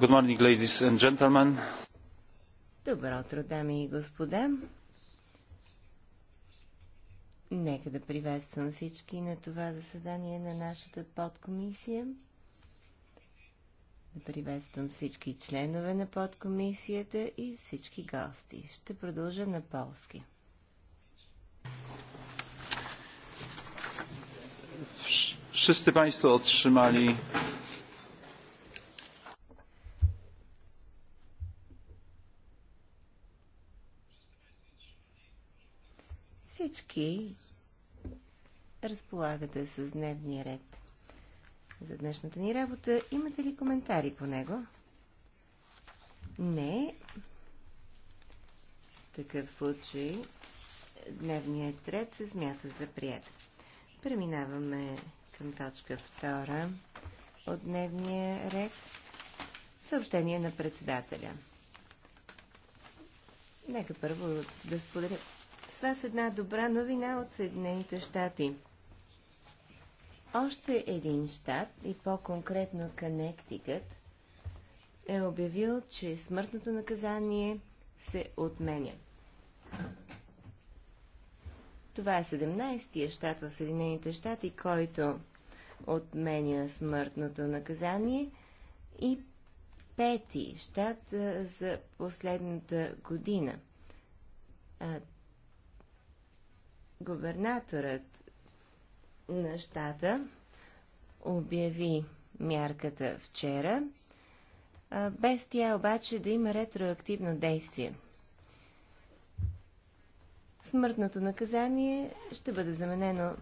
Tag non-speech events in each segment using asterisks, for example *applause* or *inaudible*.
Good morning, ladies and gentlemen. Добро утро, дами и господа. Нека да приветствам всички на това заседание на нашата подкомисия. Да приветствам всички членове на подкомисията и всички гости. Ще продължа на полски. Wszyscy Państwo otrzymali всички разполагате с дневния ред за днешната ни работа. Имате ли коментари по него? Не. В такъв случай дневният ред се смята за прият. Преминаваме към точка втора от дневния ред. Съобщение на председателя. Нека първо да споделя с вас една добра новина от Съединените щати. Още един щат, и по-конкретно Канектикът, е обявил, че смъртното наказание се отменя. Това е 17-тия щат в Съединените щати, който отменя смъртното наказание и пети щат за последната година губернаторът на щата обяви мярката вчера, без тя обаче да има ретроактивно действие. Смъртното наказание ще бъде заменено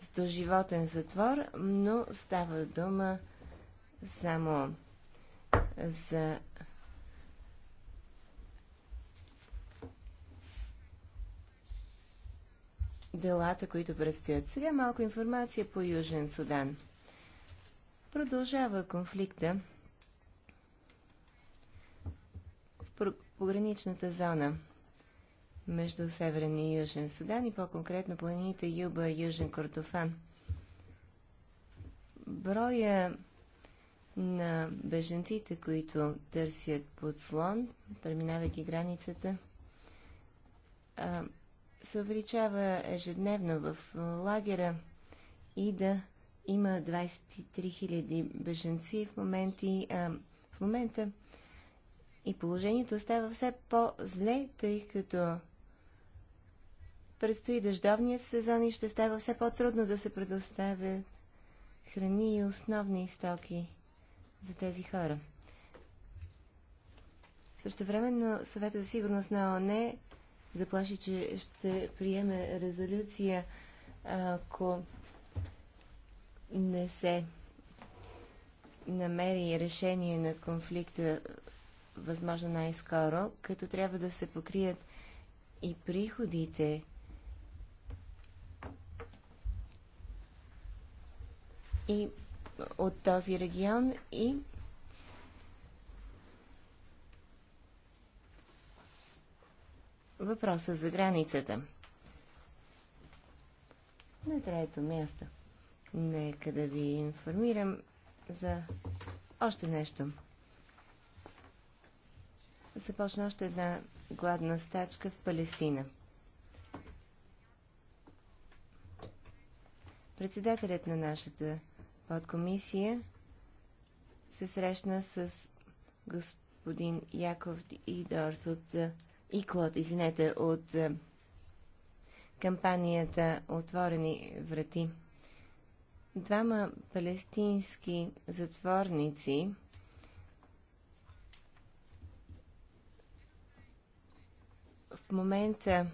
с доживотен затвор, но става дума само за делата, които предстоят. Сега малко информация по Южен Судан. Продължава конфликта в пограничната зона между Северен и Южен Судан и по-конкретно планините Юба и Южен Кордофан. Броя на беженците, които търсят подслон, преминавайки границата, се увеличава ежедневно в лагера и да има 23 000 беженци в, моменти, а, в момента и положението става все по-зле, тъй като предстои дъждовния сезон и ще става все по-трудно да се предоставят храни и основни стоки за тези хора. Също времено Съвета за сигурност на ОНЕ заплаши, че ще приеме резолюция, ако не се намери решение на конфликта възможно най-скоро, като трябва да се покрият и приходите и от този регион и въпроса за границата. На трето място. Нека да ви информирам за още нещо. Започна още една гладна стачка в Палестина. Председателят на нашата подкомисия се срещна с господин Яков Идорс от и Клод, извинете, от е, кампанията Отворени врати. Двама палестински затворници в момента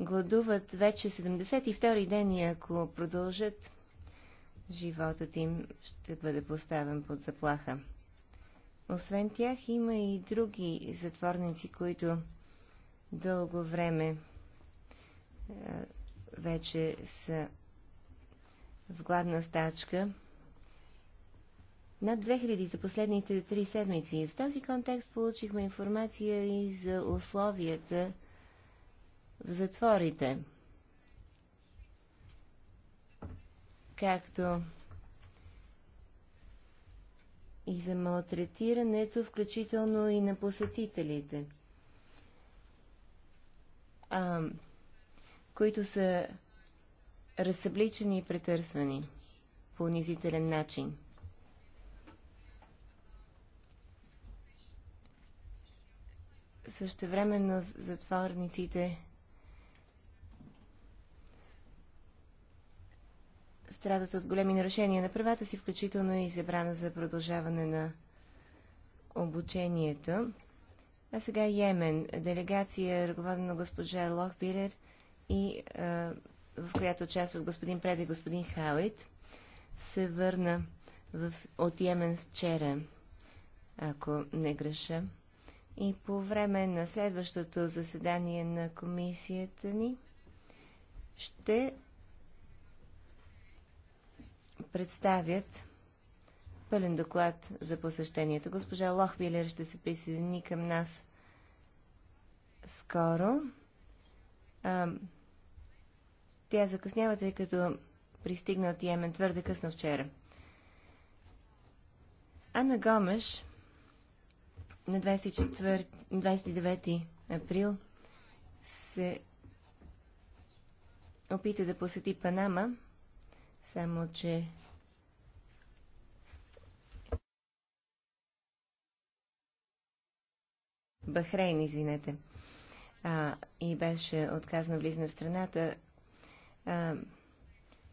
гладуват вече 72-и ден и ако продължат, животът им ще бъде поставен под заплаха. Освен тях има и други затворници, които дълго време вече са в гладна стачка. Над 2000 за последните три седмици. В този контекст получихме информация и за условията в затворите. Както и за малтретирането, включително и на посетителите – а, които са разсъбличени и претърсвани по унизителен начин. Същевременно затворниците страдат от големи нарушения на правата си, включително и забрана за продължаване на обучението. А сега Йемен. Делегация, ръководена госпожа Лохбилер и а, е, в която част от господин Пред и господин Хауит, се върна в, от Йемен вчера, ако не греша. И по време на следващото заседание на комисията ни ще представят пълен доклад за посещението. Госпожа Лохвилер ще се присъедини към нас скоро. А, тя закъснява, тъй като пристигна от Йемен твърде късно вчера. Анна Гомеш на 24, 29 април се опита да посети Панама, само че Бахрейн, извинете, а, и беше отказано влизане в страната. А,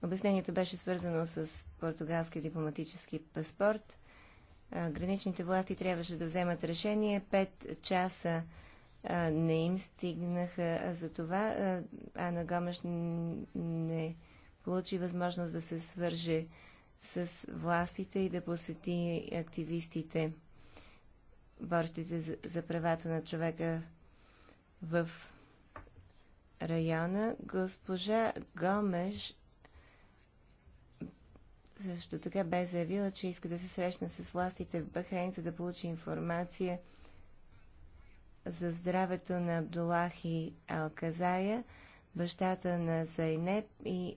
обяснението беше свързано с португалски дипломатически паспорт. А, граничните власти трябваше да вземат решение. Пет часа а, не им стигнаха за това. А, Ана Гомеш не получи възможност да се свърже с властите и да посети активистите борещи се за, за правата на човека в района. Госпожа Гомеш също така бе заявила, че иска да се срещна с властите в Бахрейн, за да получи информация за здравето на Абдулахи Алказая, бащата на Зайнеп и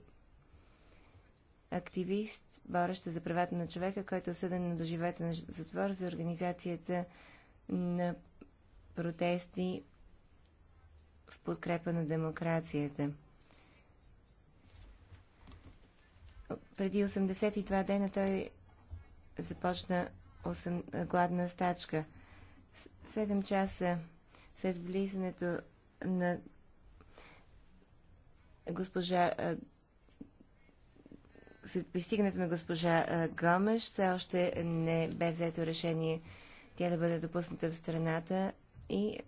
активист, бореща за правата на човека, който е осъден на доживета на затвор за организацията на протести в подкрепа на демокрацията. Преди 82 дена той започна 8, гладна стачка. 7 часа след влизането на госпожа след пристигането на госпожа Гомеш все още не бе взето решение тя да бъде допусната в страната и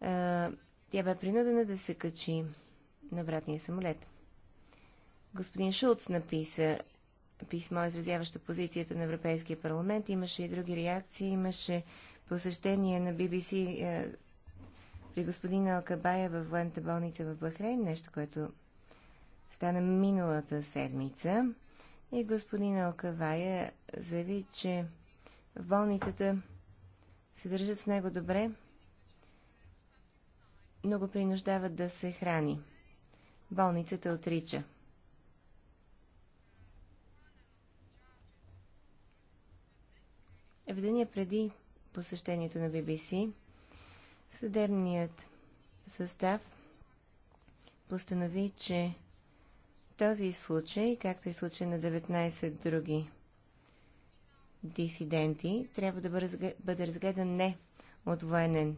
а, тя бе принудена да се качи на братния самолет. Господин Шулц написа писмо, изразяващо позицията на Европейския парламент. Имаше и други реакции. Имаше посещение на BBC а, при господин Алкабая в военната болница в Бахрейн, нещо, което стана миналата седмица. И господин Алкавая заяви, че в болницата се държат с него добре, но го принуждават да се храни. Болницата отрича. В деня преди посещението на BBC, съдебният състав постанови, че този случай, както и случай на 19 други дисиденти трябва да бъде разгледан не от военен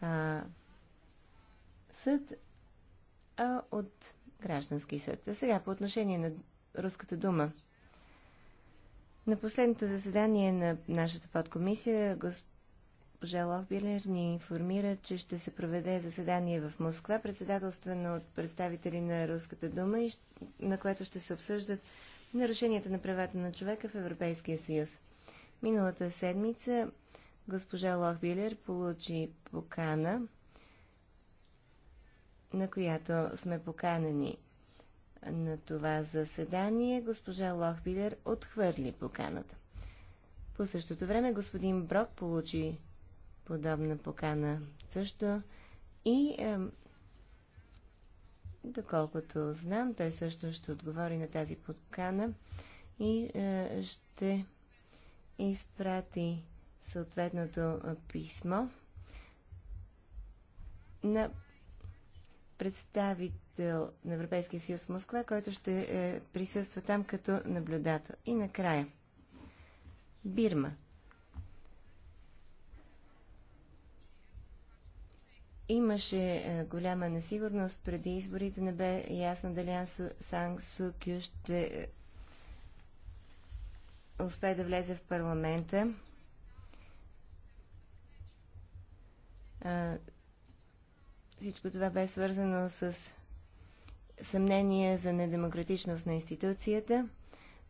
а, съд, а от граждански съд. А сега по отношение на Руската дума. На последното заседание на нашата подкомисия госпожа Лохбилер ни информира, че ще се проведе заседание в Москва, председателствено от представители на Руската дума, на което ще се обсъждат нарушенията на правата на човека в Европейския съюз. Миналата седмица госпожа Лохбилер получи покана, на която сме поканени на това заседание. Госпожа Лохбилер отхвърли поканата. По същото време господин Брок получи подобна покана също и Доколкото знам, той също ще отговори на тази подкана и е, ще изпрати съответното е, писмо на представител на Европейския съюз в Москва, който ще е, присъства там като наблюдател. И накрая. Бирма. Имаше е, голяма несигурност преди изборите. Не бе ясно дали Ан Сан Су Кю ще е, успее да влезе в парламента. Всичко това бе свързано с съмнение за недемократичност на институцията,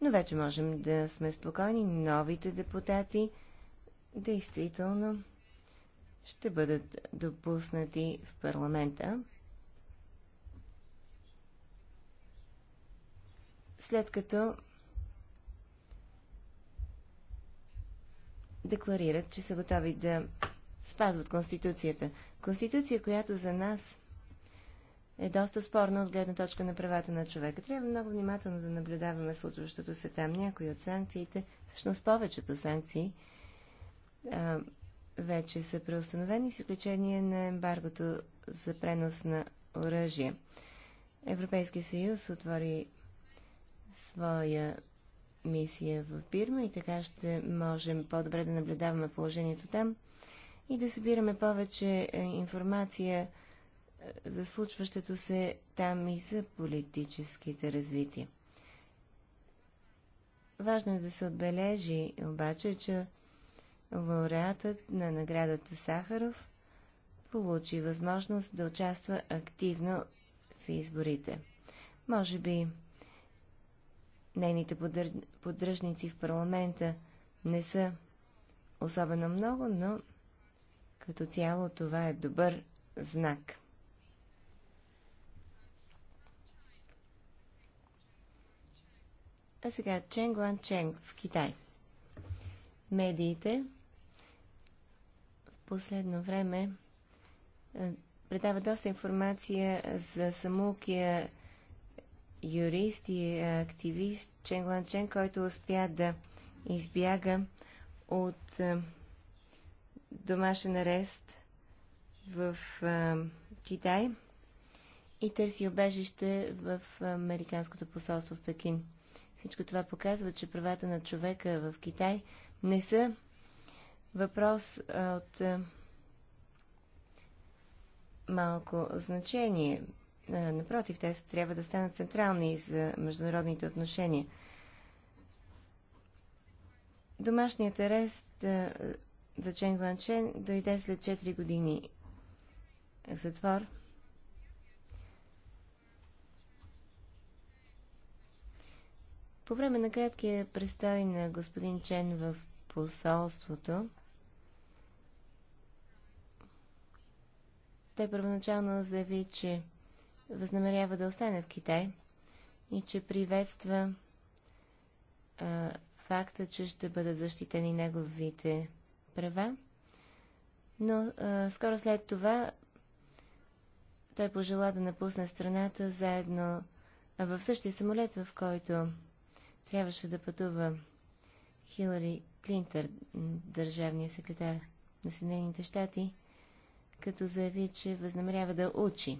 но вече можем да сме спокойни. Новите депутати действително ще бъдат допуснати в парламента. След като декларират, че са готови да спазват Конституцията. Конституция, която за нас е доста спорна от гледна точка на правата на човека. Трябва много внимателно да наблюдаваме случващото се там. Някои от санкциите, всъщност повечето санкции, вече са преустановени, с изключение на ембаргото за пренос на оръжие. Европейския съюз отвори своя мисия в Бирма и така ще можем по-добре да наблюдаваме положението там и да събираме повече е, информация е, за случващото се там и за политическите развития. Важно е да се отбележи обаче, че лауреатът на наградата Сахаров получи възможност да участва активно в изборите. Може би нейните поддръжници в парламента не са особено много, но като цяло това е добър знак. А сега Ченгуан Ченг в Китай медиите в последно време е, предава доста информация за самукия юрист и активист Чен Гуан Чен, който успя да избяга от е, домашен арест в е, Китай и търси обежище в Американското посолство в Пекин. Всичко това показва, че правата на човека в Китай не са въпрос от малко значение. Напротив, те трябва да станат централни за международните отношения. Домашният арест за Чен Гуан Чен дойде след 4 години затвор. По време на краткия престой на господин Чен в посолството. Той първоначално заяви, че възнамерява да остане в Китай и че приветства а, факта, че ще бъдат защитени неговите права. Но а, скоро след това той пожела да напусне страната заедно а в същия самолет, в който трябваше да пътува Хилари Клинтър, държавния секретар на Съединените щати, като заяви, че възнамерява да учи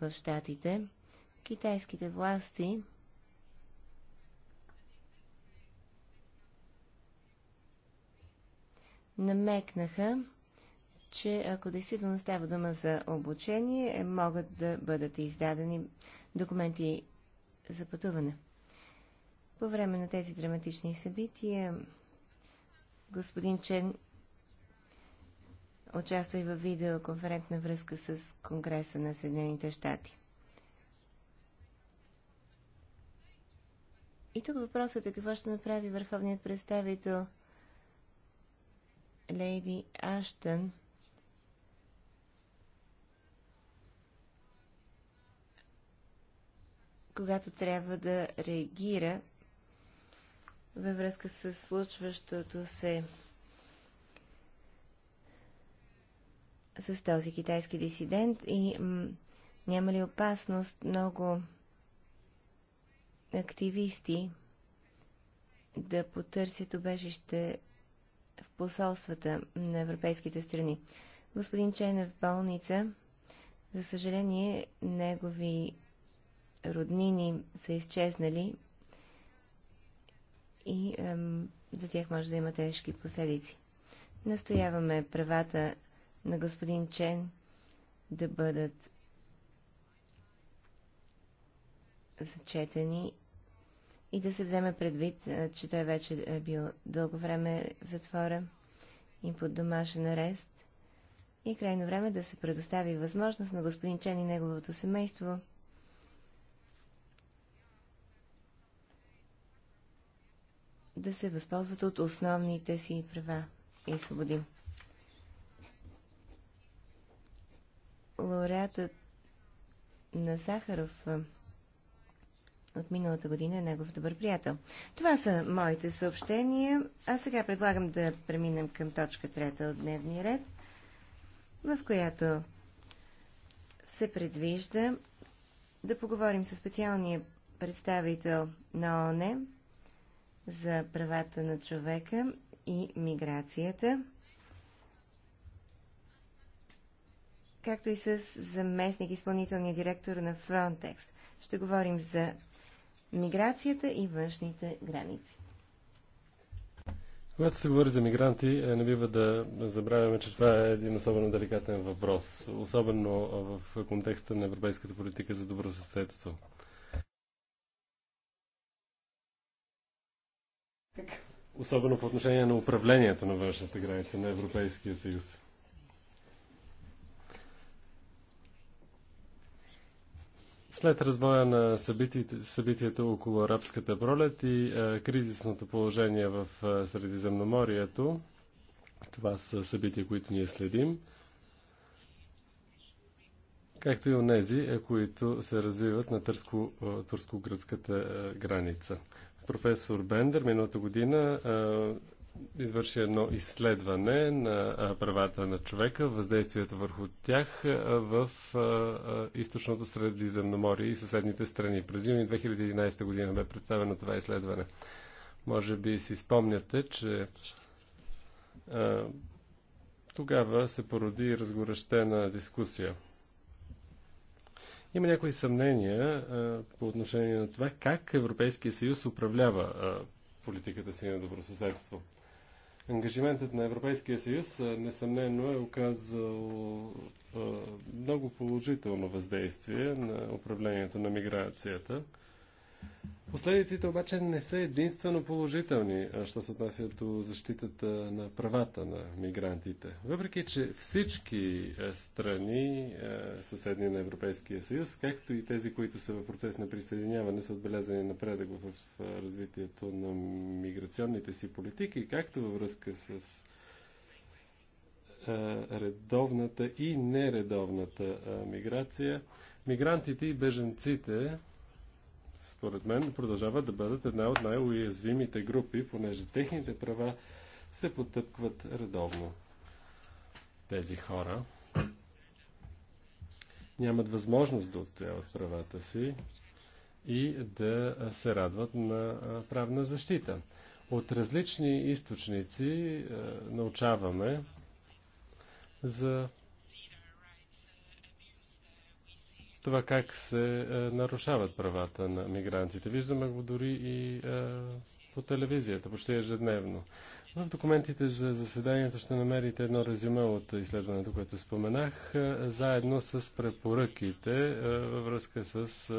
в щатите. Китайските власти намекнаха, че ако действително става дума за обучение, могат да бъдат издадени документи за пътуване. По време на тези драматични събития господин Чен участва и в видеоконферентна връзка с Конгреса на Съединените щати. И тук въпросът е какво ще направи върховният представител Лейди Аштън когато трябва да реагира във връзка с случващото се с този китайски дисидент и няма ли опасност много активисти да потърсят обежище в посолствата на европейските страни. Господин Чен е в болница. За съжаление, негови роднини са изчезнали и ем, за тях може да има тежки последици. Настояваме правата на господин Чен да бъдат зачетени и да се вземе предвид, е, че той вече е бил дълго време в затвора и под домашен арест. И е крайно време да се предостави възможност на господин Чен и неговото семейство – да се възползват от основните си права и свободи. Лауреатът на Сахаров от миналата година е негов добър приятел. Това са моите съобщения. А сега предлагам да преминем към точка трета от дневния ред, в която се предвижда да поговорим с специалния представител на ОНЕ за правата на човека и миграцията, както и с заместник изпълнителния директор на Frontex. Ще говорим за миграцията и външните граници. Когато се говори за мигранти, е, не бива да забравяме, че това е един особено деликатен въпрос, особено в контекста на европейската политика за добро съседство. Особено по отношение на управлението на външната граница на Европейския съюз. След развоя на събитията, събитията около арабската пролет и а, е, кризисното положение в а, е, Средиземноморието, това са събития, които ние следим, както и онези, е, които се развиват на турско-гръцката граница. Професор Бендер миналата година извърши едно изследване на правата на човека, въздействието върху тях в източното Средиземноморие и съседните страни. През юни 2011 година бе представено това изследване. Може би си спомняте, че тогава се породи разгорещена дискусия – има някои съмнения а, по отношение на това как Европейския съюз управлява а, политиката си на добросъседство. Ангажиментът на Европейския съюз а, несъмнено е оказал много положително въздействие на управлението на миграцията. Последиците обаче не са единствено положителни, що се отнася до защитата на правата на мигрантите. Въпреки, че всички е, страни, е, съседни на Европейския съюз, както и тези, които са в процес на присъединяване, са отбелязани напредък в развитието на миграционните си политики, както във връзка с е, редовната и нередовната миграция, мигрантите и беженците според мен, продължават да бъдат една от най-уязвимите групи, понеже техните права се потъпкват редовно. Тези хора нямат възможност да отстояват правата си и да се радват на правна защита. От различни източници научаваме за това как се е, нарушават правата на мигрантите. Виждаме го дори и е, по телевизията, почти ежедневно. В документите за заседанието ще намерите едно резюме от изследването, което споменах, е, заедно с препоръките е, във връзка с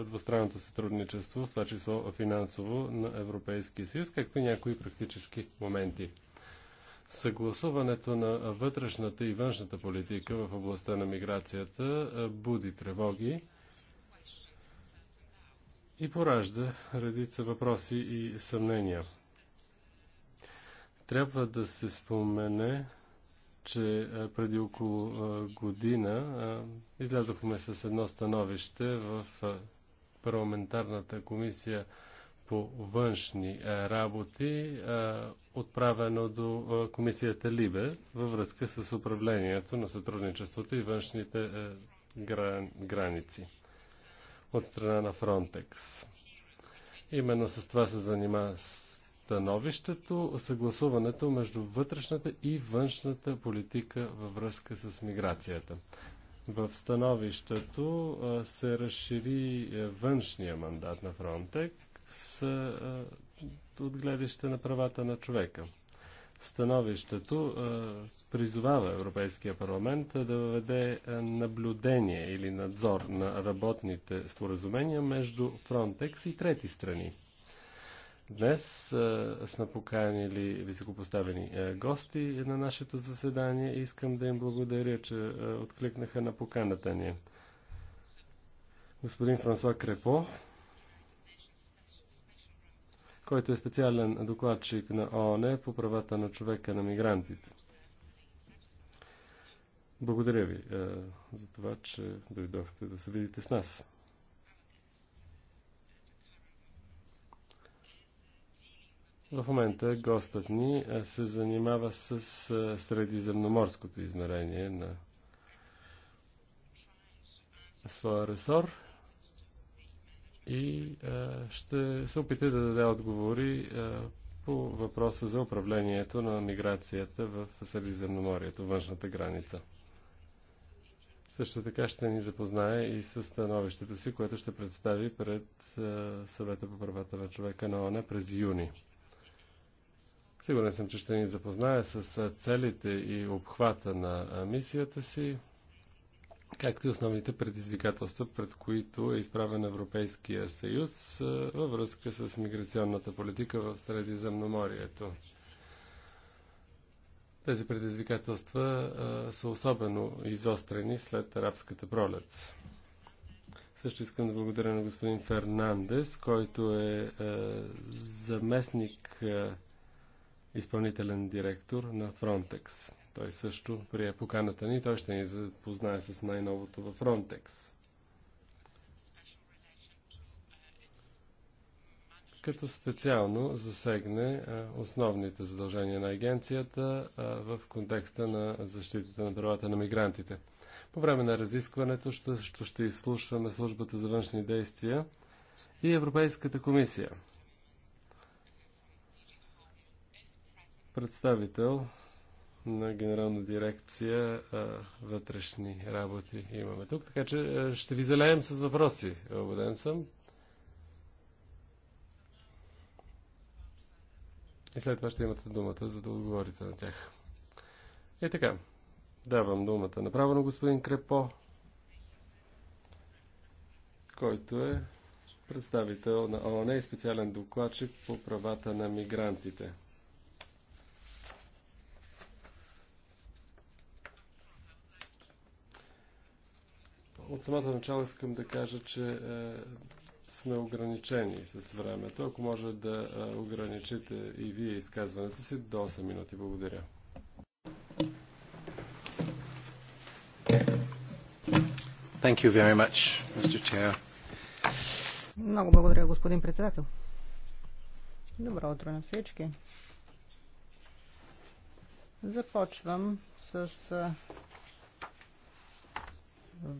е, двустранното сътрудничество, в това число финансово на Европейския съюз, както и някои практически моменти. Съгласуването на вътрешната и външната политика в областта на миграцията буди тревоги и поражда редица въпроси и съмнения. Трябва да се спомене, че преди около година излязохме с едно становище в парламентарната комисия по външни работи отправено до комисията Либе във връзка с управлението на сътрудничеството и външните е, граници от страна на Фронтекс. Именно с това се занима становището, съгласуването между вътрешната и външната политика във връзка с миграцията. В становището се разшири е, външния мандат на Фронтекс от гледаща на правата на човека. Становището призовава Европейския парламент да въведе наблюдение или надзор на работните споразумения между Фронтекс и трети страни. Днес е, сме поканили високопоставени е, гости на нашето заседание и искам да им благодаря, че е, откликнаха на поканата ни. Господин Франсуа Крепо, който е специален докладчик на ООН по правата на човека на мигрантите. Благодаря ви е, за това, че дойдохте да се видите с нас. В момента гостът ни е, се занимава с е, средиземноморското измерение на своя ресор и ще се опита да даде отговори по въпроса за управлението на миграцията в Средиземноморието, външната граница. Също така ще ни запознае и с становището си, което ще представи пред съвета по правата на човека на ОНА през юни. Сигурен съм, че ще ни запознае с целите и обхвата на мисията си, както и основните предизвикателства, пред които е изправен Европейския съюз във връзка с миграционната политика в Средиземноморието. Тези предизвикателства са особено изострени след арабската пролет. Също искам да благодаря на господин Фернандес, който е заместник изпълнителен директор на Фронтекс. Той също прие поканата ни. Той ще ни запознае с най-новото във Frontex. като специално засегне основните задължения на агенцията в контекста на защитата на правата на мигрантите. По време на разискването ще, ще изслушваме Службата за външни действия и Европейската комисия. Представител на Генерална дирекция а, вътрешни работи имаме тук. Така че а, ще ви залеем с въпроси, Обеден съм. И след това ще имате думата, за да отговорите на тях. И така, давам думата направо на господин Крепо, който е представител на ООН и специален докладчик по правата на мигрантите. От самото начало искам да кажа, че е, сме ограничени с времето. Ако може да е, ограничите и вие изказването си до 8 минути. Благодаря. Thank you very much, Mr. Chair. Много благодаря, господин председател. Добро утро на всички. Започвам с е,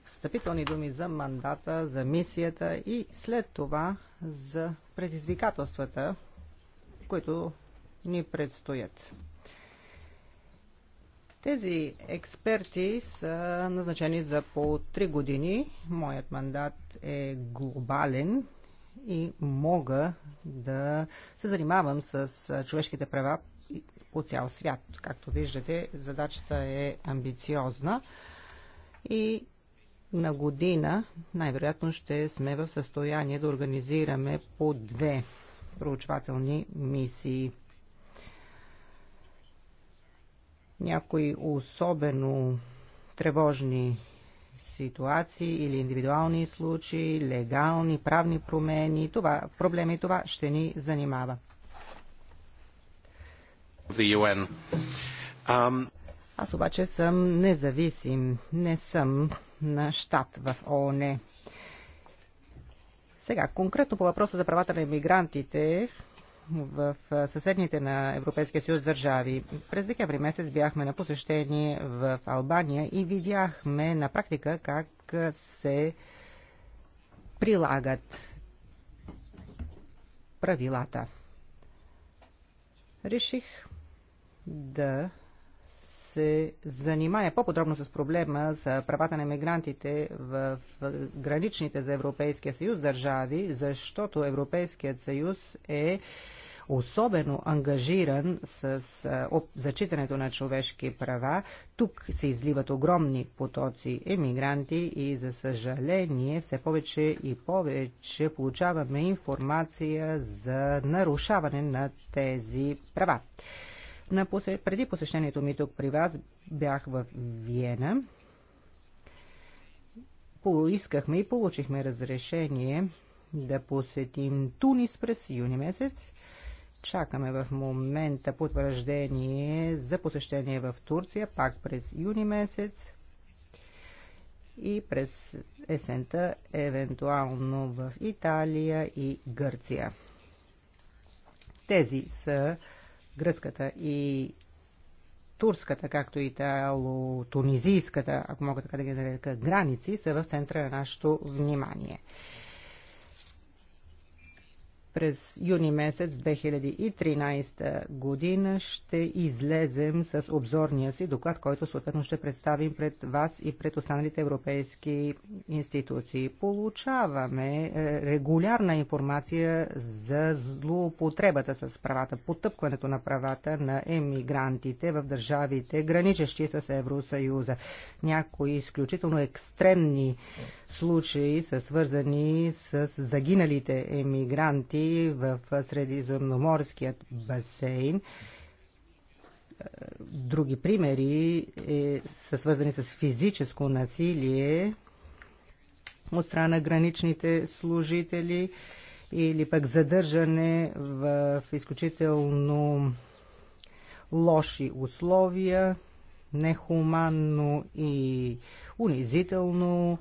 встъпителни думи за мандата, за мисията и след това за предизвикателствата, които ни предстоят. Тези експерти са назначени за по 3 години. Моят мандат е глобален и мога да се занимавам с човешките права по цял свят. Както виждате, задачата е амбициозна и на година най-вероятно ще сме в състояние да организираме по две проучвателни мисии. Някои особено тревожни ситуации или индивидуални случаи, легални, правни промени, това, проблеми, това ще ни занимава. Um... Аз обаче съм независим, не съм на щат в ООН. Сега, конкретно по въпроса за правата на иммигрантите, в съседните на Европейския съюз държави. През декември месец бяхме на посещение в Албания и видяхме на практика как се прилагат правилата. Реших да се занимае по-подробно с проблема с правата на мигрантите в граничните за Европейския съюз държави, защото Европейският съюз е особено ангажиран с зачитането на човешки права. Тук се изливат огромни потоци емигранти и за съжаление все повече и повече получаваме информация за нарушаване на тези права. На посе... Преди посещението ми тук при вас бях в Виена. Поискахме и получихме разрешение да посетим Тунис през юни месец. Чакаме в момента потвърждение за посещение в Турция, пак през юни месец и през есента, евентуално в Италия и Гърция. Тези са гръцката и турската, както и тунизийската, ако мога така да ги нарека, граници, са в центъра на нашето внимание през юни месец 2013 година ще излезем с обзорния си доклад, който съответно ще представим пред вас и пред останалите европейски институции. Получаваме е, регулярна информация за злоупотребата с правата, потъпкването на правата на емигрантите в държавите, граничещи с Евросъюза. Някои изключително екстремни случаи са свързани с загиналите емигранти в Средиземноморският басейн. Други примери е, са свързани с физическо насилие от страна на граничните служители или пък задържане в изключително лоши условия, нехуманно и унизително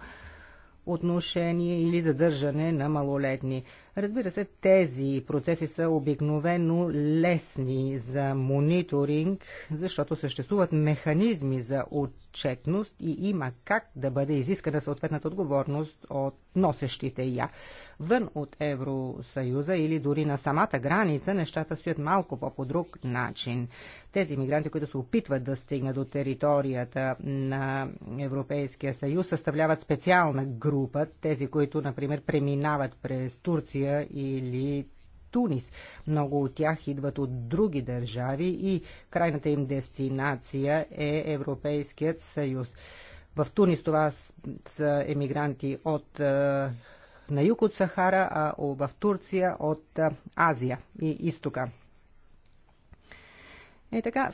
отношение или задържане на малолетни. Разбира се, тези процеси са обикновено лесни за мониторинг, защото съществуват механизми за отчетност и има как да бъде изискана съответната отговорност от носещите я вън от Евросъюза или дори на самата граница, нещата стоят малко по-по друг начин. Тези мигранти, които се опитват да стигнат до територията на Европейския съюз, съставляват специална група, тези, които, например, преминават през Турция или Тунис. Много от тях идват от други държави и крайната им дестинация е Европейският съюз. В Тунис това са емигранти от е, на юг от Сахара, а в Турция от Азия и изтока. И така,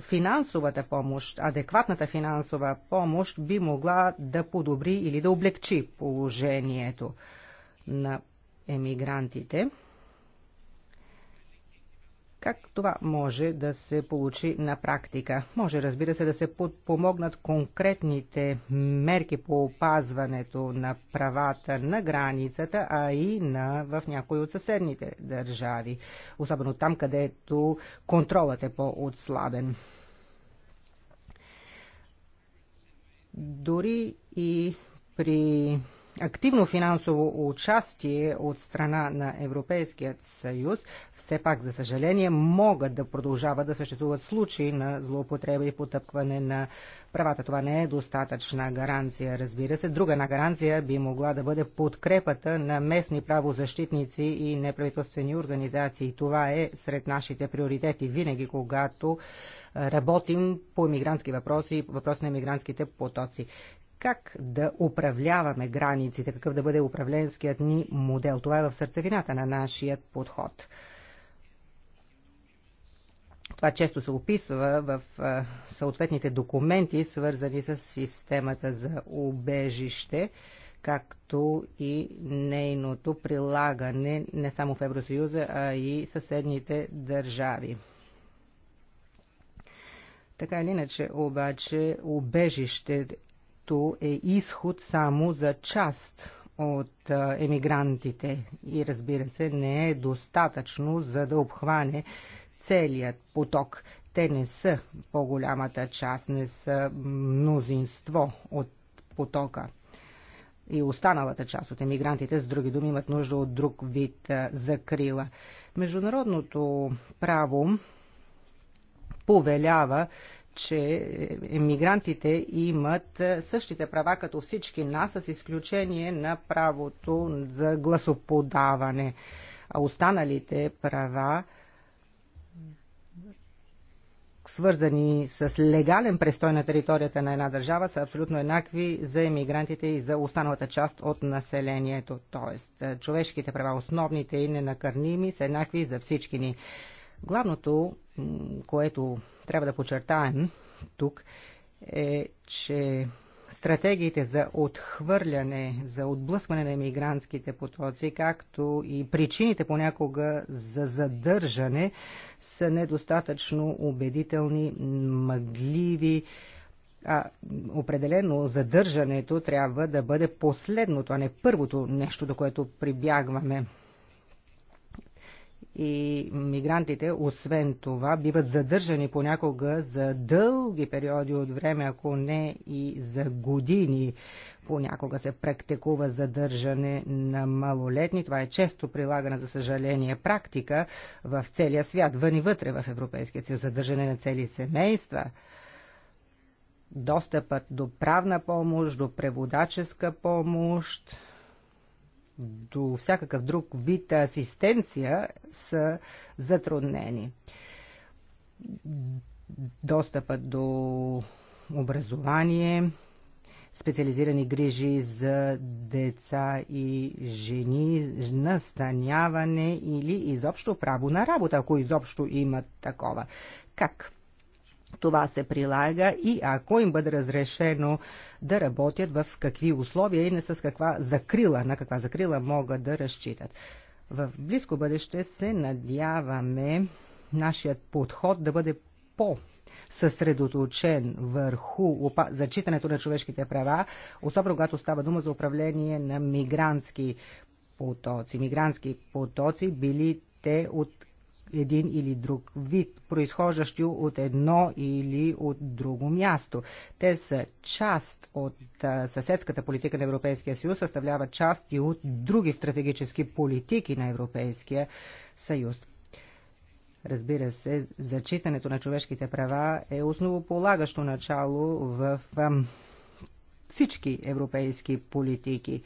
финансовата помощ, адекватната финансова помощ би могла да подобри или да облегчи положението на емигрантите. Как това може да се получи на практика? Може, разбира се, да се подпомогнат конкретните мерки по опазването на правата на границата, а и на, в някои от съседните държави, особено там, където контролът е по-отслабен. Дори и при активно финансово участие от страна на Европейският съюз, все пак, за съжаление, могат да продължават да съществуват случаи на злоупотреба и потъпкване на правата. Това не е достатъчна гаранция, разбира се. Друга на гаранция би могла да бъде подкрепата на местни правозащитници и неправителствени организации. Това е сред нашите приоритети винаги, когато работим по емигрантски въпроси и въпроси на емигрантските потоци как да управляваме границите, какъв да бъде управленският ни модел. Това е в сърцевината на нашия подход. Това често се описва в съответните документи, свързани с системата за убежище, както и нейното прилагане не само в Евросъюза, а и съседните държави. Така или иначе, обаче, убежище, също е изход само за част от емигрантите и разбира се не е достатъчно за да обхване целият поток. Те не са по-голямата част, не са мнозинство от потока. И останалата част от емигрантите, с други думи, имат нужда от друг вид закрила. Международното право повелява че емигрантите имат е, същите права като всички нас, с изключение на правото за гласоподаване. А останалите права свързани с легален престой на територията на една държава, са абсолютно еднакви за емигрантите и за останалата част от населението. Тоест, е, човешките права, основните и ненакърними, са еднакви за всички ни. Главното, което трябва да подчертаем тук е, че стратегиите за отхвърляне, за отблъскване на емигрантските потоци, както и причините понякога за задържане са недостатъчно убедителни, мъгливи. А, определено задържането трябва да бъде последното, а не първото нещо, до което прибягваме и мигрантите, освен това, биват задържани понякога за дълги периоди от време, ако не и за години. Понякога се практикува задържане на малолетни. Това е често прилагана, за съжаление, практика в целия свят, вън и вътре в Европейския съюз, задържане на цели семейства достъпът до правна помощ, до преводаческа помощ до всякакъв друг вид асистенция са затруднени. Достъпът до образование, специализирани грижи за деца и жени, настаняване или изобщо право на работа, ако изобщо имат такова. Как това се прилага и ако им бъде разрешено да работят в какви условия и не с каква закрила, на каква закрила могат да разчитат. В близко бъдеще се надяваме нашият подход да бъде по съсредоточен върху зачитането на човешките права, особено когато става дума за управление на мигрантски потоци. Мигрантски потоци били те от един или друг вид, произхождащи от едно или от друго място. Те са част от съседската политика на Европейския съюз, съставляват част и от други стратегически политики на Европейския съюз. Разбира се, зачитането на човешките права е основополагащо начало в всички европейски политики.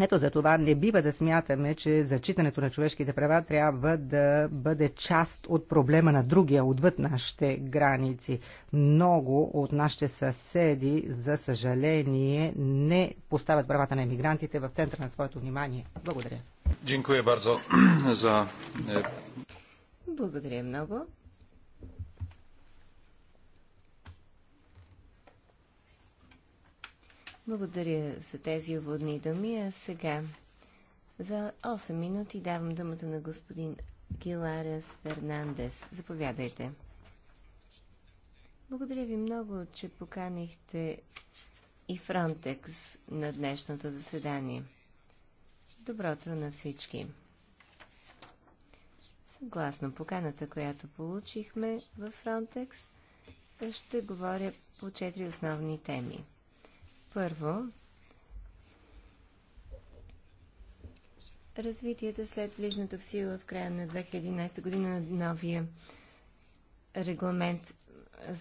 Ето за това не бива да смятаме, че зачитането на човешките права трябва да бъде част от проблема на другия, отвъд нашите граници. Много от нашите съседи, за съжаление, не поставят правата на емигрантите в центъра на своето внимание. Благодаря. Е, Благодаря много. Благодаря за тези уводни думи. А сега за 8 минути давам думата на господин Гиларес Фернандес. Заповядайте. Благодаря ви много, че поканихте и Фронтекс на днешното заседание. Добро утро на всички! Съгласно поканата, която получихме във Frontex, ще говоря по четири основни теми – първо, развитието след влизането в сила в края на 2011 година на новия регламент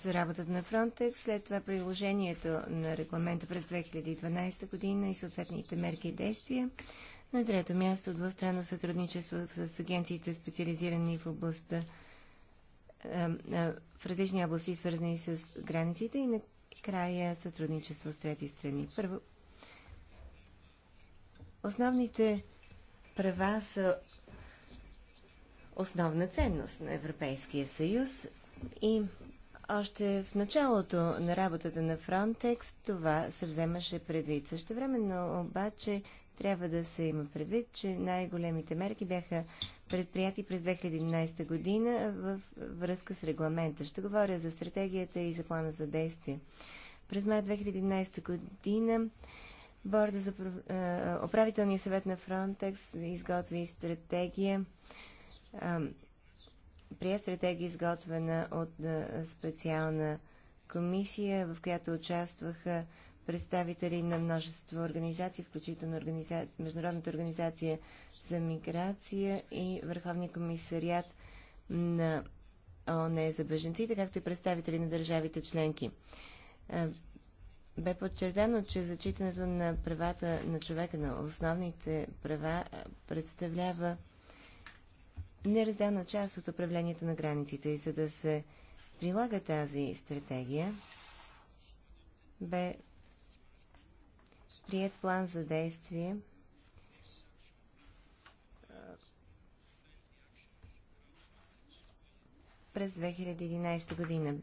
за работата на Фронтекс, след това приложението на регламента през 2012 година и съответните мерки и действия. На трето място двустранно сътрудничество с агенциите, специализирани в областта в различни области, свързани с границите. И на и края сътрудничество с трети страни. Първо, основните права са основна ценност на Европейския съюз и още в началото на работата на Frontex това се вземаше предвид. Също но обаче трябва да се има предвид, че най-големите мерки бяха предприяти през 2011 година в връзка с регламента. Ще говоря за стратегията и за плана за действие. През март 2011 година Борда за управителния съвет на Frontex изготви стратегия прия стратегия, изготвена от специална комисия, в която участваха представители на множество организации, включително организа... Международната организация за миграция и Върховния комисариат на ОНЕ за беженците, както и представители на държавите членки. Бе подчертано, че зачитането на правата на човека, на основните права, представлява неразделна част от управлението на границите и за да се прилага тази стратегия, бе прият план за действие през 2011 година.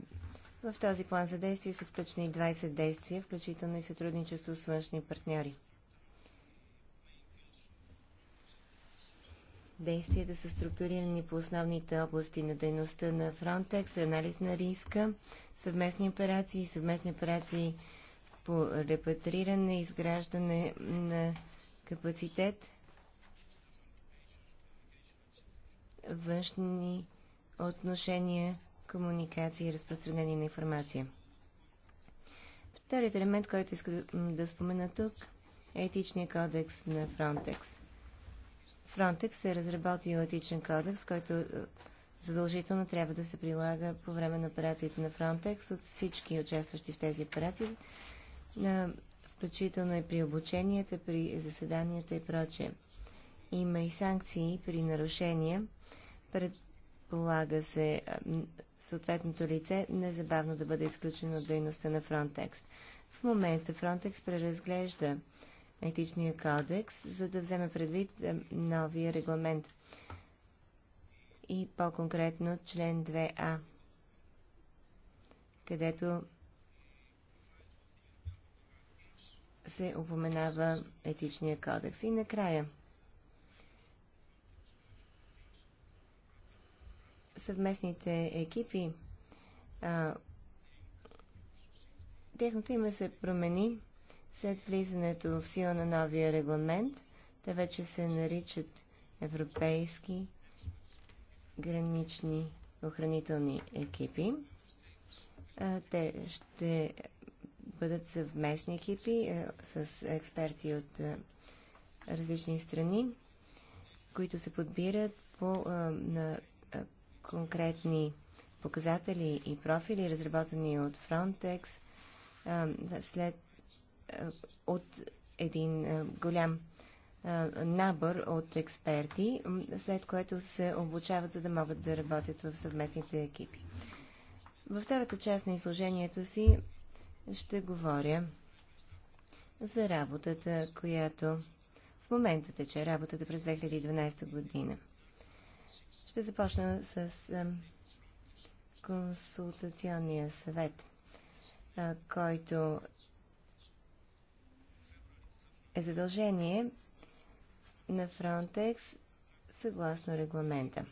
В този план за действие са включени 20 действия, включително и сътрудничество с външни партньори. Действията са структурирани по основните области на дейността на Frontex, анализ на риска, съвместни операции, съвместни операции по репатриране, изграждане на капацитет, външни отношения, комуникация и разпространение на информация. Вторият елемент, който искам да спомена тук, е етичния кодекс на Frontex. Frontex е разработил етичен кодекс, който е, задължително трябва да се прилага по време на операциите на Frontex от всички участващи в тези операции, включително и при обученията, при заседанията и прочее. Има и санкции при нарушения. Предполага се съответното лице незабавно да бъде изключено от дейността на Фронтекс. В момента Фронтекс преразглежда етичния кодекс, за да вземе предвид новия регламент и по-конкретно член 2а, където се упоменава етичния кодекс. И накрая. Съвместните екипи. А, техното име се промени след влизането в сила на новия регламент. Те вече се наричат европейски гранични охранителни екипи. Те ще бъдат съвместни екипи е, с експерти от е, различни страни, които се подбират по, е, на конкретни показатели и профили, разработени от Frontex, след, от един голям набор от експерти, след което се обучават, за да могат да работят в съвместните екипи. Във втората част на изложението си ще говоря за работата, която в момента тече, работата през 2012 година. Ще започна с консултационния съвет, който е задължение на Frontex съгласно регламента.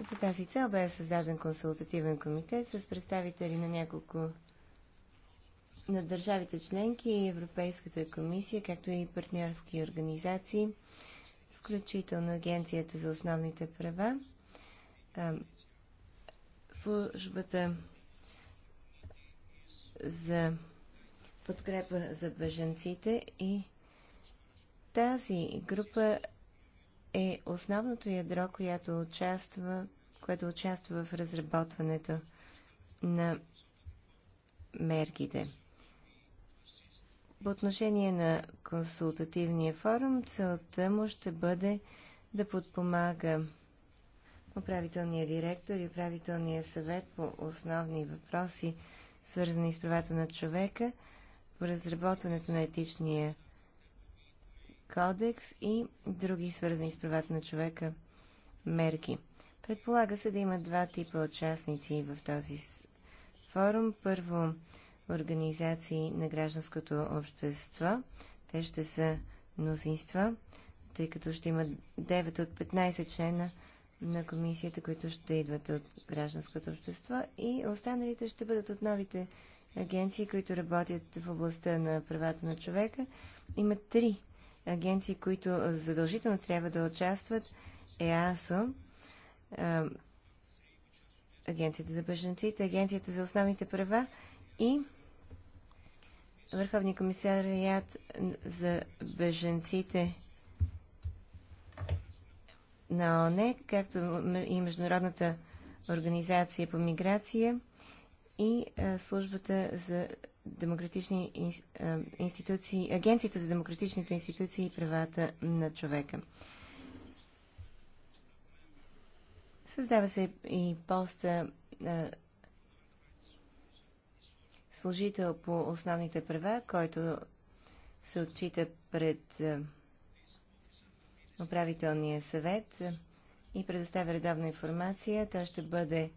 За тази цел бе създаден консултативен комитет с представители на няколко на държавите членки и Европейската комисия, както и партньорски организации, включително Агенцията за основните права, службата за подкрепа за бежанците и тази група е основното ядро, което участва, което участва в разработването на мерките. По отношение на консултативния форум, целта му ще бъде да подпомага управителния директор и управителния съвет по основни въпроси, свързани с правата на човека, по разработването на етичния кодекс и други свързани с правата на човека мерки. Предполага се да има два типа участници в този форум. Първо, организации на гражданското общество. Те ще са мнозинства, тъй като ще имат 9 от 15 члена на комисията, които ще идват от гражданското общество и останалите ще бъдат от новите агенции, които работят в областта на правата на човека. Има три агенции, които задължително трябва да участват, ЕАСО, Агенцията за беженците, Агенцията за основните права и Върховния комисарият за беженците на ОНЕ, както и Международната организация по миграция и службата за демократични институции, Агенцията за демократичните институции и правата на човека. Създава се и поста служител по основните права, който се отчита пред управителния съвет и предоставя редовна информация. Той ще бъде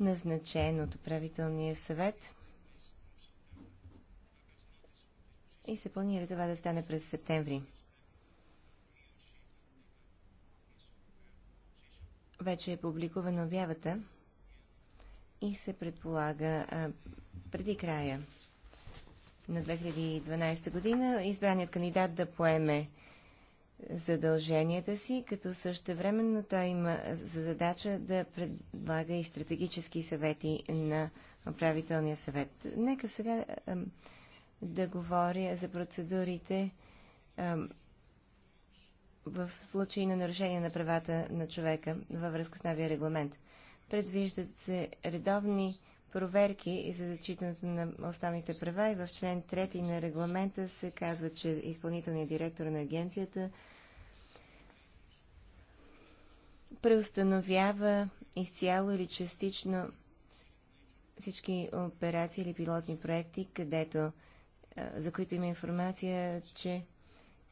назначен от управителния съвет. и се планира това да стане през септември. Вече е публикувана обявата и се предполага а, преди края на 2012 година избраният кандидат да поеме задълженията си, като същевременно той има за задача да предлага и стратегически съвети на управителния съвет. Нека сега да говоря за процедурите в случай на нарушение на правата на човека във връзка с новия регламент. Предвиждат се редовни проверки за зачитането на основните права и в член 3 на регламента се казва, че изпълнителният директор на агенцията преустановява изцяло или частично всички операции или пилотни проекти, където е, за които има информация, че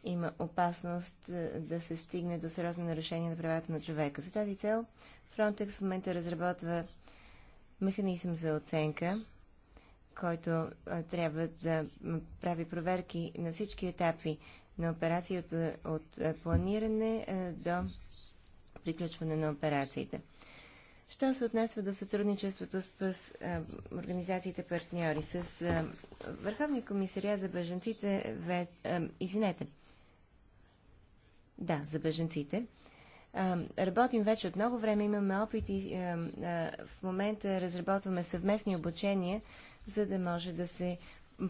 има опасност е, да се стигне до сериозно нарушение на правата на човека. За тази цел Frontex в момента разработва механизъм за оценка, който е, трябва да прави проверки на всички етапи на операции от, от планиране до приключване на операциите. Що се отнесва до сътрудничеството с ПАС, организациите партньори, с а, Върховния комисаря за бъженците, ве, а, извинете, да, за беженците, а, работим вече от много време, имаме опит и а, а, в момента разработваме съвместни обучения, за да може да се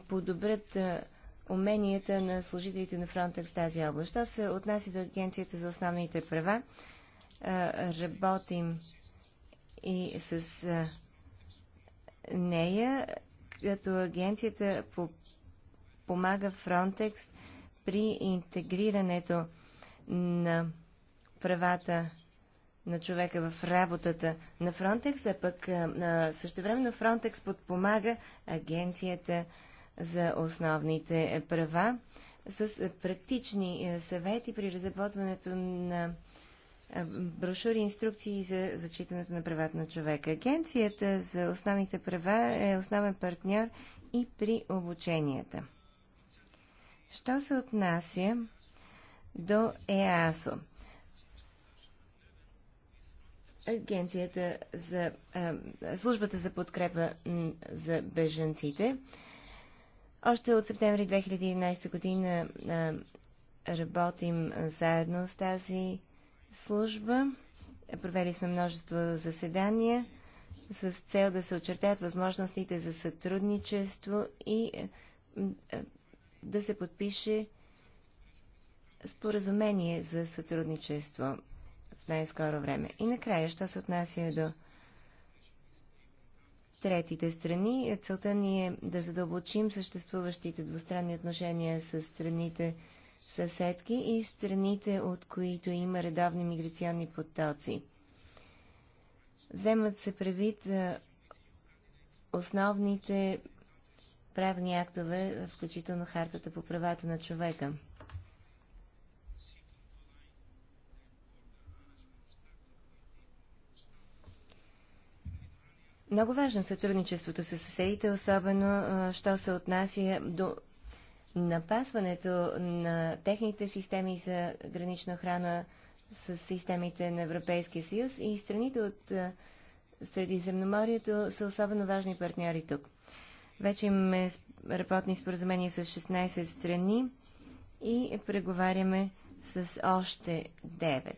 подобрят а, уменията на служителите на Frontex в тази област. Що се отнася до Агенцията за основните права, а, работим и с а, нея, като агенцията по, помага Frontex при интегрирането на правата на човека в работата на Фронтекс, а пък същевременно Фронтекс подпомага агенцията за основните права с практични съвети при разработването на е, брошури инструкции за зачитането на правата на човека. Агенцията за основните права е основен партньор и при обученията. Що се отнася до ЕАСО? Агенцията за а, е, службата за подкрепа за бежанците. Още от септември 2011 година а, е, работим заедно с тази служба. Провели сме множество заседания с цел да се очертаят възможностите за сътрудничество и е, е, да се подпише споразумение за сътрудничество в най-скоро време. И накрая, що се отнася до третите страни, е, целта ни е да задълбочим съществуващите двустранни отношения с страните, съседки и страните, от които има редовни миграционни потоци. Вземат се предвид основните правни актове, включително Хартата по правата на човека. Много важно е сътрудничеството с съседите, особено що се отнася до напасването на техните системи за гранична охрана с системите на Европейския съюз и страните от Средиземноморието са особено важни партньори тук. Вече имаме работни споразумения с 16 страни и преговаряме с още 9.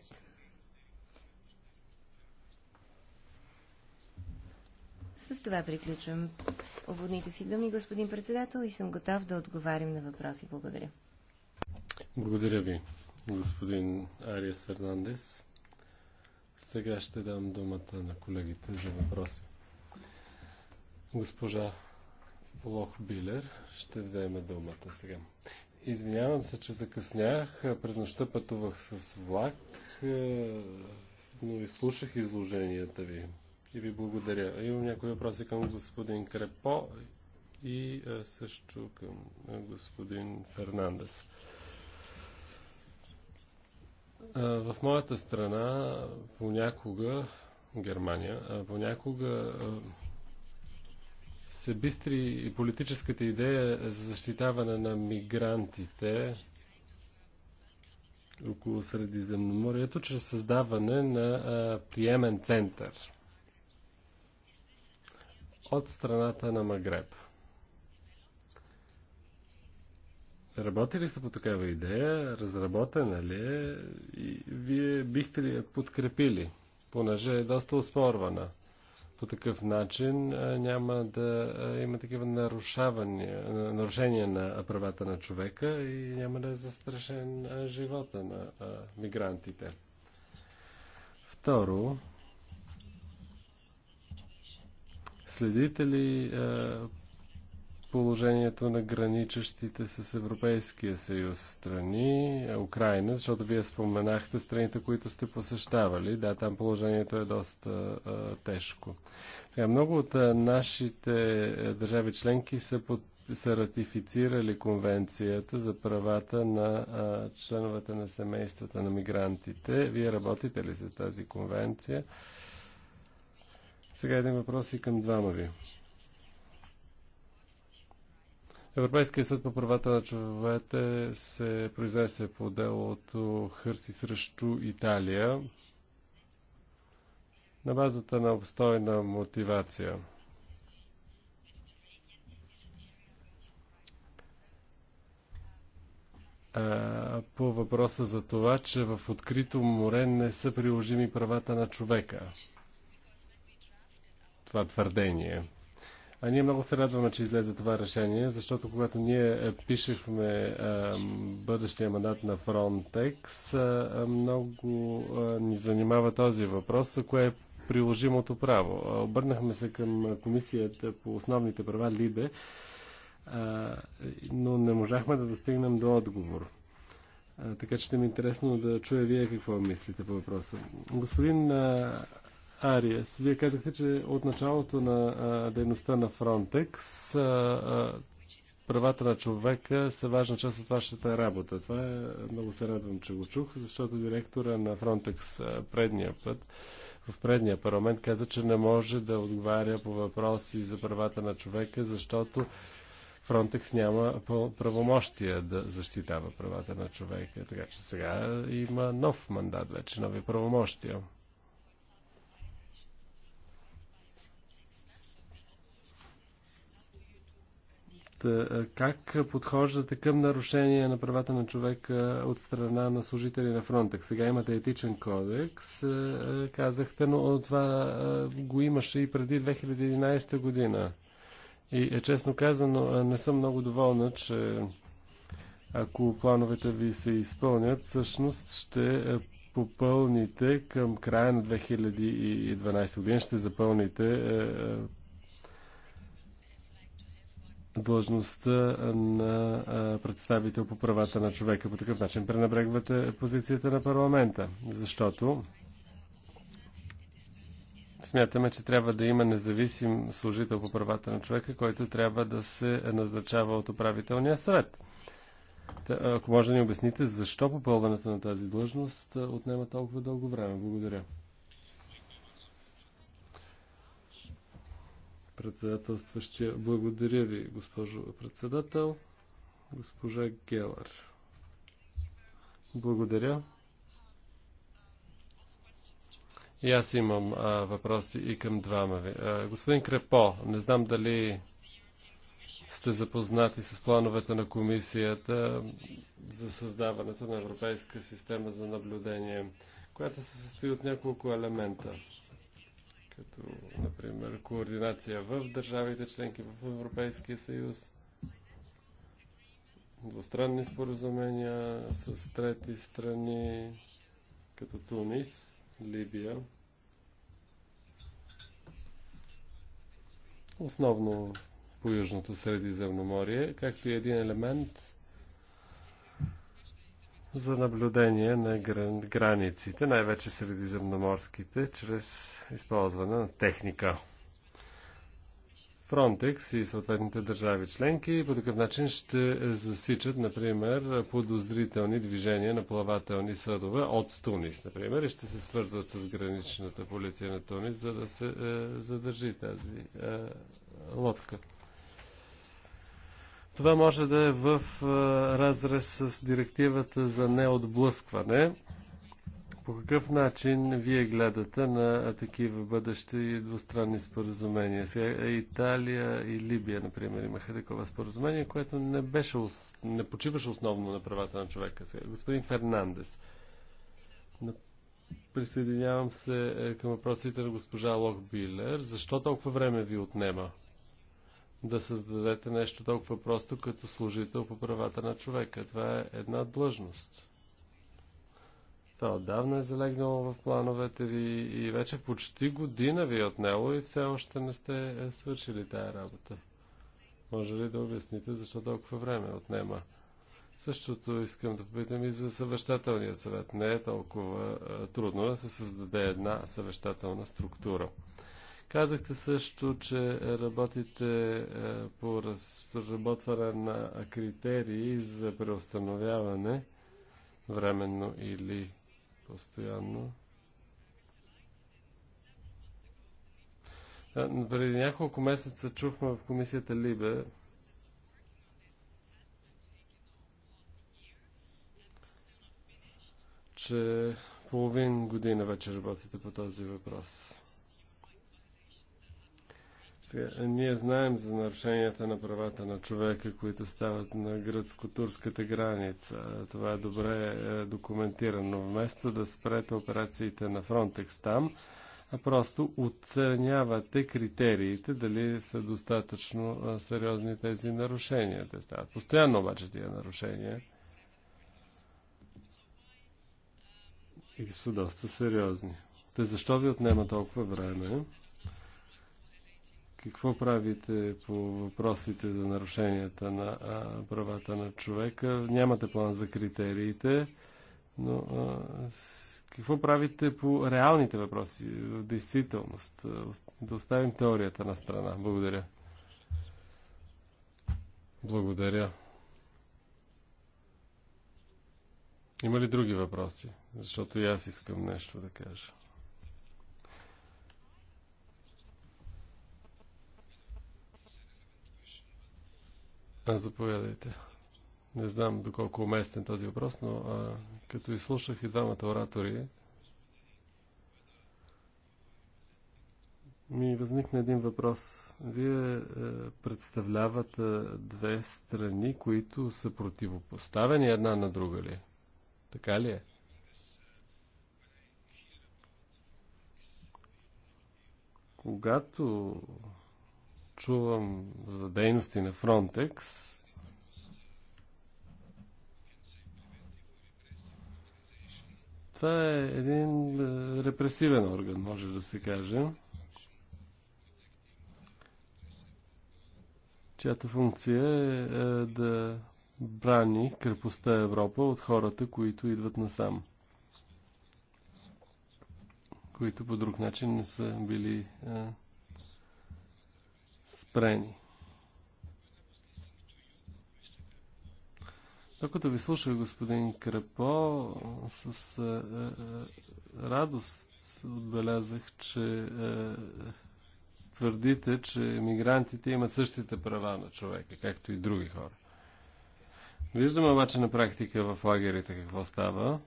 С това приключвам обводните си думи, господин председател, и съм готов да отговарям на въпроси. Благодаря. Благодаря ви, господин Ариес Фернандес. Сега ще дам думата на колегите за въпроси. Госпожа Лох Билер ще вземе думата сега. Извинявам се, че закъснях. През нощта пътувах с влак, но изслушах изложенията ви и ви благодаря. Имам някои въпроси към господин Крепо и също към господин Фернандес. В моята страна понякога, Германия, понякога се бистри политическата идея за защитаване на мигрантите около Средиземноморието чрез създаване на приемен център – от страната на Магреб. Работи ли са по такава идея? Разработена ли е? И вие бихте ли я подкрепили? Понеже е доста оспорвана. По такъв начин няма да има такива нарушения на правата на човека и няма да е застрашен живота на мигрантите. Второ, Следите ли е, положението на граничещите с Европейския съюз страни, е, Украина, защото вие споменахте страните, които сте посещавали. Да, там положението е доста е, тежко. Сега, много от е, нашите държави членки са, под, са ратифицирали конвенцията за правата на а, членовете на семействата на мигрантите. Вие работите ли с тази конвенция? Сега един въпрос и към двама ви. Европейският съд по правата на човете се произнесе по делото Хърси срещу Италия на базата на обстойна мотивация. А, по въпроса за това, че в открито море не са приложими правата на човека това твърдение. А ние много се радваме, че излезе това решение, защото когато ние е, пишехме а, бъдещия мандат на Frontex, а, много а, ни занимава този въпрос, кое е приложимото право. Обърнахме се към комисията по основните права Либе, а, но не можахме да достигнем до отговор. А, така че ще ми е интересно да чуя вие какво мислите по въпроса. Господин а, Ариес, вие казахте, че от началото на а, дейността на Фронтекс а, а, правата на човека са важна част от вашата работа. Това е, много се радвам, че го чух, защото директора на Фронтекс предния път, в предния парламент каза, че не може да отговаря по въпроси за правата на човека, защото Фронтекс няма правомощия да защитава правата на човека. Така че сега има нов мандат вече, нови правомощия. Е, е, как подхождате към нарушение на правата на човека от страна на служители на Фронтекс? Сега имате етичен кодекс, е, казахте, но това го имаше и преди 2011 година. И честно казано, не съм много доволна, че ако плановете ви се изпълнят, всъщност ще попълните към края на 2012 година, ще запълните длъжността на представител по правата на човека. По такъв начин пренебрегвате позицията на парламента, защото смятаме, че трябва да има независим служител по правата на човека, който трябва да се назначава от управителния съвет. Ако може да ни обясните защо попълването на тази длъжност отнема толкова дълго време. Благодаря. председателстващия. Благодаря ви, госпожо председател. Госпожа Гелър. Благодаря. И аз имам а, въпроси и към двама ви. А, господин Крепо, не знам дали сте запознати с плановете на комисията за създаването на Европейска система за наблюдение, която се състои от няколко елемента като, например, координация в държавите членки в Европейския съюз, двустранни споразумения с трети страни, като Тунис, Либия. Основно по Южното Средиземноморие, както и един елемент за наблюдение на границите, най-вече средиземноморските, чрез използване на техника. Фронтекс и съответните държави членки по такъв начин ще засичат, например, подозрителни движения на плавателни съдове от Тунис, например, и ще се свързват с граничната полиция на Тунис, за да се е, задържи тази е, лодка. Това може да е в разрез с директивата за неотблъскване. По какъв начин вие гледате на такива бъдещи двустранни споразумения? Сега е, Италия и Либия, например, имаха такова споразумение, което не, беше, не почиваше основно на правата на човека. Сега, господин Фернандес, присъединявам се е, към въпросите на госпожа Лох Билер. Защо толкова време ви отнема? да създадете нещо толкова просто като служител по правата на човека. Това е една длъжност. Това отдавна е залегнало в плановете ви и вече почти година ви е отнело и все още не сте е свършили тая работа. Може ли да обясните защо толкова време отнема? Същото искам да попитам и за съвещателния съвет. Не е толкова е, трудно да се създаде една съвещателна структура. Казахте също, че работите е, по разработване на критерии за преустановяване, временно или постоянно. Преди няколко месеца чухме в комисията Либе, че половин година вече работите по този въпрос. Сега, ние знаем за нарушенията на правата на човека, които стават на гръцко-турската граница. Това е добре е, документирано. Вместо да спрете операциите на Фронтекс там, а просто оценявате критериите, дали са достатъчно е, сериозни тези нарушения. Те стават постоянно обаче тия нарушения. И са доста сериозни. Те защо ви отнема толкова време? какво правите по въпросите за нарушенията на а, правата на човека? Нямате план за критериите, но а, какво правите по реалните въпроси в действителност? Да оставим теорията на страна. Благодаря. Благодаря. Има ли други въпроси? Защото и аз искам нещо да кажа. А, заповядайте. Не знам доколко уместен този въпрос, но а, като изслушах и двамата оратори, ми възникна един въпрос. Вие е, представлявате две страни, които са противопоставени една на друга ли? Така ли е? Когато чувам за дейности на Фронтекс, Това е един е, репресивен орган, може да се каже, чиято функция е, е да брани крепостта Европа от хората, които идват насам, които по друг начин не са били е, спрени. Докато ви слушах, господин Крепо, с е, е, радост отбелязах, че е, твърдите, че мигрантите имат същите права на човека, както и други хора. Виждаме обаче на практика в лагерите какво става.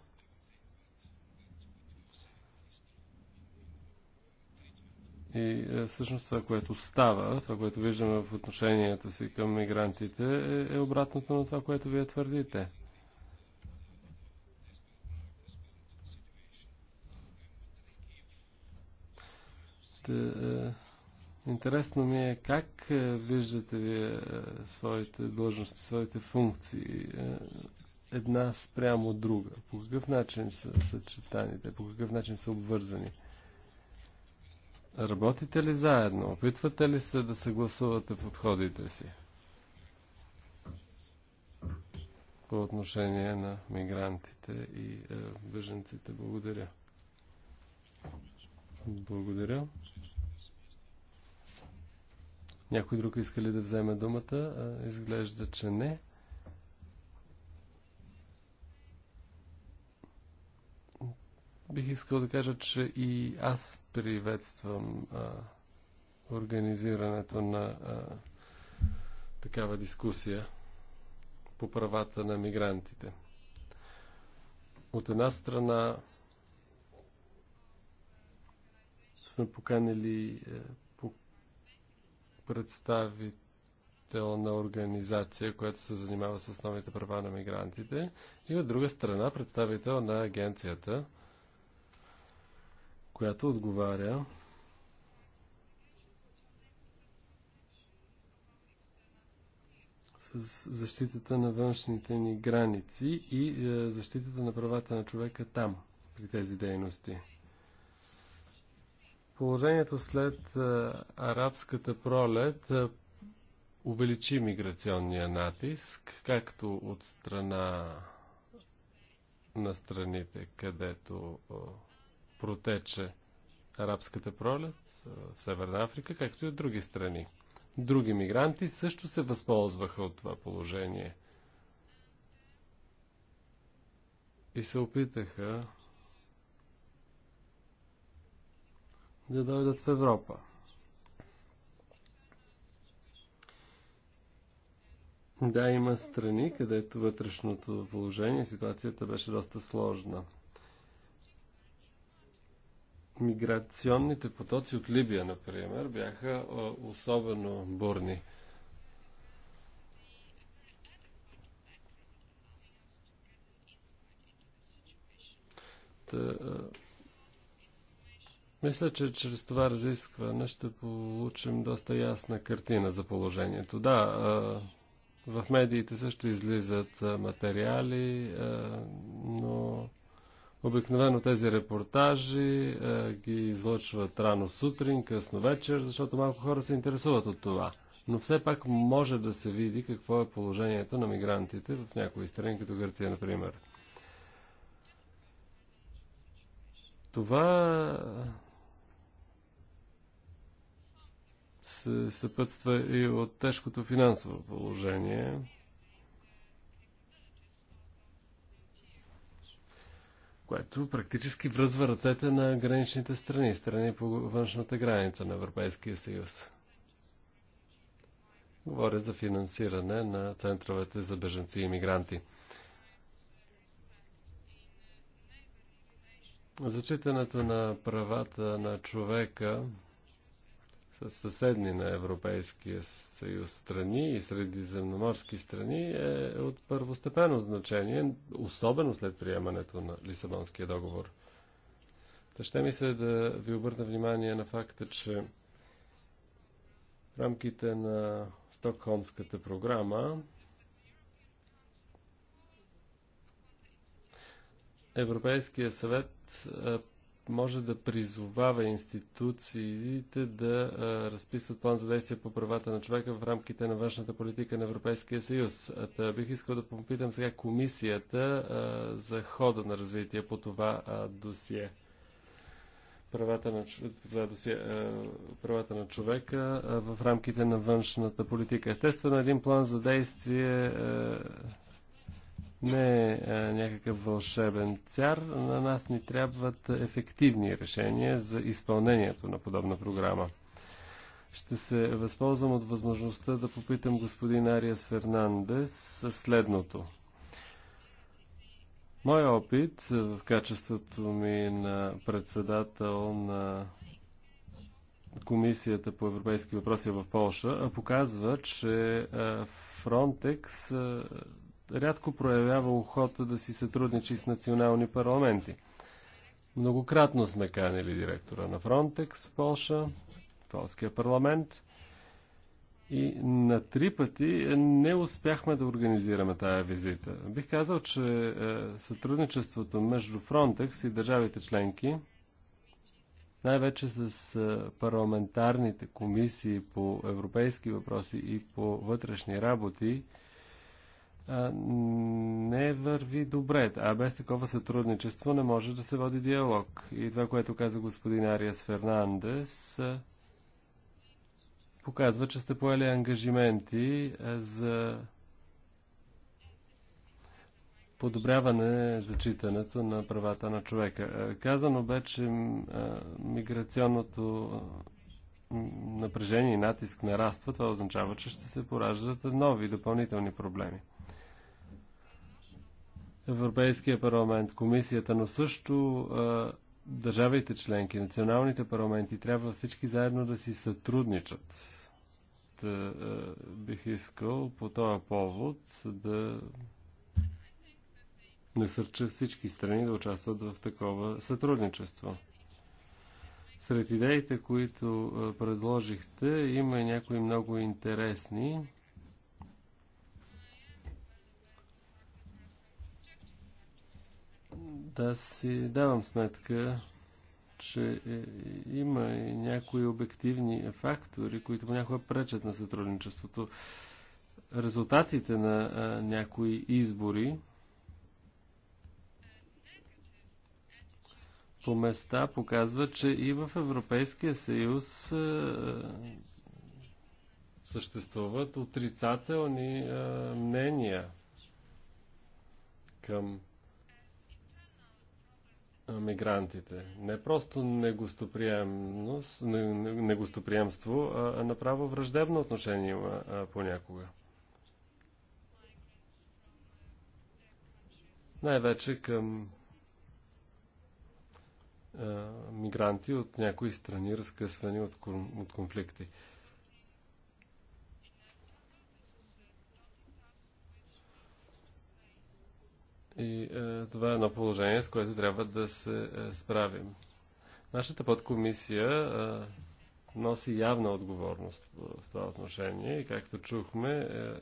И е, всъщност това, което става, това, което виждаме в отношението си към мигрантите, е, е обратното на това, което вие твърдите. Е, интересно ми е как виждате вие своите длъжности, своите функции една спрямо друга? По какъв начин са съчетаните? По какъв начин са обвързани? Работите ли заедно? Опитвате ли се да съгласувате подходите си по отношение на мигрантите и е, беженците? Благодаря. Благодаря. Някой друг иска ли да вземе думата? Е, изглежда, че не. Бих искал да кажа, че и аз приветствам а, организирането на а, такава дискусия по правата на мигрантите. От една страна сме поканили е, по представител на организация, която се занимава с основните права на мигрантите, и от друга страна представител на агенцията – която отговаря с защитата на външните ни граници и е, защитата на правата на човека там, при тези дейности. Положението след е, арабската пролет е, увеличи миграционния натиск, както от страна на страните, където протече арабската пролет в Северна Африка, както и от други страни. Други мигранти също се възползваха от това положение и се опитаха да дойдат в Европа. Да, има страни, където вътрешното положение, ситуацията беше доста сложна миграционните потоци от Либия, например, бяха особено бурни. мисля, че чрез това разискване ще получим доста ясна картина за положението. Да, в медиите също излизат материали, но Обикновено тези репортажи а, е, ги излъчват рано сутрин, късно вечер, защото малко хора се интересуват от това. Но все пак може да се види какво е положението на мигрантите в някои страни, като Гърция, например. Това се съпътства и от тежкото финансово положение. което практически връзва ръцете на граничните страни, страни по външната граница на Европейския съюз. Говоря за финансиране на центровете за беженци и мигранти. Зачитането на правата на човека съседни на Европейския съюз страни и средиземноморски страни е от първостепенно значение, особено след приемането на Лисабонския договор. Та ще ми се да ви обърна внимание на факта, че в рамките на Стокхолмската програма Европейския съвет е, може да призовава институциите да а, разписват план за действие по правата на човека в рамките на външната политика на Европейския съюз. А, бих искал да попитам сега комисията а, за хода на развитие по това а, досие. Правата на, това досие, а, правата на човека а, в рамките на външната политика. Естествено, един план за действие. А, не е, е някакъв вълшебен цар. На нас ни трябват ефективни решения за изпълнението на подобна програма. Ще се възползвам от възможността да попитам господин Ариас Фернандес следното. Моя опит в качеството ми на председател на Комисията по европейски въпроси в Польша показва, че Фронтекс рядко проявява охота да си сътрудничи с национални парламенти. Многократно сме канили директора на Фронтекс в Полша, Полския парламент и на три пъти не успяхме да организираме тая визита. Бих казал, че е, сътрудничеството между Фронтекс и държавите членки най-вече с е, парламентарните комисии по европейски въпроси и по вътрешни работи, не върви добре. А без такова сътрудничество не може да се води диалог. И това, което каза господин Ариас Фернандес, показва, че сте поели ангажименти за подобряване зачитането на правата на човека. Казано бе, че миграционното напрежение и натиск нараства, това означава, че ще се пораждат нови допълнителни проблеми. Европейския парламент, комисията, но също а, държавите членки, националните парламенти трябва всички заедно да си сътрудничат. Та, а, бих искал по този повод да насърча всички страни да участват в такова сътрудничество. Сред идеите, които предложихте, има и някои много интересни. Да, си давам сметка, че е, има и някои обективни фактори, които понякога пречат на сътрудничеството. Резултатите на а, някои избори по места показва, че и в Европейския съюз а, съществуват отрицателни а, мнения към мигрантите. Не просто негостоприемство, а направо враждебно отношение има понякога. Най-вече към мигранти от някои страни, разкъсвани от, от конфликти. И е, това е едно положение, с което трябва да се е, справим. Нашата подкомисия е, носи явна отговорност в това отношение и както чухме, е,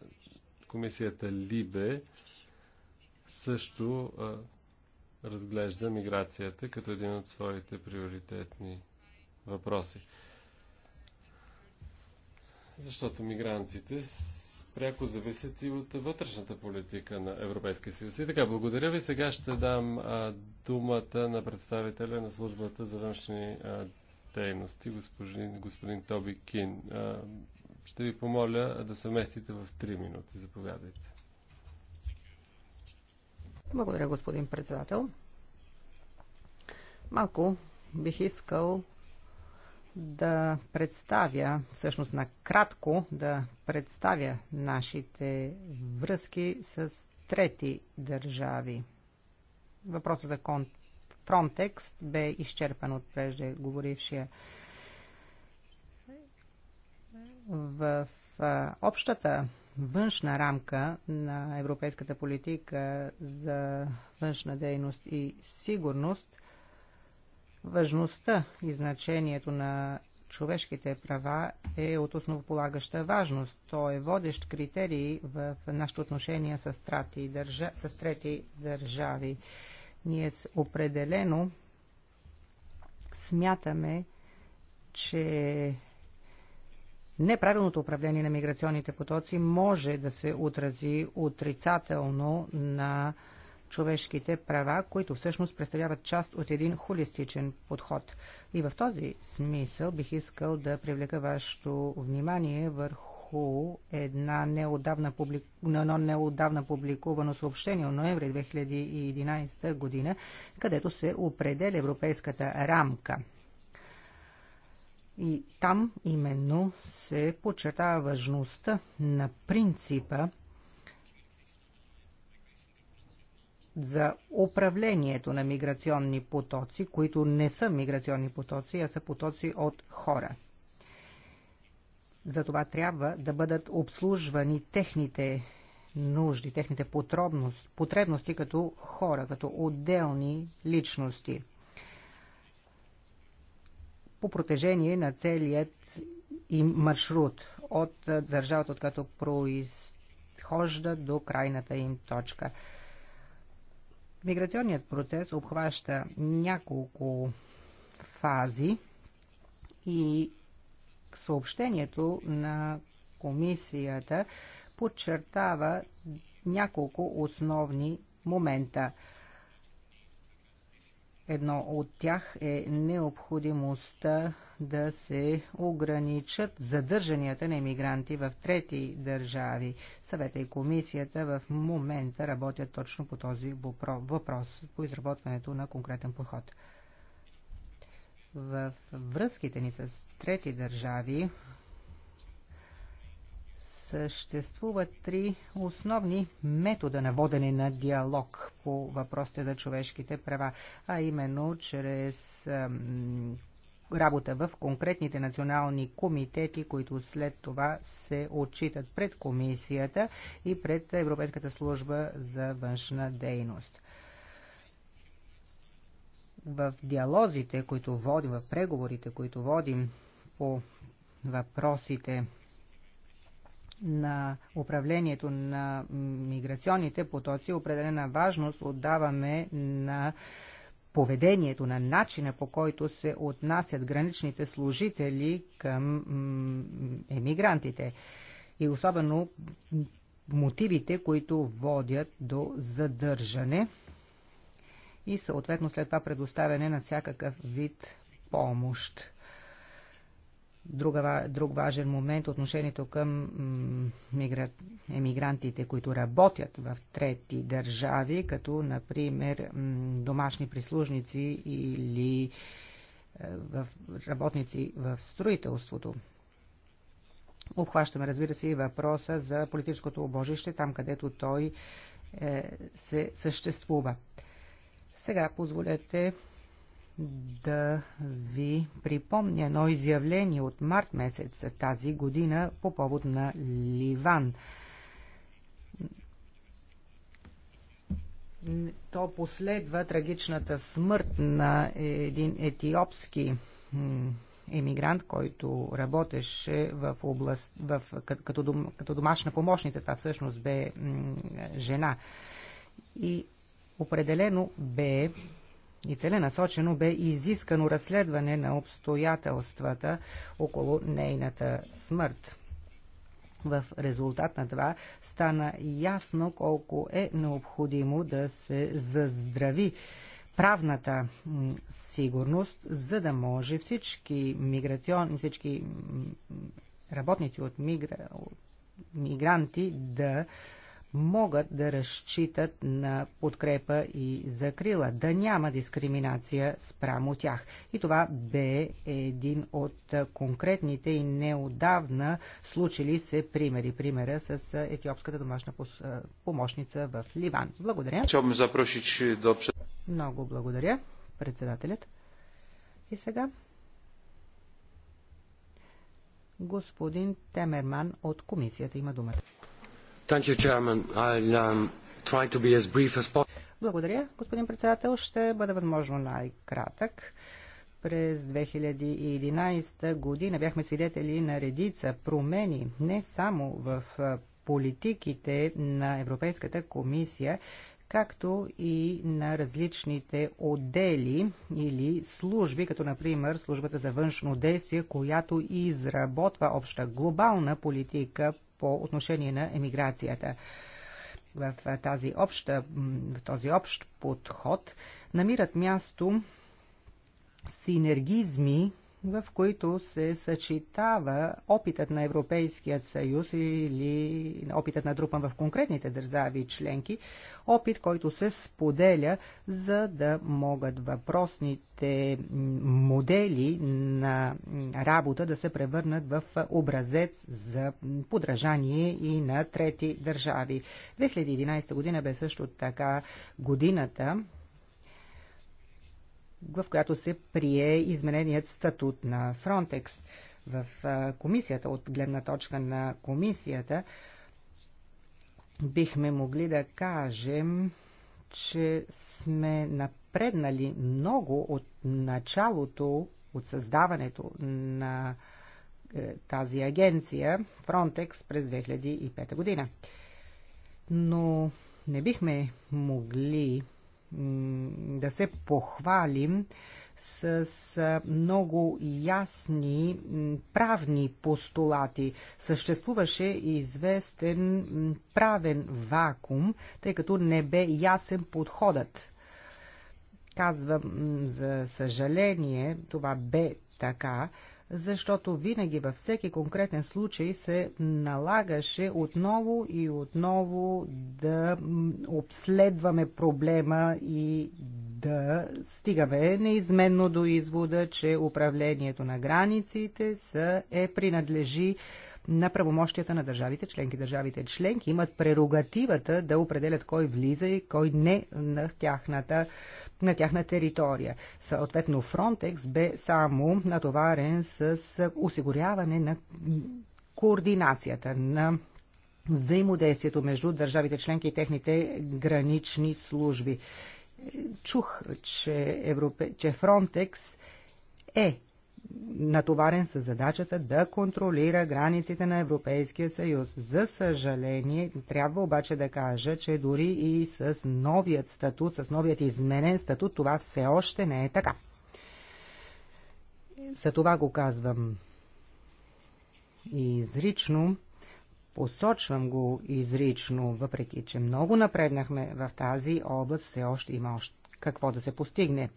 комисията Либе също е, разглежда миграцията като един от своите приоритетни въпроси. Защото мигрантите пряко зависят и от вътрешната политика на Европейския съюз. И така, благодаря ви. Сега ще дам а, думата на представителя на службата за външни а, дейности, господин, господин Тоби Кин. А, ще ви помоля да се местите в 3 минути. Заповядайте. Благодаря, господин председател. Малко бих искал да представя, всъщност накратко да представя нашите връзки с трети държави. Въпросът за Frontex бе изчерпан от преждеговорившия в общата външна рамка на европейската политика за външна дейност и сигурност Важността и значението на човешките права е от основополагаща важност. Той е водещ критерий в нашите отношения с, трати, държа, с трети държави. Ние определено смятаме, че неправилното управление на миграционните потоци може да се отрази отрицателно на човешките права, които всъщност представляват част от един холистичен подход. И в този смисъл бих искал да привлека вашето внимание върху една неодавна, публику... едно неодавна публикувано съобщение от ноември 2011 година, където се определя европейската рамка и там именно се подчертава важността на принципа за управлението на миграционни потоци, които не са миграционни потоци, а са потоци от хора. Затова трябва да бъдат обслужвани техните нужди, техните потребности като хора, като отделни личности. По протежение на целият им маршрут от държавата, от като произхожда до крайната им точка. Миграционният процес обхваща няколко фази и съобщението на комисията подчертава няколко основни момента. Едно от тях е необходимостта да се ограничат задържанията на иммигранти в трети държави. Съвета и комисията в момента работят точно по този въпрос, по изработването на конкретен подход. В връзките ни с трети държави съществуват три основни метода на водене на диалог по въпросите за човешките права, а именно чрез работа в конкретните национални комитети, които след това се отчитат пред комисията и пред Европейската служба за външна дейност. В диалозите, които водим, в преговорите, които водим по въпросите на управлението на миграционните потоци е определена важност отдаваме на поведението, на начина по който се отнасят граничните служители към емигрантите и особено мотивите, които водят до задържане и съответно след това предоставяне на всякакъв вид помощ. Друга, друг важен момент отношението към мигра... емигрантите, които работят в трети държави, като например домашни прислужници или е, в... работници в строителството. Обхващаме, разбира се, и въпроса за политическото обожище, там където той е, се съществува. Сега позволете да ви припомня едно изявление от март месец тази година по повод на Ливан. То последва трагичната смърт на един етиопски емигрант, който работеше в област, в, като, дом, като домашна помощница. Това всъщност бе жена. И определено бе и целенасочено бе изискано разследване на обстоятелствата около нейната смърт. В резултат на това стана ясно колко е необходимо да се заздрави правната сигурност, за да може всички миграционни, всички работници от, мигра... от мигранти да могат да разчитат на подкрепа и закрила, да няма дискриминация спрямо тях. И това бе един от конкретните и неодавна случили се примери. Примера с етиопската домашна помощница в Ливан. Благодаря. Много благодаря, председателят. И сега господин Темерман от комисията има думата. Um, Благодаря, господин председател. Ще бъда възможно най-кратък. През 2011 година бяхме свидетели на редица промени не само в политиките на Европейската комисия, както и на различните отдели или служби, като например службата за външно действие, която изработва обща глобална политика по отношение на емиграцията. В, тази обща, в този общ подход намират място синергизми в които се съчетава опитът на Европейският съюз или опитът на трупа в конкретните държави членки, опит, който се споделя, за да могат въпросните модели на работа да се превърнат в образец за подражание и на трети държави. 2011 година бе също така годината, в която се прие измененият статут на Фронтекс. В комисията, от гледна точка на комисията, бихме могли да кажем, че сме напреднали много от началото, от създаването на е, тази агенция Frontex през 2005 година. Но не бихме могли да се похвалим с много ясни правни постулати. Съществуваше известен правен вакуум, тъй като не бе ясен подходът. Казвам за съжаление, това бе така, защото винаги във всеки конкретен случай се налагаше отново и отново да обследваме проблема и да стигаме неизменно до извода, че управлението на границите са, е принадлежи на правомощията на държавите членки. Държавите членки имат прерогативата да определят кой влиза и кой не на тяхната, на тяхна територия. Съответно, Фронтекс бе само натоварен с осигуряване на координацията на взаимодействието между държавите членки и техните гранични служби. Чух, че, Европе... че Фронтекс е натоварен с задачата да контролира границите на Европейския съюз. За съжаление, трябва обаче да кажа, че дори и с новият статут, с новият изменен статут, това все още не е така. За това го казвам и изрично, посочвам го изрично, въпреки че много напреднахме в тази област, все още има още какво да се постигне.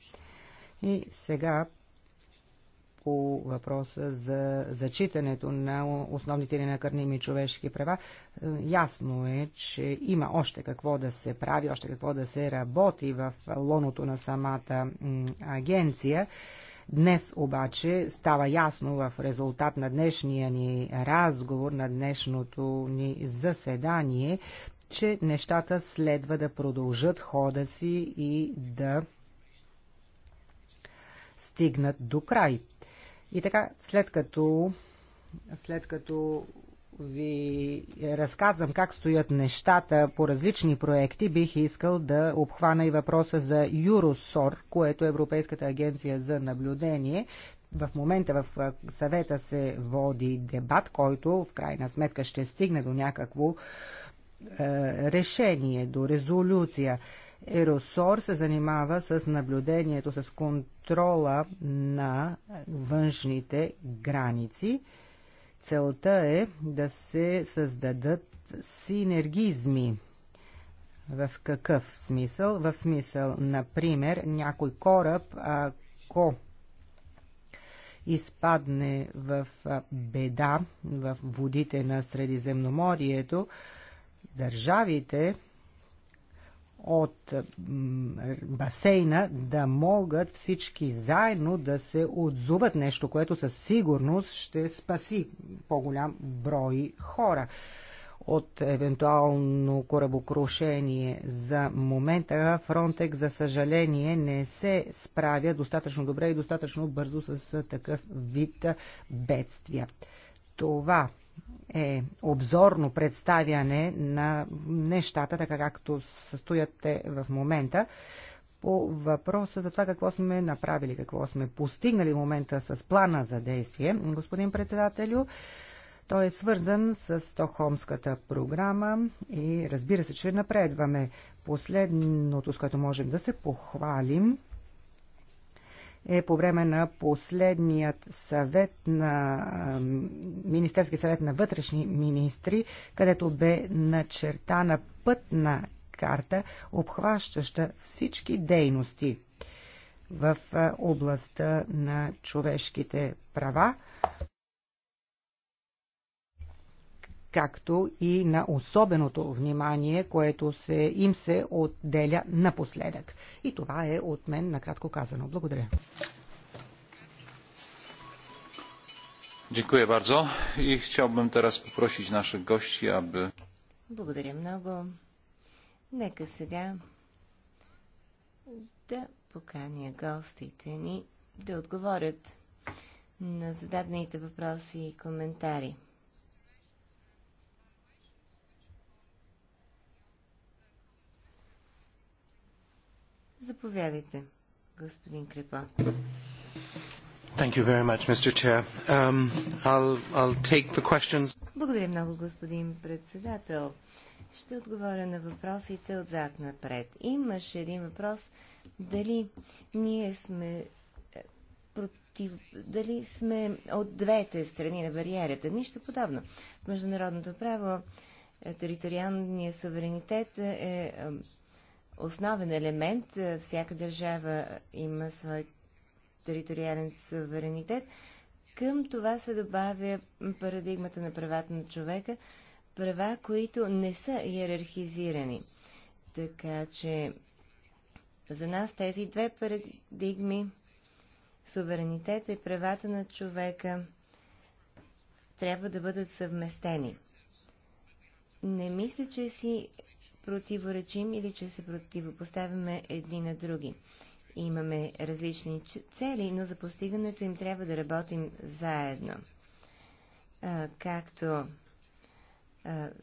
И сега по въпроса за зачитането на основните или накърними човешки права. Ясно е, че има още какво да се прави, още какво да се работи в лоното на самата агенция. Днес обаче става ясно в резултат на днешния ни разговор, на днешното ни заседание, че нещата следва да продължат хода си и да стигнат до край. И така, след като, след като ви разказвам как стоят нещата по различни проекти, бих искал да обхвана и въпроса за Юросор, което е Европейската агенция за наблюдение. В момента в съвета се води дебат, който в крайна сметка ще стигне до някакво е, решение, до резолюция. Еросор се занимава с наблюдението, с контрола на външните граници. Целта е да се създадат синергизми. В какъв смисъл? В смисъл, например, някой кораб, ако изпадне в беда в водите на Средиземноморието, държавите, от басейна да могат всички заедно да се отзуват нещо, което със сигурност ще спаси по-голям брой хора от евентуално корабокрушение. За момента Фронтек, за съжаление, не се справя достатъчно добре и достатъчно бързо с такъв вид бедствия. Това е обзорно представяне на нещата, така както състоят те в момента, по въпроса за това какво сме направили, какво сме постигнали в момента с плана за действие, господин председателю. Той е свързан с Стохомската програма и разбира се, че напредваме. Последното, с което можем да се похвалим, е по време на последният съвет на Министерски съвет на вътрешни министри, където бе начертана пътна карта, обхващаща всички дейности в областта на човешките права, както и на особеното внимание, което се, им се отделя напоследък. И това е от мен накратко казано. Благодаря. Dziękuję bardzo i chciałbym teraz poprosić naszych gości, aby... Благодаря много. Нека сега да поканя гостите ни да отговорят на зададените въпроси и коментари. Заповядайте, господин Крепа. Thank you very much, Mr. Chair. Um, I'll, I'll take the questions. Благодаря много, господин председател. Ще отговоря на въпросите отзад напред. Имаше един въпрос дали ние сме е, против, дали сме от двете страни на бариерата. Нищо подобно. В международното право е, териториалния суверенитет е, е основен елемент. Е, всяка държава има свой териториален суверенитет. Към това се добавя парадигмата на правата на човека, права, които не са иерархизирани. Така че за нас тези две парадигми суверенитета и правата на човека трябва да бъдат съвместени. Не мисля, че си противоречим или че се противопоставяме едни на други. Имаме различни цели, но за постигането им трябва да работим заедно. А, както а,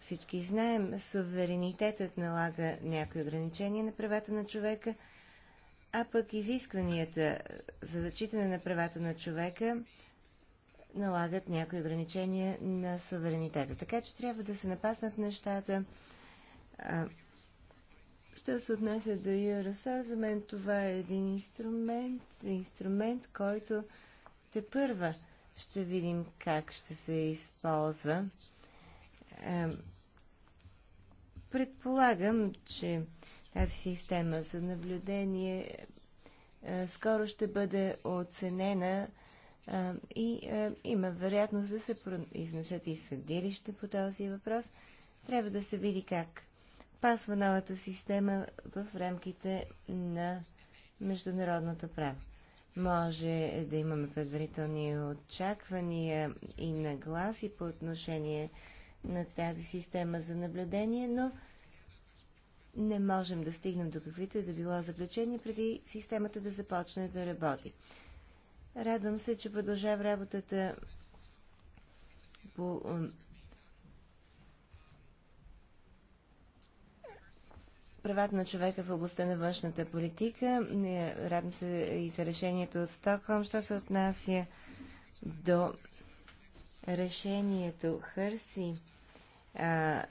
всички знаем, суверенитетът налага някои ограничения на правата на човека, а пък изискванията за зачитане на правата на човека налагат някои ограничения на суверенитета. Така че трябва да се напаснат нещата а, що се отнася до Юросо, за мен това е един инструмент, инструмент, който те първа ще видим как ще се използва. А, предполагам, че тази система за наблюдение а, скоро ще бъде оценена а, и а, има вероятност да се произнесат и съдилище по този въпрос. Трябва да се види как пасва новата система в рамките на международното право. Може да имаме предварителни очаквания и нагласи по отношение на тази система за наблюдение, но не можем да стигнем до каквито и да било заключение преди системата да започне да работи. Радвам се, че продължава работата по правата на човека в областта на външната политика. Радвам се и за решението от Стокхолм, що се отнася до решението Хърси. А,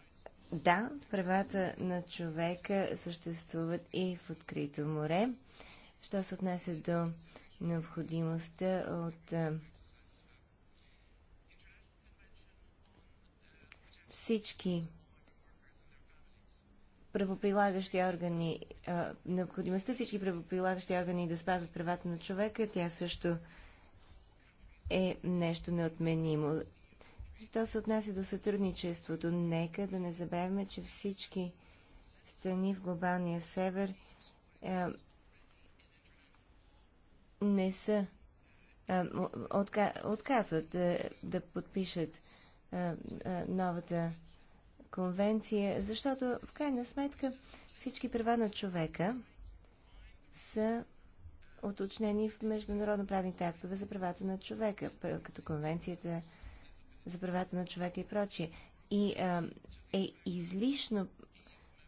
да, правата на човека съществуват и в открито море. Що се отнася до необходимостта от всички правоприлагащи органи, а, необходимостта всички правоприлагащи органи да спазват правата на човека, тя също е нещо неотменимо. Що се отнася до сътрудничеството, нека да не забравяме, че всички страни в глобалния север а, не са а, отка, отказват а, да подпишат а, а, новата конвенция, защото в крайна сметка всички права на човека са уточнени в международно-правните актове за правата на човека, като конвенцията за правата на човека и прочие. И а, е излишно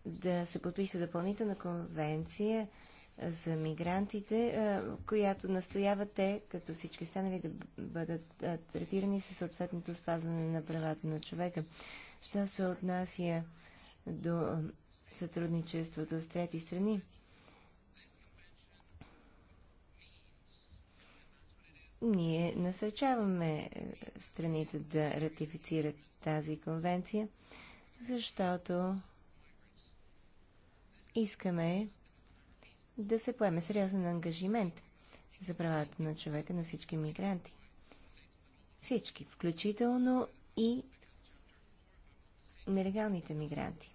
да се подписва допълнителна конвенция за мигрантите, а, която настоява те, като всички останали, да бъдат а, третирани със съответното спазване на правата на човека. Що се отнася до сътрудничеството с трети страни? Ние насърчаваме е, страните да ратифицират тази конвенция, защото искаме да се поеме сериозен ангажимент за правата на човека на всички мигранти. Всички, включително и нелегалните мигранти.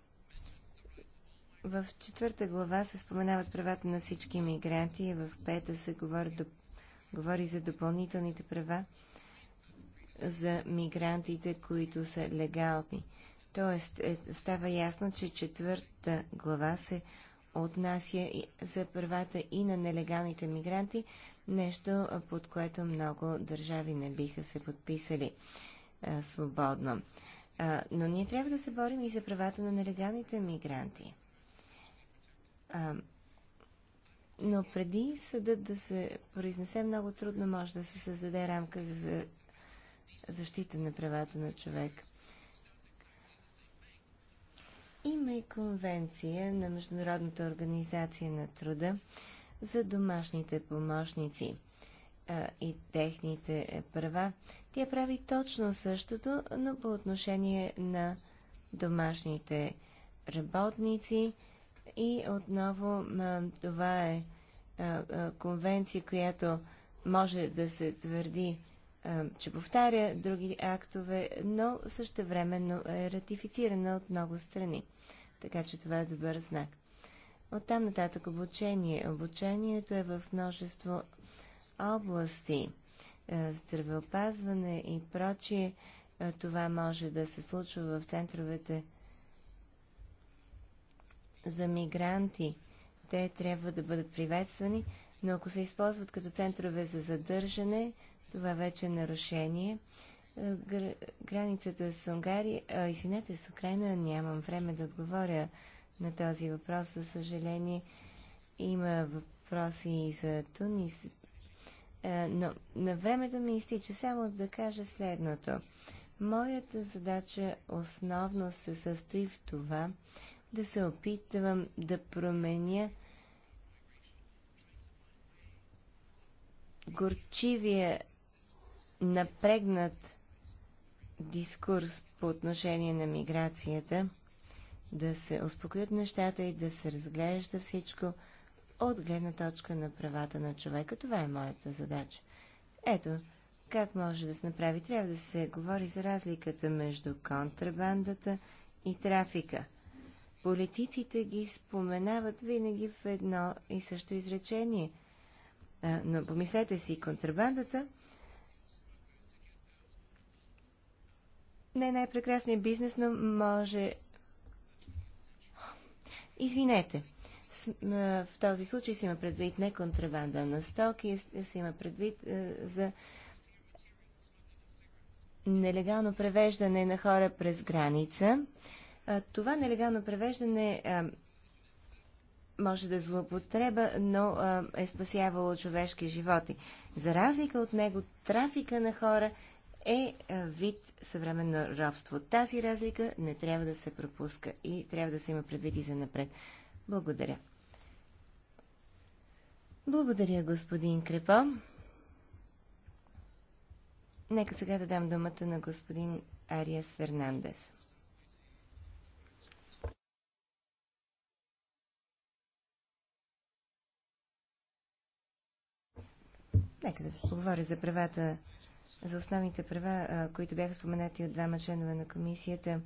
В четвърта глава се споменават правата на всички мигранти, в пета се говори, доп... говори за допълнителните права за мигрантите, които са легални. Тоест, е, става ясно, че четвърта глава се отнася и за правата и на нелегалните мигранти, нещо под което много държави не биха се подписали а, свободно. А, но ние трябва да се борим и за правата на нелегалните мигранти. А, но преди съдът да се произнесе, много трудно може да се създаде рамка за защита на правата на човек. Има и конвенция на Международната организация на труда за домашните помощници а, и техните е, права. Тя прави точно същото, но по отношение на домашните работници. И отново а, това е а, конвенция, която може да се твърди, че повтаря други актове, но същевременно е ратифицирана от много страни. Така че това е добър знак. Оттам нататък обучение. Обучението е в множество области, е, здравеопазване и прочие, е, това може да се случва в центровете за мигранти. Те трябва да бъдат приветствани, но ако се използват като центрове за задържане, това вече е нарушение. Е, границата с Унгария, а, извинете, с Украина нямам време да отговоря на този въпрос, за съжаление. Има въпроси и за Тунис, е, но на времето ми изтича само да кажа следното. Моята задача основно се състои в това да се опитвам да променя горчивия напрегнат дискурс по отношение на миграцията, да се успокоят нещата и да се разглежда всичко – от гледна точка на правата на човека. Това е моята задача. Ето, как може да се направи? Трябва да се говори за разликата между контрабандата и трафика. Политиците ги споменават винаги в едно и също изречение. но помислете си, контрабандата не е най-прекрасният бизнес, но може... Извинете, в този случай се има предвид не контрабанда на стоки, се има предвид за нелегално превеждане на хора през граница. Това нелегално превеждане може да е злоупотреба, но е спасявало човешки животи. За разлика от него, трафика на хора е вид съвременно робство. Тази разлика не трябва да се пропуска и трябва да се има предвид и за напред. Благодаря. Благодаря, господин Крепо. Нека сега да дам думата на господин Ариас Фернандес. Нека да поговоря за правата, за основните права, които бяха споменати от двама членове на комисията.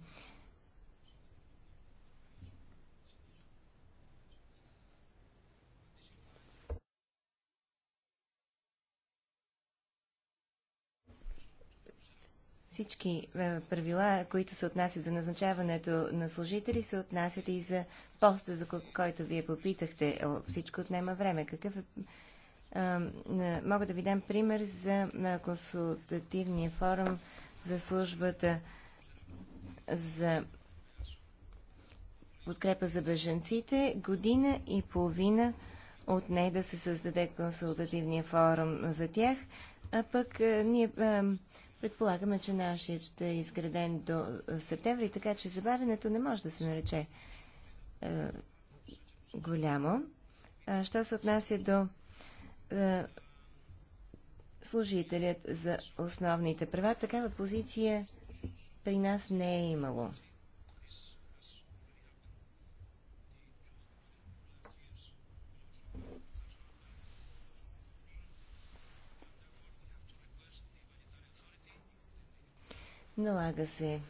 всички е, правила, които се отнасят за назначаването на служители, се отнасят и за поста, за който вие попитахте. Всичко отнема време. Какъв е, е, е... Мога да ви дам пример за консултативния форум за службата за подкрепа за беженците. Година и половина от не да се създаде консултативния форум за тях, а пък ние Предполагаме, че нашият ще е изграден до е, септември, така че забавянето не може да се нарече е, голямо. А, що се отнася до е, служителят за основните права, такава позиция при нас не е имало. Налага се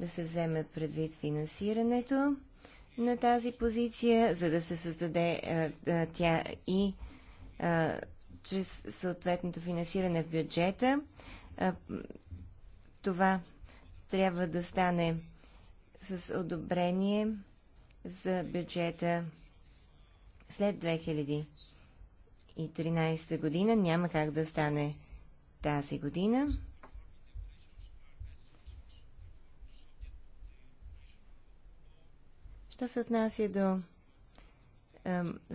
да се вземе предвид финансирането на тази позиция, за да се създаде а, тя и а, чрез съответното финансиране в бюджета. А, това трябва да стане с одобрение за бюджета след 2013 година. Няма как да стане тази година. Що се отнася до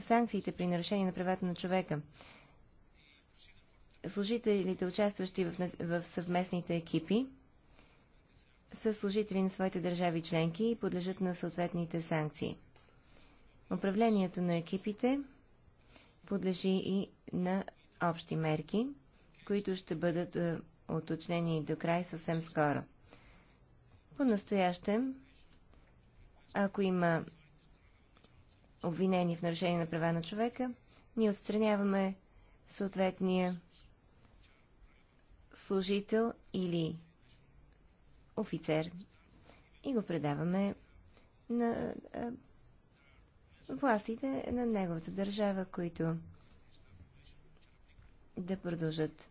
санкциите при нарушение на правата на човека. Служителите, участващи в, в съвместните екипи, са служители на своите държави членки и подлежат на съответните санкции. Управлението на екипите подлежи и на общи мерки, които ще бъдат уточнени до край съвсем скоро. По-настоящем ако има обвинение в нарушение на права на човека, ние отстраняваме съответния служител или офицер и го предаваме на властите на неговата държава, които да продължат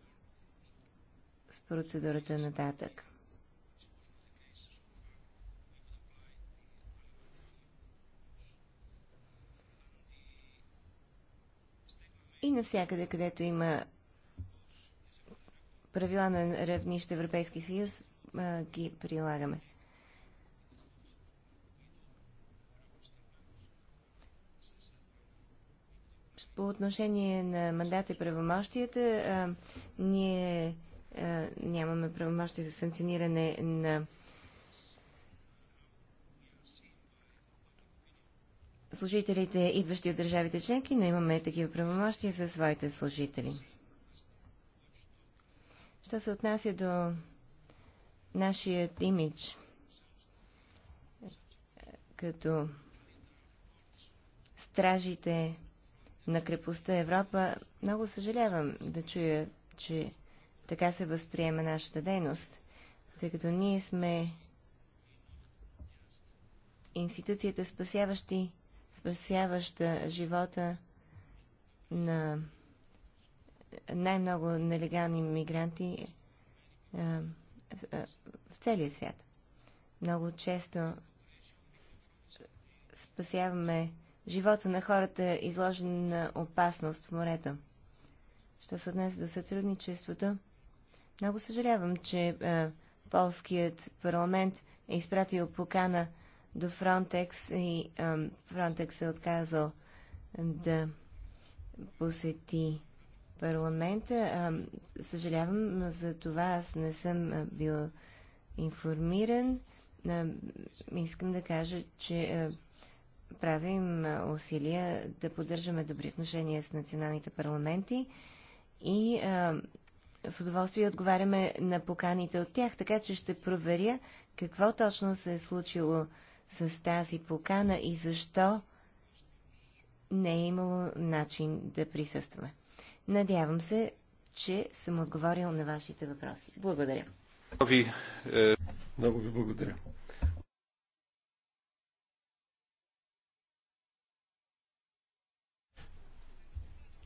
с процедурата нататък. И навсякъде, където има правила на равнище Европейски съюз, ги прилагаме. По отношение на мандата и правомощията, ние нямаме правомощи за санкциониране на служителите, идващи от държавите членки, но имаме такива правомощия за своите служители. Що се отнася до нашият имидж като стражите на крепостта Европа, много съжалявам да чуя, че така се възприема нашата дейност, тъй като ние сме институцията спасяващи спасяваща живота на най-много нелегални мигранти а, е, в, е, в целия свят. Много често спасяваме живота на хората, изложени на опасност в морето. Що се отнесе до сътрудничеството, много съжалявам, че а, е, полският парламент е изпратил покана до Фронтекс и Фронтекс е отказал да посети парламента. Съжалявам, за това аз не съм бил информиран. Искам да кажа, че правим усилия да поддържаме добри отношения с националните парламенти и с удоволствие отговаряме на поканите от тях, така че ще проверя какво точно се е случило с тази покана и защо не е имало начин да присъстваме. Надявам се, че съм отговорил на вашите въпроси. Благодаря. Много ви е, благодаря.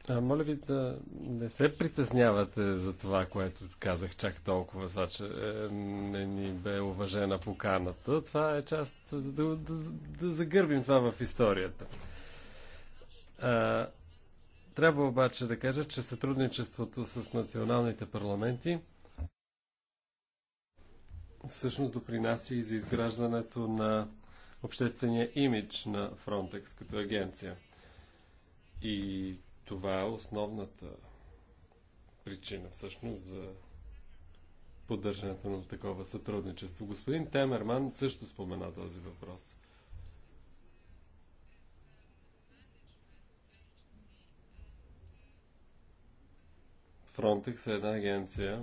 моля ви да не се притеснявате за това, което казах чак толкова, това, че е, не ни бе уважена поканата. Това е част да, да, да загърбим това в историята. А, трябва обаче да кажа, че сътрудничеството с националните парламенти всъщност допринася и за изграждането на обществения имидж на Frontex като агенция. И това е основната причина всъщност за поддържането на такова сътрудничество. Господин Темерман също спомена този въпрос. Frontex е една агенция,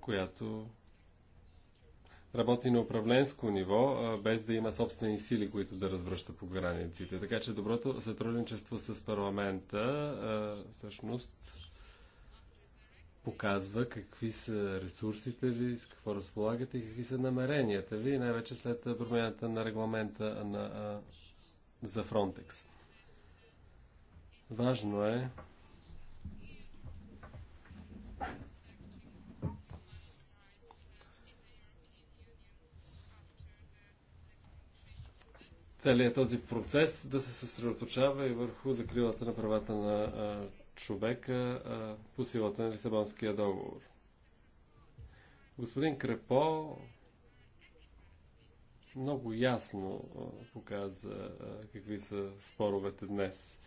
която работи на управленско ниво, без да има собствени сили, които да развръща по границите. Така че доброто сътрудничество с парламента всъщност показва какви са ресурсите ви, с какво разполагате и какви са намеренията ви, най-вече след промената на регламента на, за Фронтекс. Важно е целият този процес да се съсредоточава и върху закрилата на правата на а, човека а, по силата на Лисабонския договор. Господин Крепо много ясно а, показа какви са споровете днес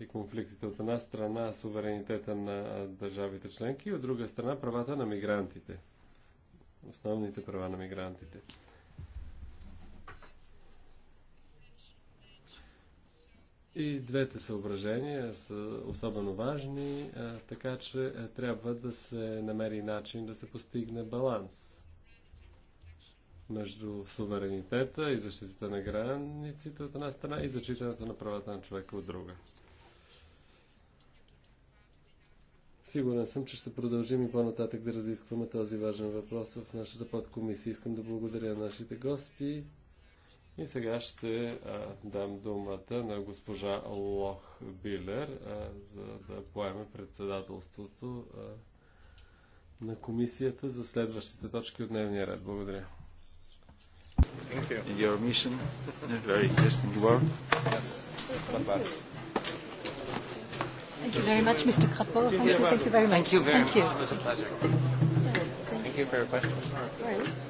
и конфликтите. От една страна суверенитета на държавите членки и от друга страна правата на мигрантите. Основните права на мигрантите. И двете съображения са особено важни, така че е, трябва да се намери начин да се постигне баланс между суверенитета и защитата на границите от една страна и зачитането на правата на човека от друга. Сигурен съм, че ще продължим и по-нататък да разискваме този важен въпрос в нашата подкомисия. Искам да благодаря нашите гости. И сега ще а, дам думата на госпожа Лох Билер, а, за да поеме председателството а, на комисията за следващите точки от дневния ред. Благодаря. Thank Your mission, very interesting work. Yes. Thank you very much, Mr. Krapo. Thank you, thank you very much. Thank you very much. It was a pleasure. Thank you for your questions. Right.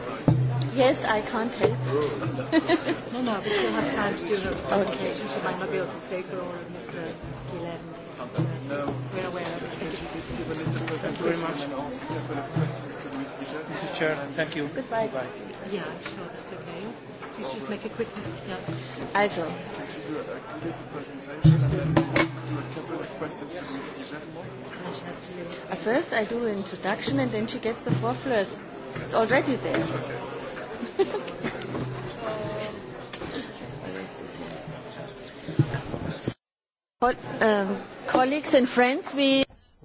Yes, I can't help. no, no, but she'll have time to do her presentation. She might not be able to stay for all of Mr. Gillen's. No. We're aware of it. Thank you very much. Mr. Chair, thank you. Goodbye. Goodbye. Yeah, sure, that's okay. Please just make a quick... Yeah. Also. First I do an introduction and then she gets the four floors. It's already there. Okay. Um,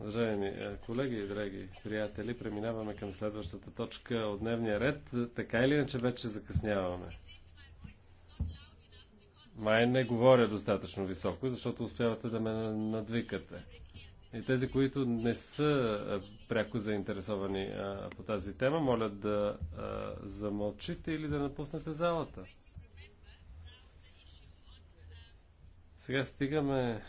Уважаеми е, колеги и драги приятели, преминаваме към следващата точка от дневния ред. Така или иначе вече закъсняваме. Май не говоря достатъчно високо, защото успявате да ме надвикате и тези, които не са пряко заинтересовани а, по тази тема, моля да а, замълчите или да напуснете залата. Сега стигаме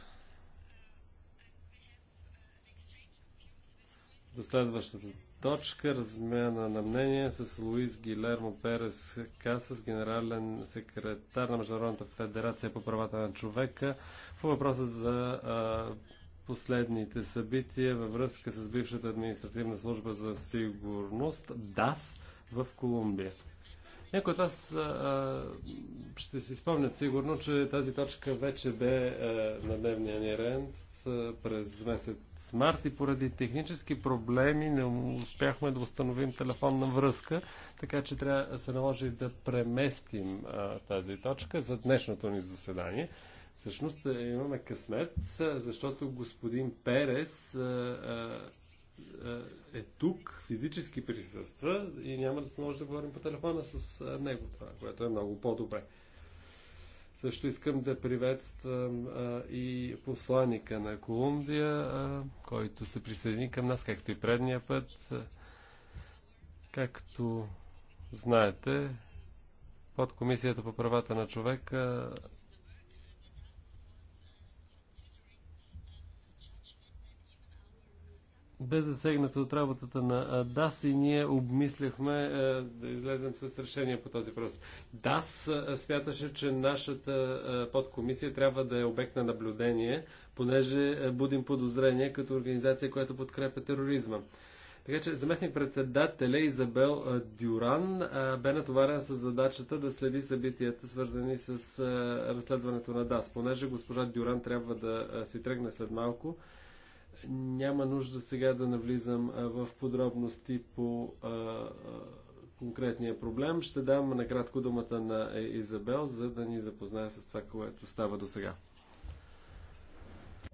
до следващата точка. Размяна на мнение с Луис Гилермо Перес Касас, генерален секретар на Международната федерация по правата на човека по въпроса за а, последните събития във връзка с бившата административна служба за сигурност ДАС в Колумбия. Някои от вас а, ще си спомнят сигурно, че тази точка вече бе а, на дневния ни рент през месец март и поради технически проблеми не успяхме да установим телефонна връзка, така че трябва да се наложи да преместим а, тази точка за днешното ни заседание. Всъщност е, имаме късмет, е, защото господин Перес е, е тук, физически присъства и няма да се може да говорим по телефона с него, това, което е много по-добре. Също искам да приветствам а, и посланика на Колумбия, а, който се присъедини към нас, както и предния път. Както знаете, под Комисията по правата на човека бе засегната от работата на ДАС и ние обмисляхме да излезем с решение по този въпрос. ДАС смяташе, че нашата подкомисия трябва да е обект на наблюдение, понеже будим подозрение като организация, която подкрепя тероризма. Така че заместник председателя Изабел Дюран бе натоварен с задачата да следи събитията, свързани с разследването на ДАС. Понеже госпожа Дюран трябва да си тръгне след малко, няма нужда сега да навлизам в подробности по конкретния проблем. Ще дам накратко думата на е, Изабел, за да ни запознае с това, което става до сега.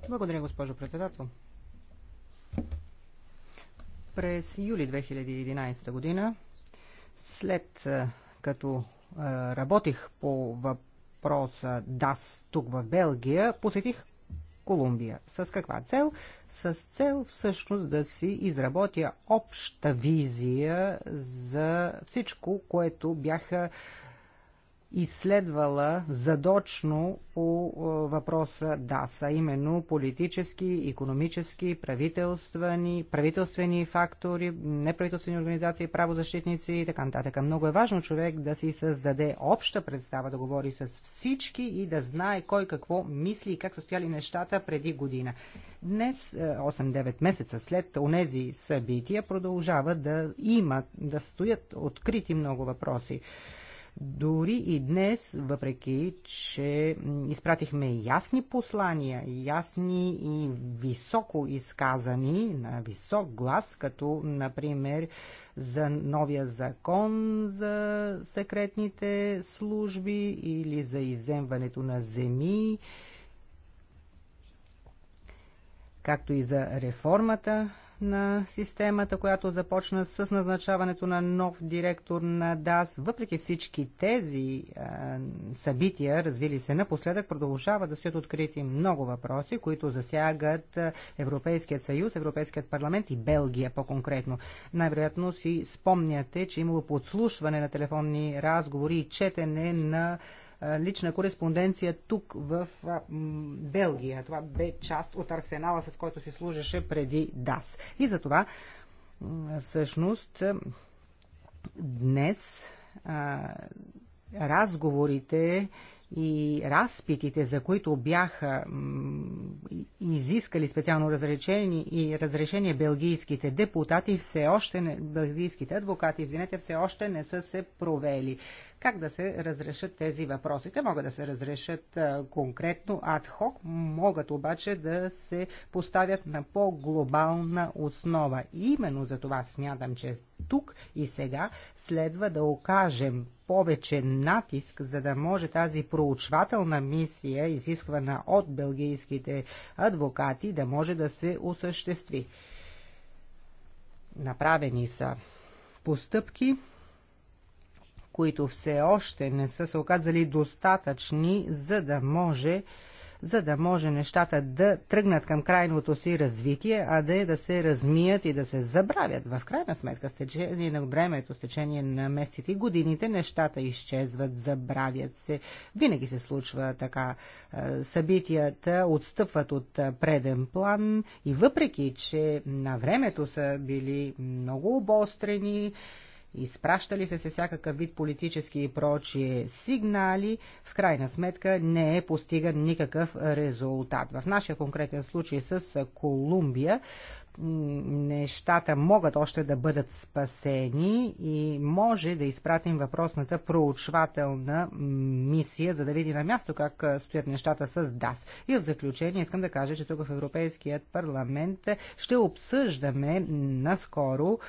Благодаря, госпожо председател. През юли 2011 година, след като работих по въпроса ДАС тук в Белгия, посетих Колумбия. С каква цел? С цел всъщност да си изработя обща визия за всичко, което бяха изследвала задочно по е, въпроса ДАСА, именно политически, економически, правителствени, правителствени фактори, неправителствени организации, правозащитници и така нататък. Много е важно човек да си създаде обща представа, да говори с всички и да знае кой какво мисли и как са стояли нещата преди година. Днес, 8-9 е, месеца след онези събития, продължава да има, да стоят открити много въпроси. Дори и днес, въпреки, че изпратихме ясни послания, ясни и високо изказани, на висок глас, като, например, за новия закон за секретните служби или за иземването на земи, както и за реформата на системата, която започна с назначаването на нов директор на ДАС. Въпреки всички тези е, събития, развили се напоследък, продължава да стоят открити много въпроси, които засягат Европейският съюз, Европейският парламент и Белгия по-конкретно. Най-вероятно си спомняте, че е имало подслушване на телефонни разговори и четене на лична кореспонденция тук в Белгия. Това бе част от арсенала, с който си служеше преди ДАС. И за това всъщност днес разговорите и разпитите, за които бяха изискали специално разрешение и разрешение белгийските депутати, все още не, белгийските адвокати, извинете, все още не са се провели. Как да се разрешат тези въпроси? Те могат да се разрешат конкретно, адхок, могат обаче да се поставят на по-глобална основа. Именно за това смятам, че тук и сега следва да окажем повече натиск, за да може тази проучвателна мисия, изисквана от белгийските адвокати, да може да се осъществи. Направени са постъпки, които все още не са се оказали достатъчни, за да може за да може нещата да тръгнат към крайното си развитие, а да е да се размият и да се забравят. В крайна сметка, с течение на времето, с течение на месеците и годините, нещата изчезват, забравят се. Винаги се случва така. Е, събитията отстъпват от е, преден план и въпреки, че на времето са били много обострени, изпращали се се всякакъв вид политически и прочие сигнали, в крайна сметка не е постиган никакъв резултат. В нашия конкретен случай с Колумбия нещата могат още да бъдат спасени и може да изпратим въпросната проучвателна мисия, за да види на място как стоят нещата с ДАС. И в заключение искам да кажа, че тук в Европейският парламент ще обсъждаме наскоро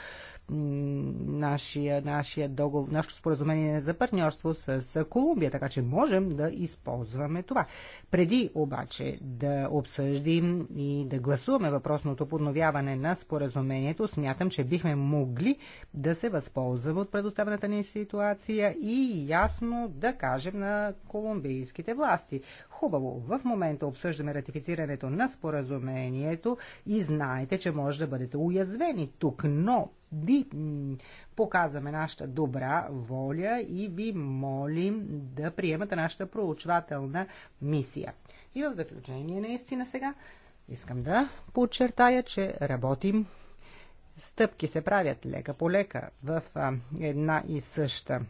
нашия, нашия договор, нашето споразумение за партньорство с Колумбия, така че можем да използваме това. Преди обаче да обсъждим и да гласуваме въпросното подновяване на споразумението, смятам, че бихме могли да се възползваме от предоставената ни ситуация и ясно да кажем на колумбийските власти. Хубаво, в момента обсъждаме ратифицирането на споразумението и знаете, че може да бъдете уязвени тук, но ви показваме нашата добра воля и ви молим да приемате нашата проучвателна мисия. И в заключение, наистина сега, искам да подчертая, че работим Стъпки се правят лека по лека в една и съща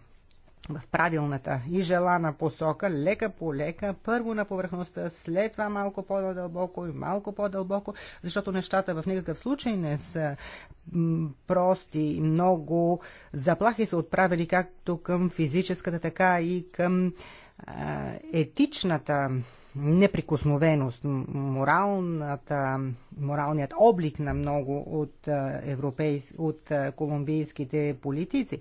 в правилната и желана посока, лека по лека, първо на повърхността, след това малко по-дълбоко и малко по-дълбоко, защото нещата в никакъв случай не са прости, много заплахи са отправили както към физическата, така и към а, етичната неприкосновеност, моралната, моралният облик на много от, европейс, от колумбийските политици.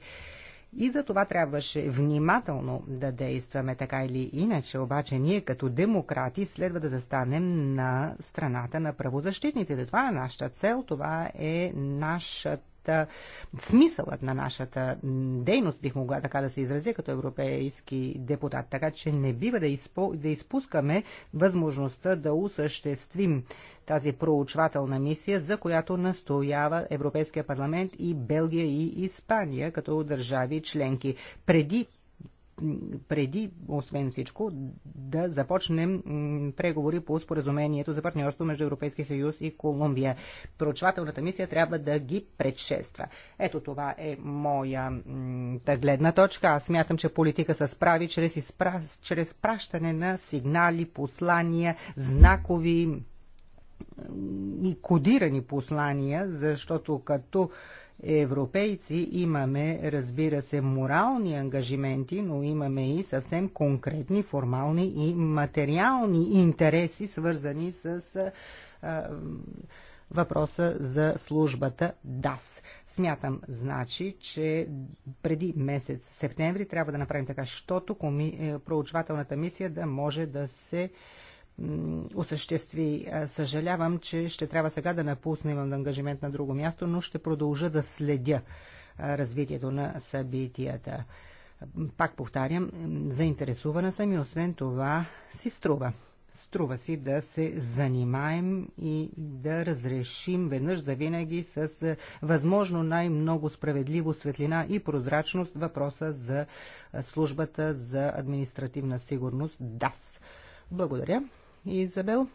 И за това трябваше внимателно да действаме така или иначе, обаче ние като демократи следва да застанем на страната на правозащитниците. Това е нашата цел, това е нашата е, смисълът на нашата дейност, бих могла така да се изразя като европейски депутат. Така че не бива да, изпо, да изпускаме възможността да осъществим тази проучвателна мисия, за която настоява Европейския парламент и Белгия и Испания като държави членки. Преди преди, освен всичко, да започнем преговори по споразумението за партньорство между Европейския съюз и Колумбия. Проучвателната мисия трябва да ги предшества. Ето това е моя гледна точка. Аз смятам, че политика се справи чрез, изпра... чрез пращане на сигнали, послания, знакови и кодирани послания, защото като европейци имаме, разбира се, морални ангажименти, но имаме и съвсем конкретни, формални и материални интереси, свързани с а, въпроса за службата ДАС. Смятам, значи, че преди месец септември трябва да направим така, защото коми... Е, проучвателната мисия да може да се а, осъществи. Съжалявам, че ще трябва сега да напусна, имам ангажимент на друго място, но ще продължа да следя развитието на събитията. Пак повтарям, заинтересувана съм и освен това си струва. Струва си да се занимаем и да разрешим веднъж за винаги с възможно най-много справедливо светлина и прозрачност въпроса за службата за административна сигурност ДАС. Благодаря. Изабел?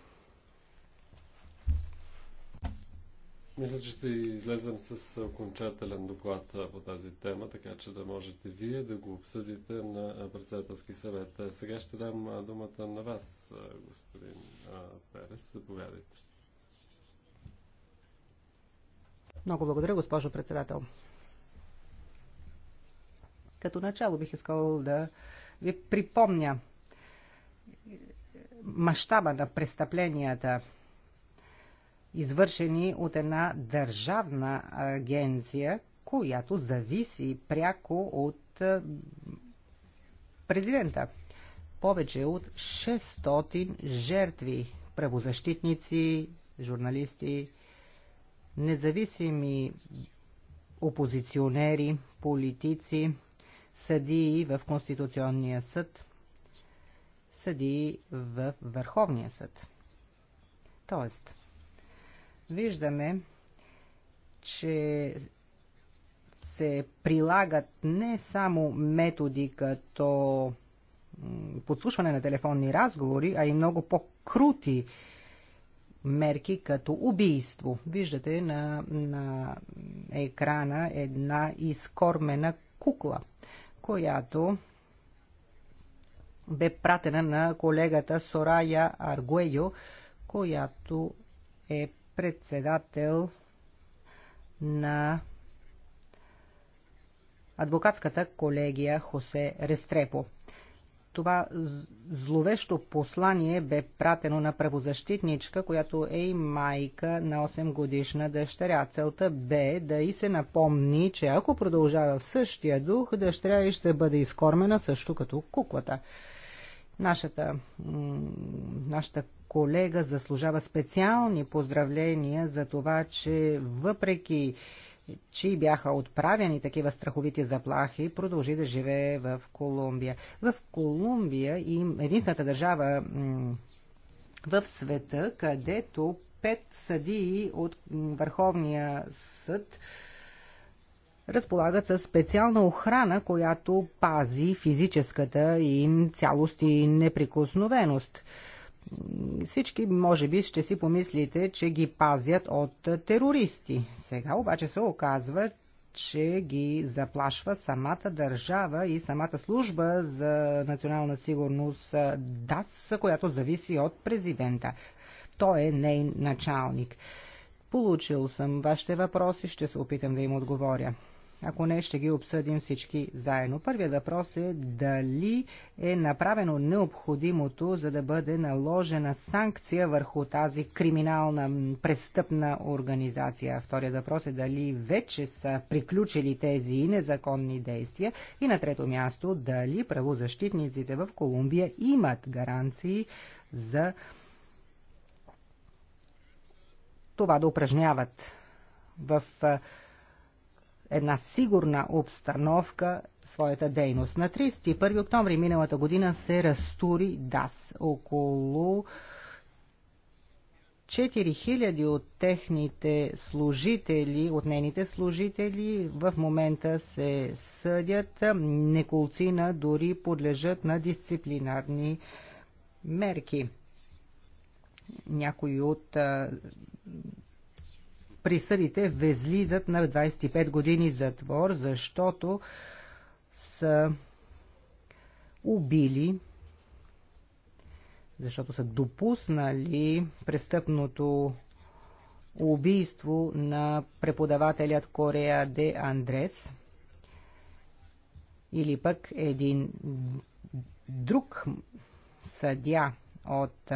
Мисля, че ще излезем с окончателен доклад по тази тема, така че да можете вие да го обсъдите на председателски съвет. Е, сега ще дам думата на вас, господин Перес. Заповядайте. Много благодаря, госпожо председател. Като начало бих искал да ви припомня мащаба на престъпленията, извършени от една държавна агенция, която зависи пряко от е, президента. Повече от 600 жертви, правозащитници, журналисти, независими опозиционери, политици, съдии в Конституционния съд – Съди в Върховния съд. Тоест, виждаме, че се прилагат не само методи като подслушване на телефонни разговори, а и много по-крути мерки като убийство. Виждате на, на екрана една изкормена кукла, която бе пратена на колегата Сорая Аргуейо, която е председател на адвокатската колегия Хосе Рестрепо. Това зловещо послание бе пратено на правозащитничка, която е и майка на 8 годишна дъщеря. Целта бе да и се напомни, че ако продължава в същия дух, дъщеря и ще бъде изкормена също като куклата. Нашата, нашата колега заслужава специални поздравления за това, че въпреки чи бяха отправени такива страховити заплахи, продължи да живее в Колумбия. В Колумбия и единствената държава в света, където пет съдии от Върховния съд разполагат със специална охрана, която пази физическата им цялост и неприкосновеност. Всички, може би, ще си помислите, че ги пазят от терористи. Сега обаче се оказва, че ги заплашва самата държава и самата служба за национална сигурност ДАС, която зависи от президента. Той е ней началник. Получил съм вашите въпроси, ще се опитам да им отговоря ако не ще ги обсъдим всички заедно. Първият въпрос е дали е направено необходимото, за да бъде наложена санкция върху тази криминална престъпна организация. Вторият въпрос е дали вече са приключили тези незаконни действия. И на трето място, дали правозащитниците в Колумбия имат гаранции за това да упражняват в една сигурна обстановка своята дейност. На 31 октомври миналата година се разтури ДАС. Около 4000 от техните служители, от нейните служители в момента се съдят. Неколцина дори подлежат на дисциплинарни мерки. Някои от присъдите възлизат на 25 години затвор, защото са убили, защото са допуснали престъпното убийство на преподавателят Корея де Андрес или пък един друг съдя от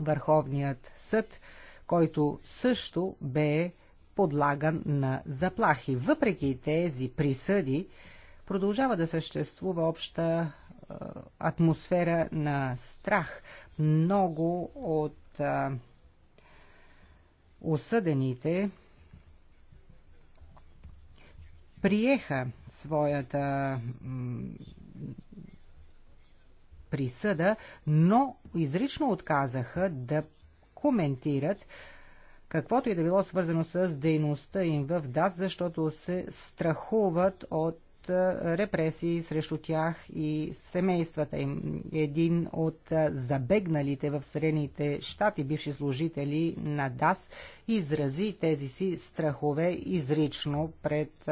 Върховният съд който също бе подлаган на заплахи. Въпреки тези присъди, продължава да съществува обща атмосфера на страх. Много от а, осъдените приеха своята присъда, но изрично отказаха да коментират каквото и да било свързано с дейността им в ДАС, защото се страхуват от репресии срещу тях и семействата им. Един от забегналите в Средните щати бивши служители на ДАС изрази тези си страхове изрично пред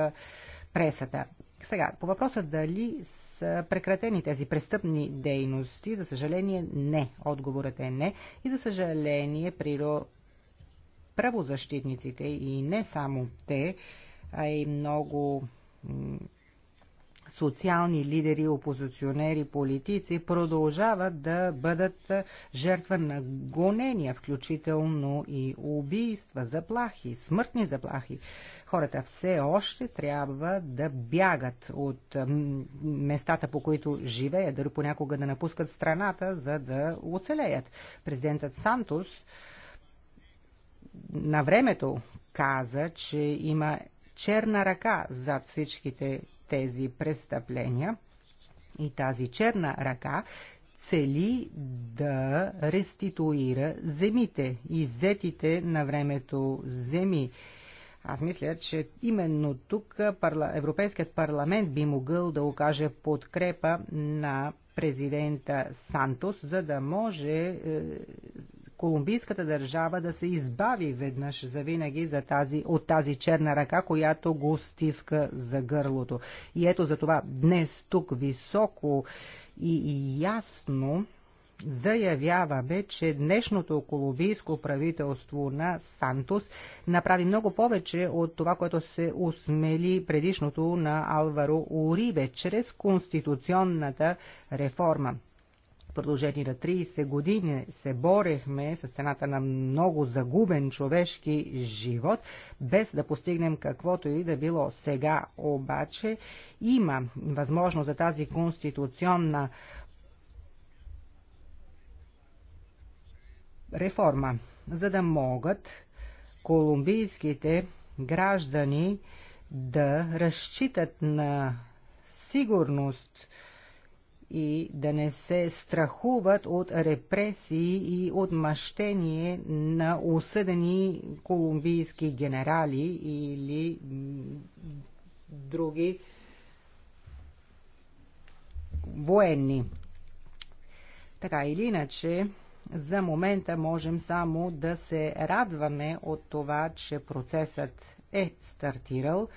пресата. Сега, по въпроса дали са прекратени тези престъпни дейности? За съжаление не. Отговорът е не. И за съжаление приро... правозащитниците и не само те, а и много социални лидери, опозиционери, политици продължават да бъдат жертва на гонения, включително и убийства, заплахи, смъртни заплахи. Хората все още трябва да бягат от местата, по които живеят, дори понякога да напускат страната, за да оцелеят. Президентът Сантос на времето каза, че има черна ръка зад всичките тези престъпления и тази черна ръка цели да реституира земите, иззетите на времето земи. Аз мисля, че именно тук парла... Европейският парламент би могъл да окаже подкрепа на президента Сантос, за да може е, колумбийската държава да се избави веднъж завинаги за тази, от тази черна ръка, която го стиска за гърлото. И ето за това днес тук високо и, и ясно заявяваме, че днешното колумбийско правителство на Сантос направи много повече от това, което се осмели предишното на Алваро Урибе чрез конституционната реформа продължение на 30 години се борехме с цената на много загубен човешки живот, без да постигнем каквото и да било. Сега обаче има възможност за тази конституционна реформа, за да могат колумбийските граждани да разчитат на сигурност – и да не се страхуват от репресии и от мъщение на осъдени колумбийски генерали или други военни. Така или иначе, за момента можем само да се радваме от това, че процесът е стартирал –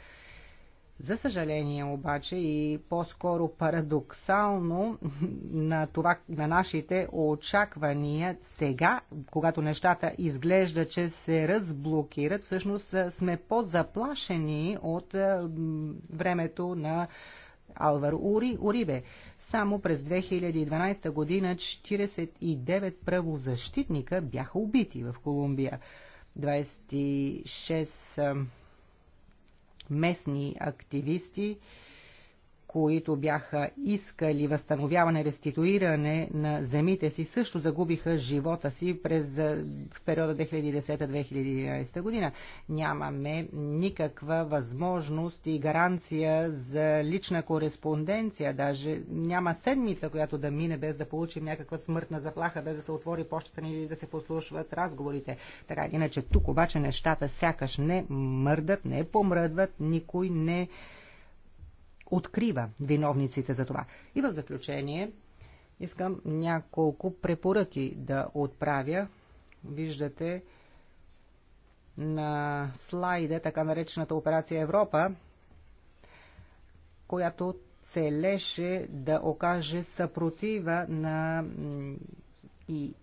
за съжаление обаче и по-скоро парадоксално *laughs* на, това, на нашите очаквания сега, когато нещата изглежда, че се разблокират, всъщност сме по-заплашени от времето на Алвар Ури, Урибе. Само през 2012 година 49 правозащитника бяха убити в Колумбия. 26 местни активисти които бяха искали възстановяване, реституиране на земите си, също загубиха живота си през в периода 2010-2011 година. Нямаме никаква възможност и гаранция за лична кореспонденция. Даже няма седмица, която да мине без да получим някаква смъртна заплаха, без да се отвори почтата ни или да се послушват разговорите. Така, иначе тук обаче нещата сякаш не мърдат, не помръдват, никой не открива виновниците за това. И в заключение искам няколко препоръки да отправя. Виждате на слайда така наречената операция Европа, която целеше да окаже съпротива на и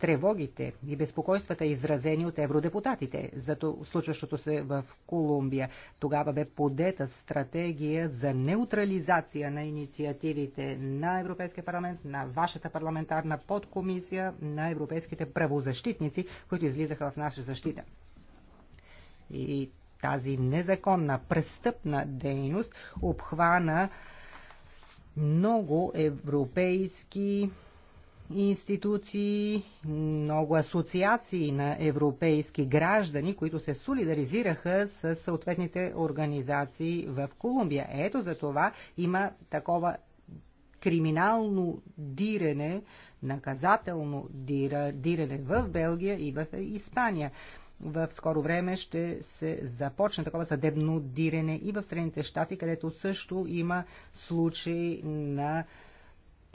тревогите и безпокойствата, изразени от евродепутатите за случващото се в Колумбия. Тогава бе подета стратегия за неутрализация на инициативите на Европейския парламент, на вашата парламентарна подкомисия, на европейските правозащитници, които излизаха в наша защита. И тази незаконна, престъпна дейност обхвана много европейски институции, много асоциации на европейски граждани, които се солидаризираха с съответните организации в Колумбия. Ето за това има такова криминално дирене, наказателно дирене в Белгия и в Испания. В скоро време ще се започне такова съдебно дирене и в Средните щати, където също има случаи на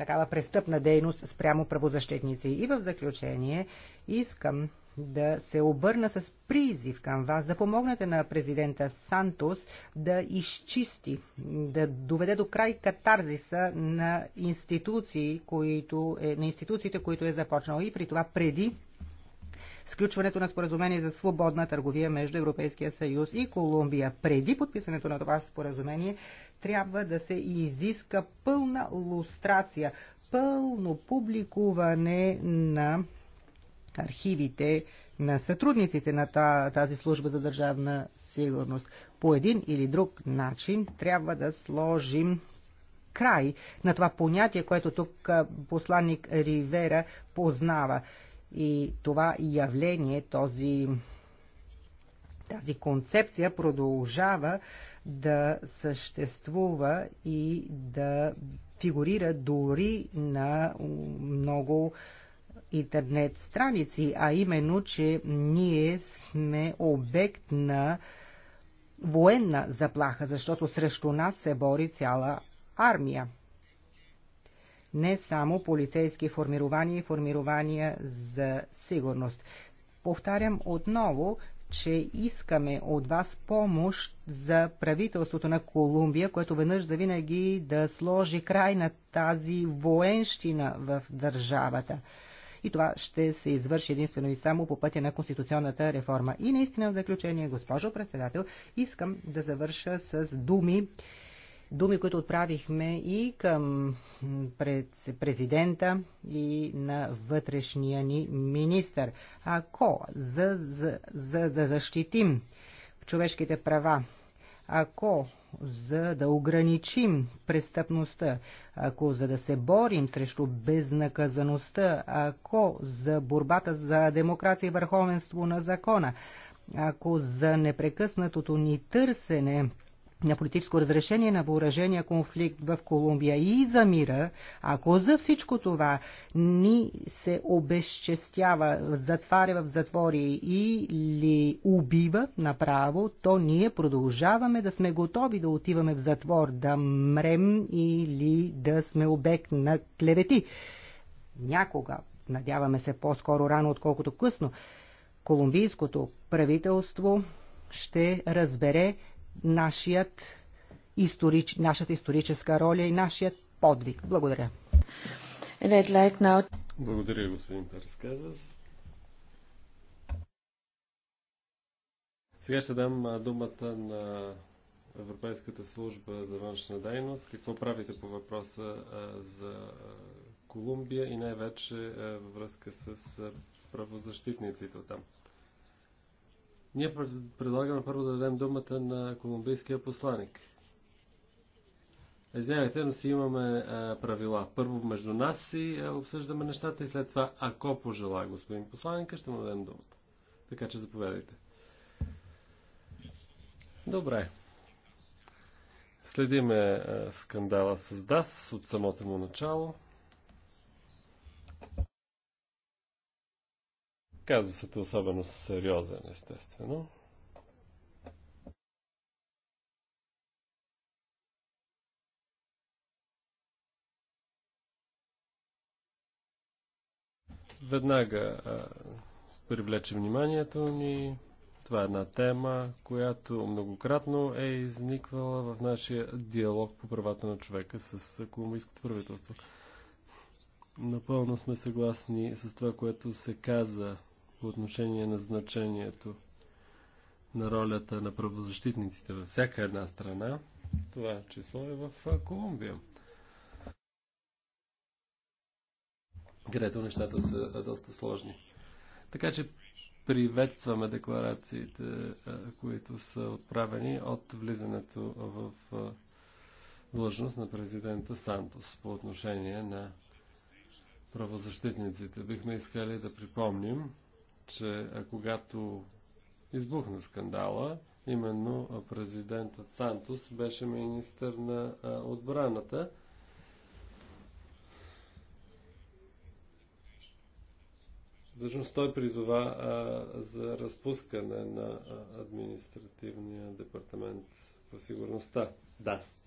такава престъпна дейност спрямо правозащитници. И в заключение искам да се обърна с призив към вас да помогнете на президента Сантос да изчисти, да доведе до край катарзиса на, институции, които е, на институциите, които е започнал и при това преди сключването на споразумение за свободна търговия между Европейския съюз и Колумбия. Преди подписането на това споразумение трябва да се изиска пълна лустрация, пълно публикуване на архивите на сътрудниците на тази служба за държавна сигурност. По един или друг начин трябва да сложим край на това понятие, което тук посланник Ривера познава. И това явление, този, тази концепция продължава да съществува и да фигурира дори на много интернет страници, а именно, че ние сме обект на военна заплаха, защото срещу нас се бори цяла армия не само полицейски формирования и формирования за сигурност. Повтарям отново, че искаме от вас помощ за правителството на Колумбия, което веднъж завинаги да сложи край на тази военщина в държавата. И това ще се извърши единствено и само по пътя на конституционната реформа. И наистина в заключение, госпожо председател, искам да завърша с думи думи, които отправихме и към президента и на вътрешния ни министр. Ако за, за, за да защитим човешките права, ако за да ограничим престъпността, ако за да се борим срещу безнаказаността, ако за борбата за демокрация и върховенство на закона, ако за непрекъснатото ни търсене на политическо разрешение на въоръжения конфликт в Колумбия и за мира, ако за всичко това ни се обезчестява, затваря в затвори или убива направо, то ние продължаваме да сме готови да отиваме в затвор, да мрем или да сме обект на клевети. Някога, надяваме се по-скоро рано, отколкото късно, колумбийското правителство ще разбере, нашият историч, нашата историческа роля и нашият подвиг. Благодаря. Like now... Благодаря, господин Пересказас. Сега ще дам думата на Европейската служба за външна дейност. Какво правите по въпроса за Колумбия и най-вече във връзка с правозащитниците там? Ние предлагаме първо да дадем думата на колумбийския посланник. Извинявайте, но си имаме а, правила. Първо между нас си а, обсъждаме нещата и след това, ако пожела господин посланника, ще му дадем думата. Така че заповядайте. Добре. Следиме скандала с ДАС от самото му начало. Казусът е особено сериозен, естествено. Веднага а, привлече вниманието ни. Това е една тема, която многократно е изниквала в нашия диалог по правата на човека с колумбийското правителство. Напълно сме съгласни с това, което се каза по отношение на значението на ролята на правозащитниците във всяка една страна. Това число е в Колумбия. където нещата са доста сложни. Така че приветстваме декларациите, които са отправени от влизането в длъжност на президента Сантос по отношение на правозащитниците. Бихме искали да припомним, че когато избухна скандала, именно президентът Сантос беше министър на отбраната. Всъщност той призова а, за разпускане на административния департамент по сигурността. ДАС.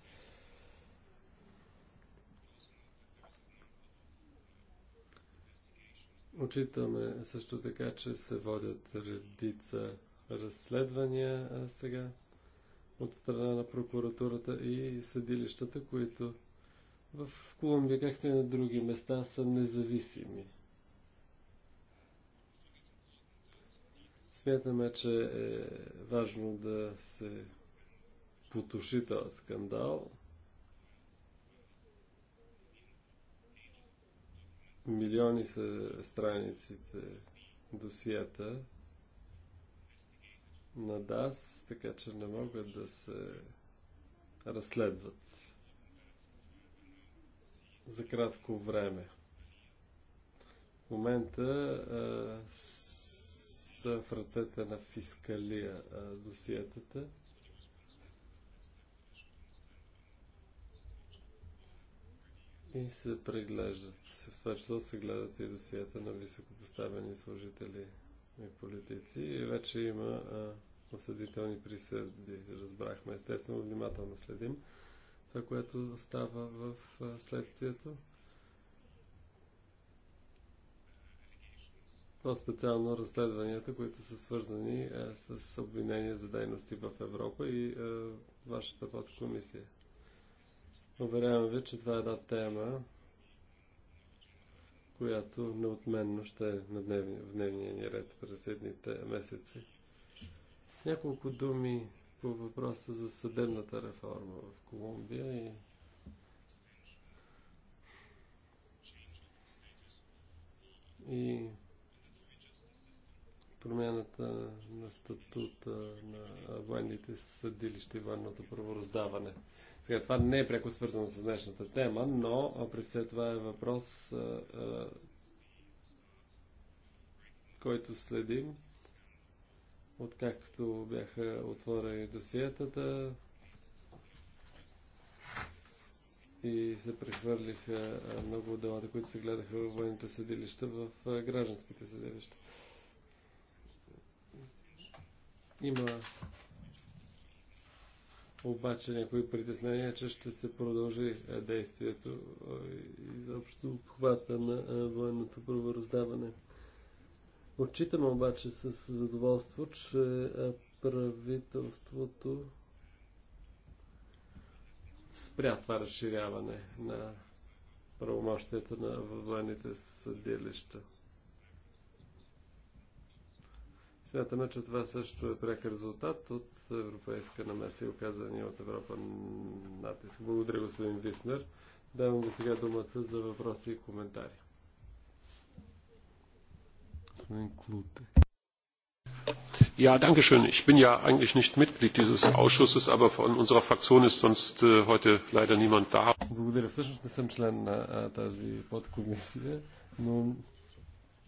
Очитаме също така, че се водят редица разследвания сега от страна на прокуратурата и съдилищата, които в Колумбия, както и на други места, са независими. Смятаме, че е важно да се потуши този скандал Милиони са страниците досията на ДАС, така че не могат да се разследват за кратко време. В момента а, са в ръцете на фискалия а, досиетата. и се преглеждат. В това число се гледат и досията на високопоставени служители и политици. И вече има а, осъдителни присъди. Разбрахме. Естествено, внимателно следим това, което става в а, следствието. по-специално разследванията, които са свързани е, с обвинения за дейности в Европа и е, вашата подкомисия. Уверявам ви, че това е една тема, която неотменно ще е на дневния, в дневния ни ред през едните месеци. Няколко думи по въпроса за съдебната реформа в Колумбия и и промяната на статута на военните съдилища и военното правораздаване. Сега, това не е пряко свързано с днешната тема, но при все това е въпрос, а, а, който следим. Откакто бяха отворени досиетата и се прехвърлиха много от делата, които се гледаха в военните съдилища, в гражданските съдилища. Има обаче някои притеснения, че ще се продължи е, действието и заобщо обхвата на военното правораздаване. Отчитаме обаче с задоволство, че правителството спря това разширяване на правомощията на военните съдилища. Смятаме, че това също е пряк резултат от европейска намеса и оказания от Европа натиск. Благодаря, господин Виснер. Давам ви сега думата за въпроси и коментари. Господин Клуте. Ja, danke schön. Ich bin ja eigentlich nicht Mitglied dieses Ausschusses, aber von unserer Fraktion ist sonst äh, heute leider niemand da. Благодаря. Всъщност не съм член на тази подкомисия, но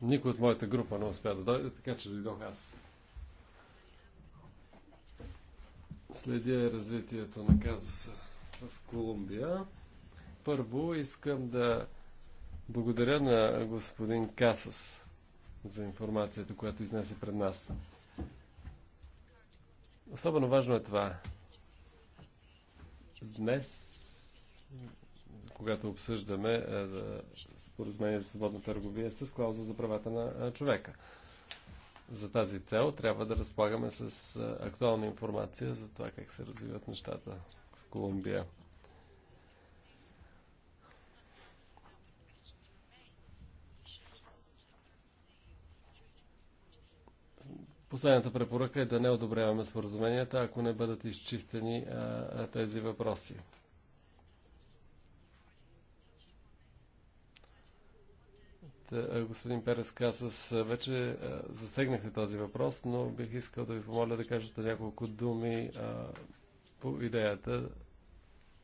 никой от моята група не успя да дойде, така че дойдох аз. Следя развитието на казуса в Колумбия. Първо искам да благодаря на господин Касас за информацията, която изнесе пред нас. Особено важно е това. Днес, когато обсъждаме е, споразумение за свободна търговия с клауза за правата на човека. За тази цел трябва да разполагаме с актуална информация за това как се развиват нещата в Колумбия. Последната препоръка е да не одобряваме споразуменията, ако не бъдат изчистени а, тези въпроси. господин Перес Касас, вече засегнахте този въпрос, но бих искал да ви помоля да кажете няколко думи а, по идеята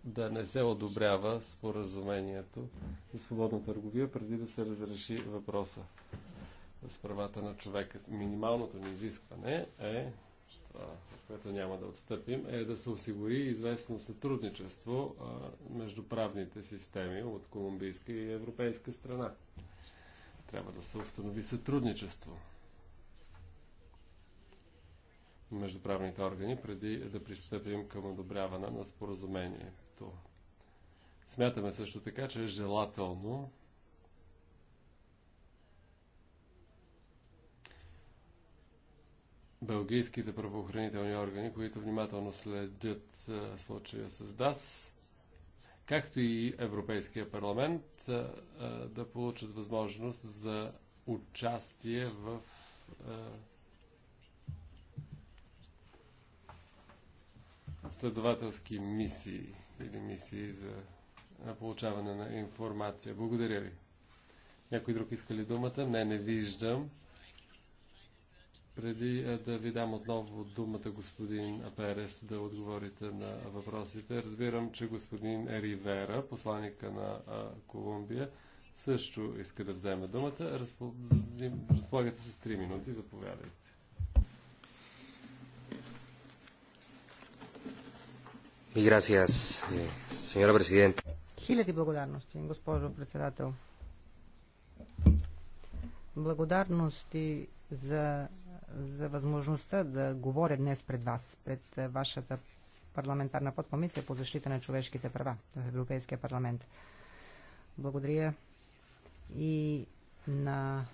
да не се одобрява споразумението за свободна търговия преди да се разреши въпроса с правата на човека. Минималното ни изискване е, това, което няма да отстъпим, е да се осигури известно сътрудничество а, между правните системи от колумбийска и европейска страна. Трябва да се установи сътрудничество между правните органи, преди да пристъпим към одобряване на споразумението. Смятаме също така, че е желателно белгийските правоохранителни органи, които внимателно следят случая с ДАС, както и Европейския парламент да получат възможност за участие в следователски мисии или мисии за получаване на информация. Благодаря ви. Някой друг иска ли думата? Не, не виждам преди е, да ви дам отново думата, господин Перес, да отговорите на въпросите, разбирам, че господин Ривера, посланника на Колумбия, също иска да вземе думата. Разпо... Разполагате с 3 минути. Заповядайте. Е, Хиляди благодарности, госпожо председател. Благодарности за за възможността да говоря днес пред вас, пред е, вашата парламентарна подкомисия по защита на човешките права в Европейския парламент. Благодаря и на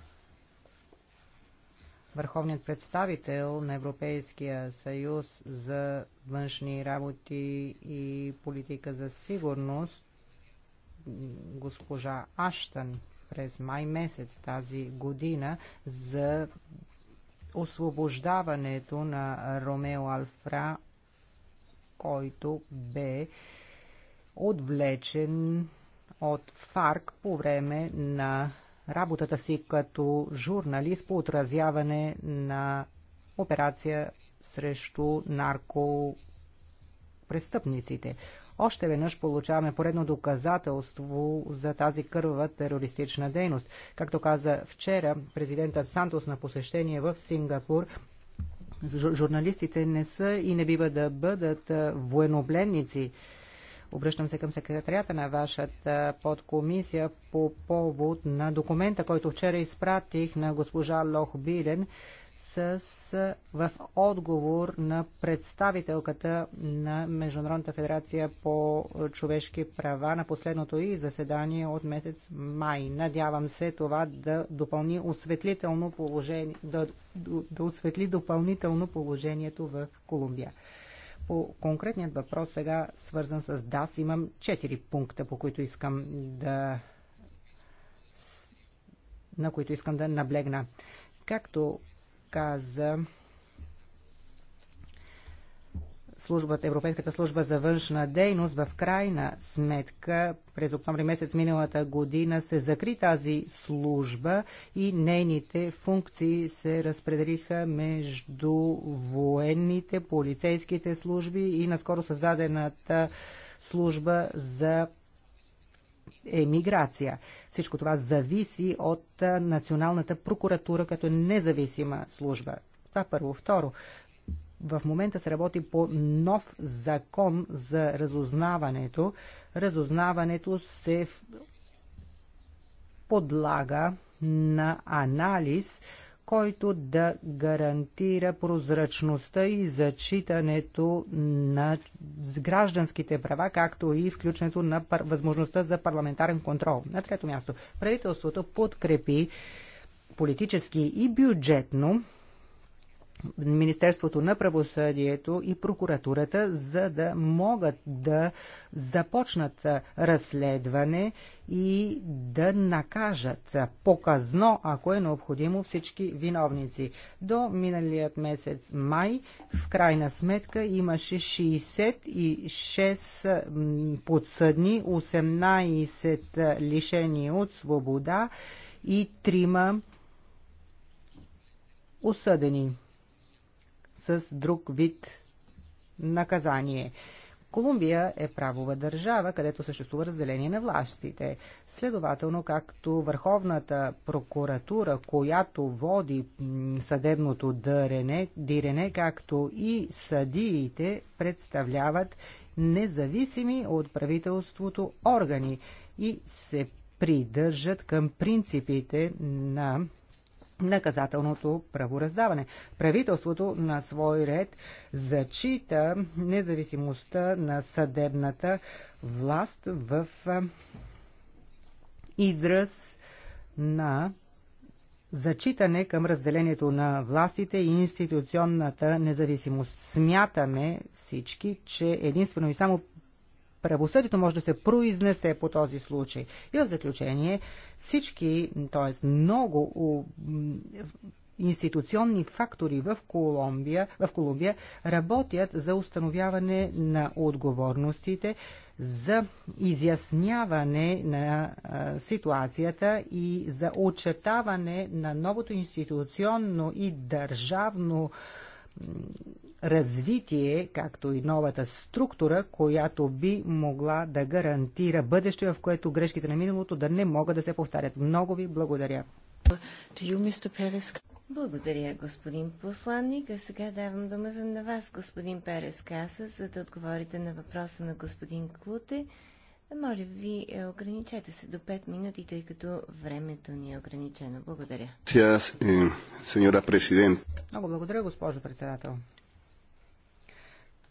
върховният представител на Европейския съюз за външни работи и политика за сигурност, госпожа Аштън през май месец тази година за освобождаването на Ромео Алфра, който бе отвлечен от ФАРК по време на работата си като журналист по отразяване на операция срещу наркопрестъпниците. Още веднъж получаваме поредно доказателство за тази кърва терористична дейност. Както каза вчера президентът Сантос на посещение в Сингапур, журналистите не са и не бива да бъдат военнобленници. Обръщам се към секретарията на вашата подкомисия по повод на документа, който вчера изпратих на госпожа Лох Билен с, в отговор на представителката на Международната федерация по човешки права на последното и заседание от месец май. Надявам се това да допълни осветлително положение, да, да осветли допълнително положението в Колумбия. По конкретният въпрос сега, свързан с ДАС, имам четири пункта, по които искам да на които искам да наблегна. Както каза службата, Европейската служба за външна дейност, в крайна сметка през октомври месец миналата година се закри тази служба и нейните функции се разпределиха между военните, полицейските служби и наскоро създадената служба за емиграция. Всичко това зависи от Националната прокуратура като независима служба. Това първо. Второ, в момента се работи по нов закон за разузнаването. Разузнаването се подлага на анализ, който да гарантира прозрачността и зачитането на гражданските права, както и включването на възможността за парламентарен контрол. На трето място, правителството подкрепи политически и бюджетно Министерството на правосъдието и прокуратурата, за да могат да започнат разследване и да накажат показно, ако е необходимо, всички виновници. До миналият месец май, в крайна сметка, имаше 66 подсъдни, 18 лишени от свобода и 3 осъдени с друг вид наказание. Колумбия е правова държава, където съществува разделение на властите. Следователно, както Върховната прокуратура, която води съдебното дърене, дирене, както и съдиите, представляват независими от правителството органи и се придържат към принципите на наказателното правораздаване. Правителството на свой ред зачита независимостта на съдебната власт в израз на зачитане към разделението на властите и институционната независимост. Смятаме всички, че единствено и само правосъдието може да се произнесе по този случай. И в заключение всички, т.е. много институционни фактори в Колумбия, в Колумбия работят за установяване на отговорностите, за изясняване на а, ситуацията и за очетаване на новото институционно и държавно развитие, както и новата структура, която би могла да гарантира бъдеще, в което грешките на миналото да не могат да се повтарят. Много ви благодаря. Благодаря, господин посланник. А сега давам думата на вас, господин Перес Каса, за да отговорите на въпроса на господин Клуте. Моля ви, е, ограничете се до 5 минути, тъй като времето ни е ограничено. Благодаря. Eh, Много благодаря, госпожо председател.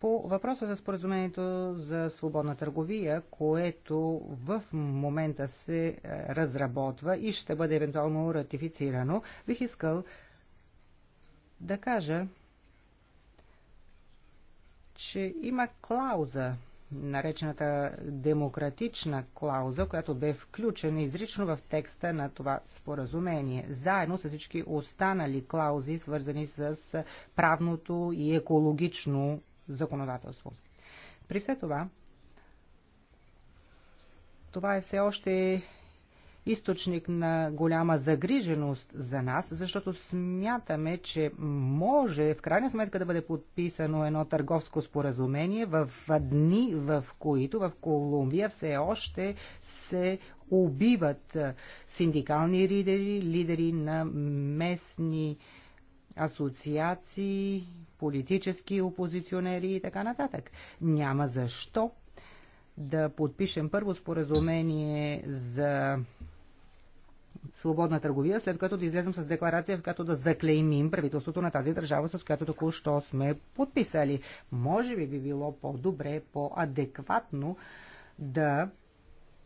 По въпроса за споразумението за свободна търговия, което в момента се е, разработва и ще бъде евентуално ратифицирано, бих искал да кажа, че има клауза наречената демократична клауза, която бе включена изрично в текста на това споразумение, заедно с всички останали клаузи, свързани с правното и екологично законодателство. При все това, това е все още източник на голяма загриженост за нас, защото смятаме, че може в крайна сметка да бъде подписано едно търговско споразумение в дни, в които в Колумбия все още се убиват синдикални лидери, лидери на местни асоциации, политически опозиционери и така нататък. Няма защо да подпишем първо споразумение за свободна търговия, след като да излезем с декларация, в която да заклеймим правителството на тази държава, с която току-що сме подписали. Може би би било по-добре, по-адекватно да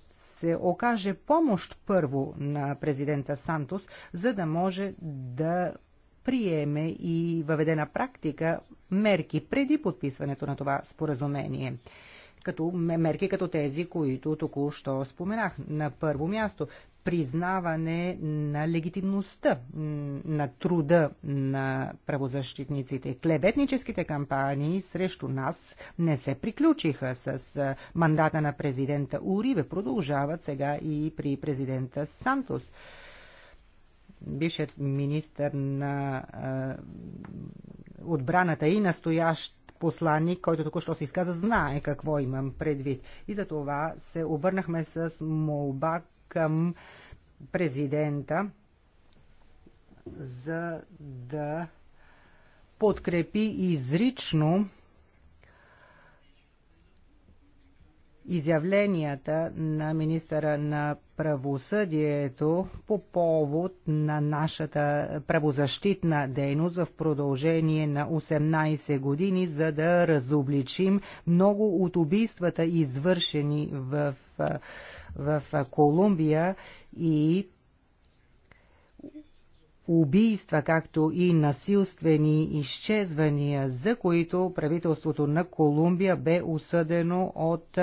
се окаже помощ първо на президента Сантос, за да може да приеме и въведе на практика мерки преди подписването на това споразумение като мерки като тези, които току-що споменах. На първо място признаване на легитимността на труда на правозащитниците. Клеветническите кампании срещу нас не се приключиха с мандата на президента Уриве. Продължават сега и при президента Сантос. Бившият министр на е, отбраната и настоящ посланник, който току-що се изказа, знае какво имам предвид. И за това се обърнахме с молба към президента, за да подкрепи изрично изявленията на министъра на правосъдието по повод на нашата правозащитна дейност в продължение на 18 години, за да разобличим много от убийствата, извършени в в Колумбия и убийства, както и насилствени изчезвания, за които правителството на Колумбия бе осъдено от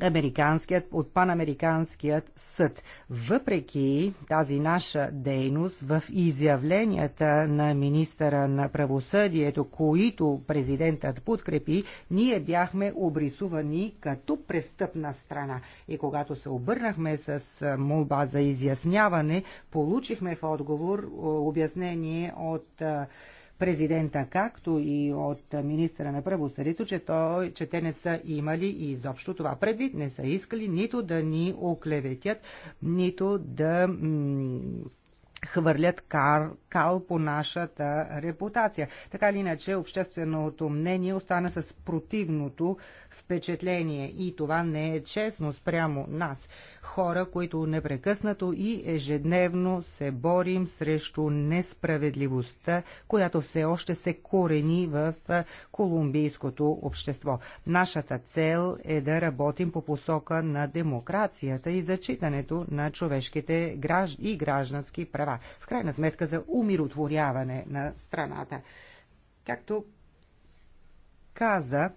американският, от панамериканският съд. Въпреки тази наша дейност в изявленията на министъра на правосъдието, които президентът подкрепи, ние бяхме обрисувани като престъпна страна. И когато се обърнахме с молба за изясняване, получихме в отговор обяснение от президента, както и от министра на правосъдието, че, той, че те не са имали и изобщо това предвид, не са искали нито да ни оклеветят, нито да хвърлят кар, кал по нашата репутация. Така или иначе, общественото мнение остана с противното впечатление и това не е честно спрямо нас хора, които непрекъснато и ежедневно се борим срещу несправедливостта, която все още се корени в колумбийското общество. Нашата цел е да работим по посока на демокрацията и зачитането на човешките гражд... и граждански права. В крайна сметка за умиротворяване на страната. Както каза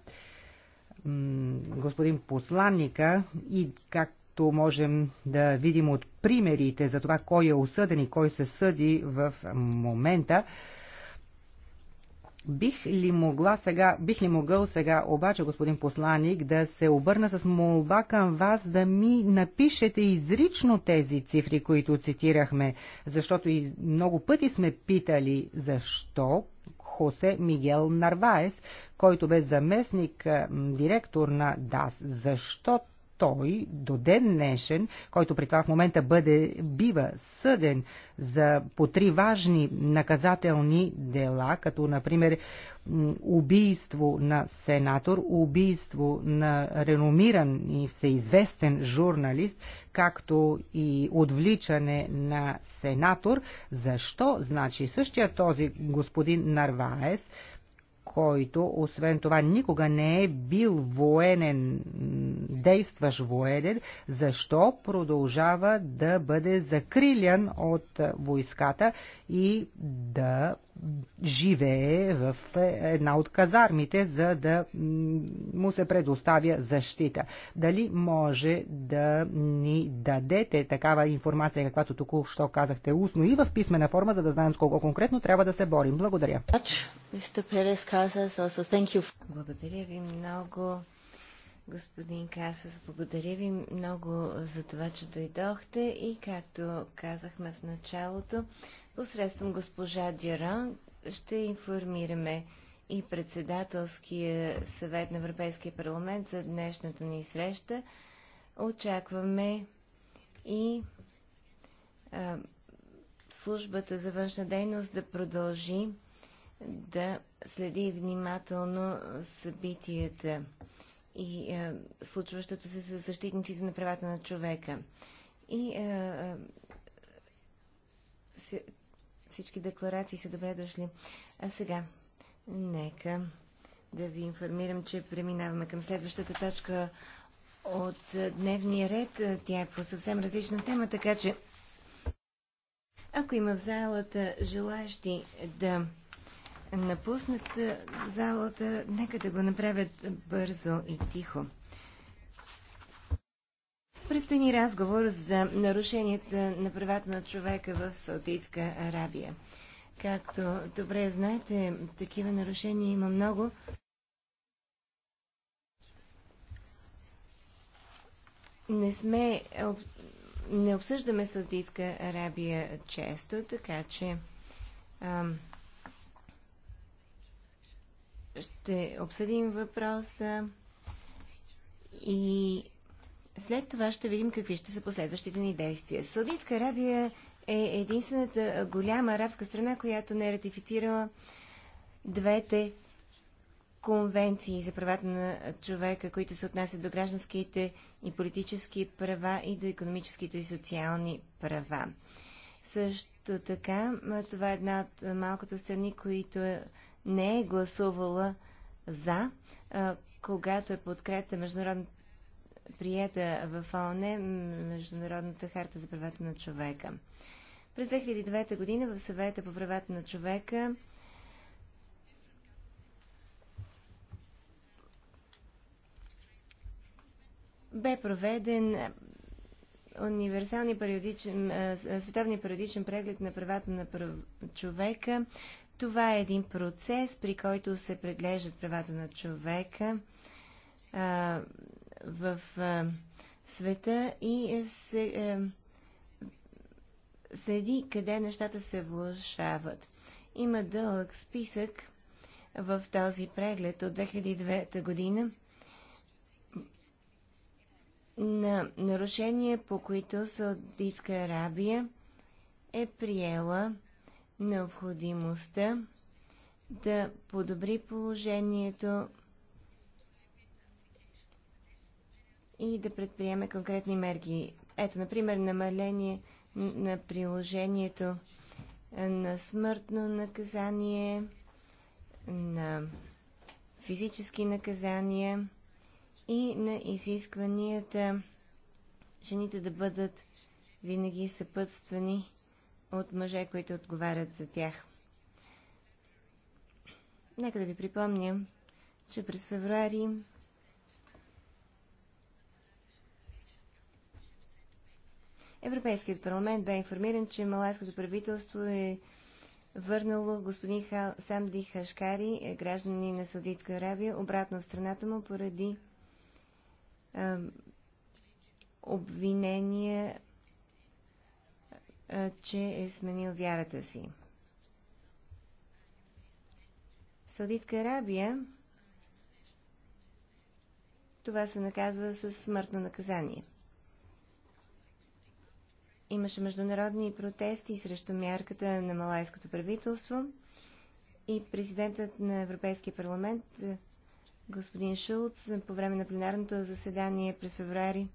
господин посланника и как както можем да видим от примерите за това кой е осъден и кой се съди в момента, Бих ли, могла сега, бих ли могъл сега обаче, господин посланик, да се обърна с молба към вас да ми напишете изрично тези цифри, които цитирахме, защото и много пъти сме питали защо Хосе Мигел Нарваес, който бе заместник директор на ДАС, защо той до ден днешен, който при това в момента бъде, бива съден за по три важни наказателни дела, като например убийство на сенатор, убийство на реномиран и всеизвестен журналист, както и отвличане на сенатор. Защо? Значи същия този господин Нарваес който освен това никога не е бил военен, действащ военен, защо продължава да бъде закрилян от войската и да живее в е, една от казармите, за да му се предоставя защита. Дали може да ни дадете такава информация, каквато току-що казахте устно и в писмена форма, за да знаем с колко конкретно трябва да се борим? Благодаря. Благодаря ви много. Господин Касас, благодаря ви много за това, че дойдохте и както казахме в началото, посредством госпожа Дюран ще информираме и председателския съвет на Европейския парламент за днешната ни среща. Очакваме и а, службата за външна дейност да продължи да следи внимателно събитията и а, случващото се с защитниците на правата на човека. И а, всички декларации са добре дошли. А сега, нека да ви информирам, че преминаваме към следващата точка от дневния ред. Тя е по съвсем различна тема, така че ако има в залата желаящи да напуснат залата, нека да го направят бързо и тихо. Предстои ни разговор за нарушенията на правата на човека в Саудитска Арабия. Както добре знаете, такива нарушения има много. Не сме, не обсъждаме Саудитска Арабия често, така че ам, ще обсъдим въпроса и след това ще видим какви ще са последващите ни действия. Саудитска Арабия е единствената голяма арабска страна, която не е ратифицирала двете конвенции за правата на човека, които се отнасят до гражданските и политически права и до економическите и социални права. Също така, това е една от малкото страни, които е- не е гласувала за, когато е подкрепта международната прията в ООН Международната харта за правата на човека. През 2009 година в съвета по правата на човека бе проведен универсалния периодичен, световния периодичен преглед на правата на човека. Това е един процес, при който се преглеждат правата на човека в света и се следи къде нещата се влушават. Има дълъг списък в този преглед от 2009 година на нарушения, по които Саудитска Арабия е приела необходимостта да подобри положението и да предприеме конкретни мерки. Ето, например, намаление на приложението на смъртно наказание, на физически наказания и на изискванията жените да бъдат винаги съпътствани от мъже, които отговарят за тях. Нека да ви припомня, че през февруари Европейският парламент бе информиран, че малайското правителство е върнало господин Хал... Самди Хашкари, е, граждани на Саудитска Аравия, обратно в страната му поради а, обвинения, а, че е сменил вярата си. В Саудитска Арабия това се наказва със смъртно наказание имаше международни протести срещу мярката на малайското правителство и президентът на Европейския парламент господин Шулц по време на пленарното заседание през феврари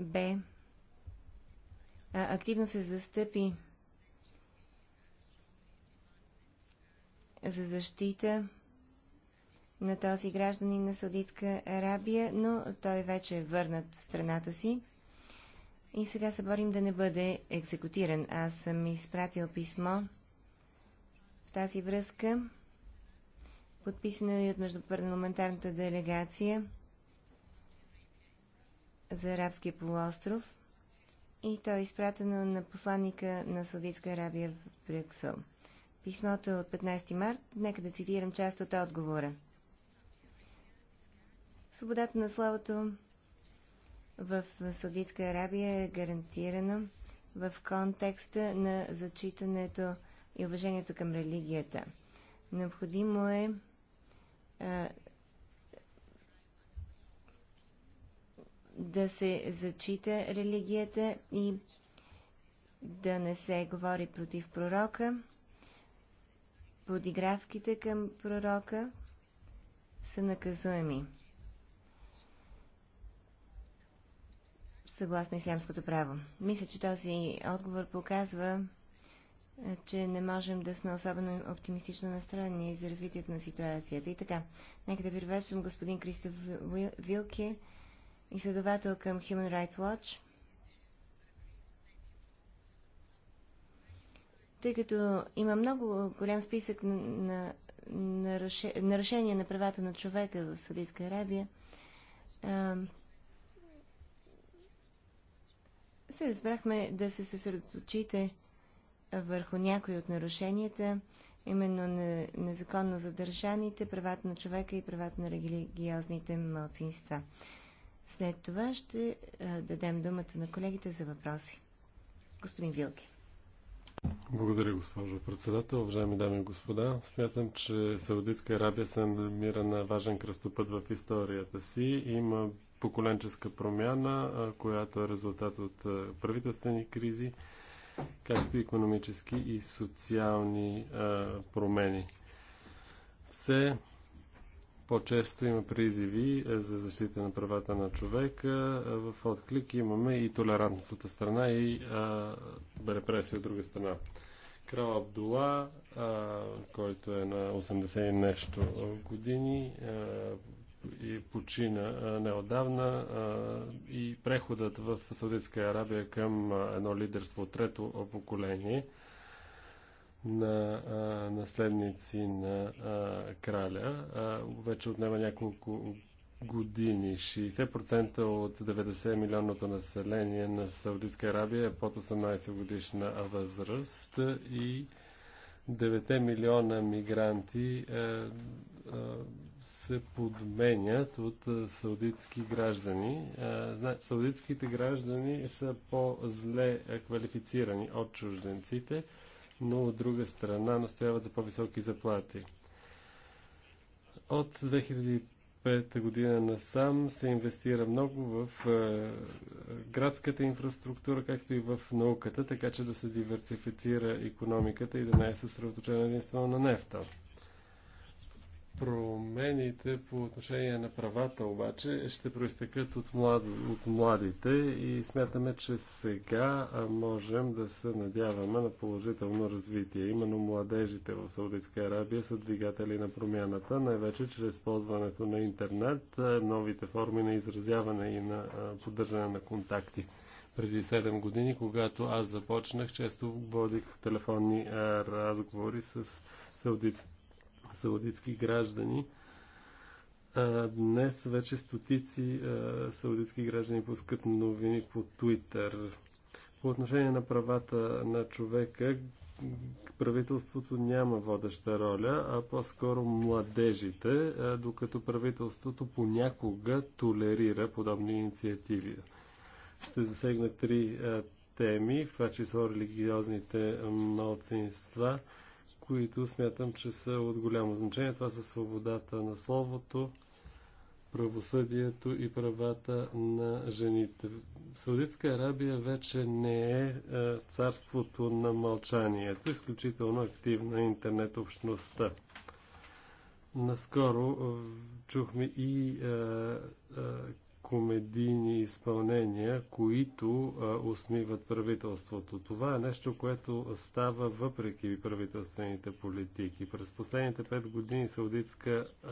бе активно се застъпи за защита на този гражданин на Саудитска Арабия, но той вече е върнат в страната си. И сега се борим да не бъде екзекутиран. Аз съм изпратил писмо в тази връзка, подписано е и от Междупарламентарната делегация за Арабския полуостров и то е изпратено на посланника на Саудитска Арабия в Брюксел. Писмото е от 15 март. Нека да цитирам част от отговора. Свободата на словото в Саудитска Арабия е гарантирано в контекста на зачитането и уважението към религията. Необходимо е а, да се зачита религията и да не се говори против пророка. Подигравките към пророка са наказуеми. съгласно ислямското право. Мисля, че този отговор показва, е, че не можем да сме особено оптимистично настроени за развитието на ситуацията. И така, нека да приветствам господин Кристоф Вилки, изследовател към Human Rights Watch. Тъй като има много голям списък на, нарушения на правата на човека в Саудитска Арабия, се разбрахме да се съсредоточите върху някои от нарушенията, именно на незаконно задържаните, правата на човека и правата на религиозните малцинства. След това ще е, дадем думата на колегите за въпроси. Господин Вилки. Благодаря, госпожо председател. Уважаеми дами и господа, смятам, че Саудитска Арабия се намира на важен кръстопът в историята си. Има поколенческа промяна, която е резултат от правителствени кризи, както и економически и социални промени. Все по-често има призиви за защита на правата на човека. В отклик имаме и толерантност от страна и а, репресия от друга страна. Крал Абдула, а, който е на 80 нещо години, а, и почина неодавна и преходът в Саудитска Арабия към едно лидерство от трето поколение на наследници на краля вече отнема няколко години. 60% от 90 милионното население на Саудитска Арабия е под 18 годишна възраст и 9 милиона мигранти е, е, се подменят от саудитски граждани. Саудитските граждани са по-зле квалифицирани от чужденците, но от друга страна настояват за по-високи заплати. От 2005 година насам се инвестира много в градската инфраструктура, както и в науката, така че да се диверсифицира економиката и да не е съсредоточена единствено на нефта. Промените по отношение на правата обаче ще проистекат от, млад, от младите и смятаме, че сега можем да се надяваме на положително развитие. Именно младежите в Саудитска Арабия са двигатели на промяната, най-вече чрез ползването на интернет, новите форми на изразяване и на поддържане на контакти. Преди 7 години, когато аз започнах, често водих телефонни разговори с саудитски саудитски граждани. Днес вече стотици саудитски граждани пускат новини по Твитър. По отношение на правата на човека, правителството няма водеща роля, а по-скоро младежите, докато правителството понякога толерира подобни инициативи. Ще засегна три теми, в това число религиозните малцинства – които смятам, че са от голямо значение. Това са свободата на словото, правосъдието и правата на жените. Саудитска Арабия вече не е, е царството на мълчанието, изключително активна е интернет общността. Наскоро е, чухме и комедийни изпълнения, които а, усмиват правителството. Това е нещо, което става въпреки правителствените политики. През последните пет години Саудитска а,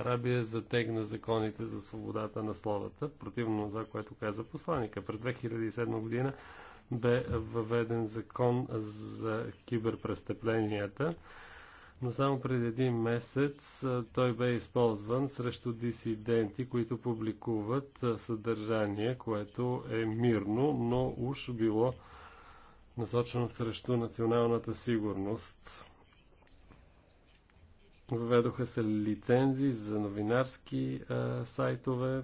Арабия затегна законите за свободата на словата, противно на това, което каза посланика. През 2007 година бе въведен закон за киберпрестъпленията но само преди един месец той бе използван срещу дисиденти, които публикуват съдържание, което е мирно, но уж било насочено срещу националната сигурност. Въведоха се лицензии за новинарски а, сайтове,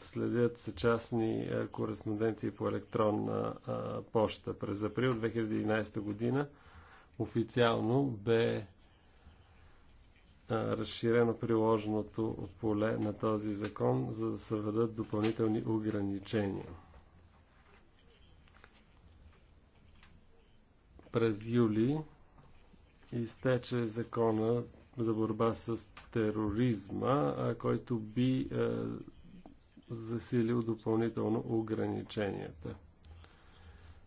следят се частни а, кореспонденции по електронна а, поща. През април 2011 година официално бе разширено приложеното поле на този закон, за да се въдат допълнителни ограничения. През юли изтече закона за борба с тероризма, който би засилил допълнително ограниченията.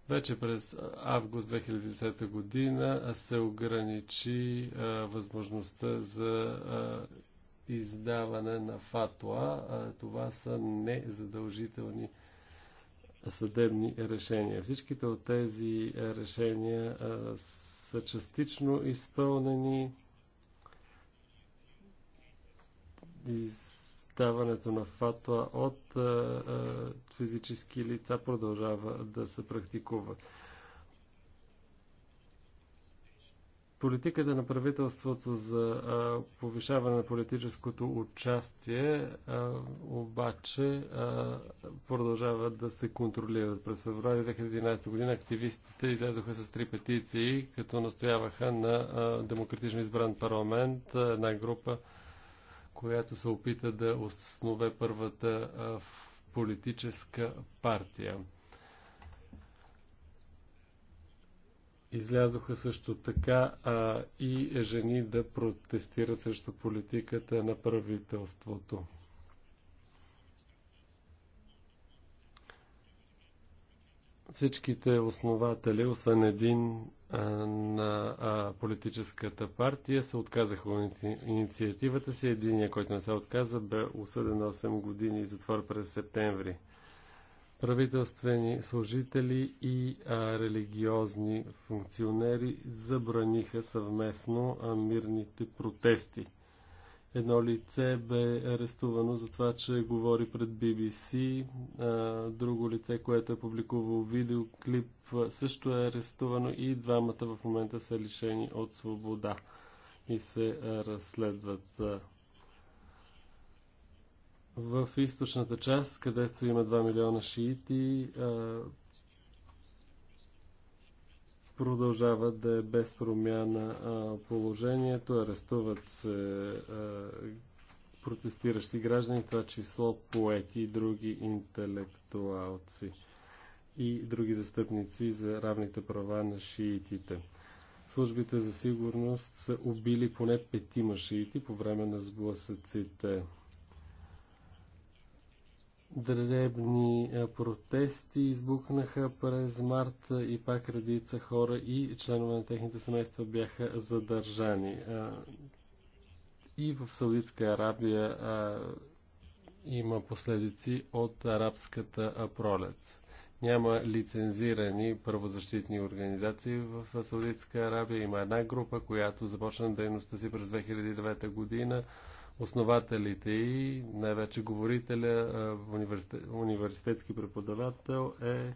Вече през август 2010 година се ограничи а, възможността за а, издаване на фатуа. А, това са незадължителни съдебни решения. Всичките от тези решения а, са частично изпълнени. Из даването на фатва от е, е, физически лица продължава да се практикуват. Политиката на правителството за а, е, повишаване на политическото участие а, обаче а, продължава да се контролират. През февруари 2011 година активистите излязоха с три петиции, като настояваха на а, демократично избран парламент, една група която се опита да основе първата политическа партия. Излязоха също така а, и жени да протестира срещу политиката на правителството. всичките основатели, освен един а, на а, политическата партия, се отказаха от инициативата си. Единият, който не се отказа, бе осъден 8 години затвор през септември. Правителствени служители и а, религиозни функционери забраниха съвместно а, мирните протести – Едно лице бе арестувано за това, че говори пред BBC. Друго лице, което е публикувало видеоклип, също е арестувано и двамата в момента са лишени от свобода и се разследват в източната част, където има 2 милиона шиити, продължава да е без промяна положението. Арестуват се протестиращи граждани, това число поети и други интелектуалци и други застъпници за равните права на шиитите. Службите за сигурност са убили поне петима шиити по време на сблъсъците дребни протести избухнаха през март и пак редица хора и членове на техните семейства бяха задържани. И в Саудитска Арабия има последици от арабската пролет. Няма лицензирани правозащитни организации в Саудитска Арабия. Има една група, която започна дейността си през 2009 година основателите и най-вече говорителя, университет, университетски преподавател е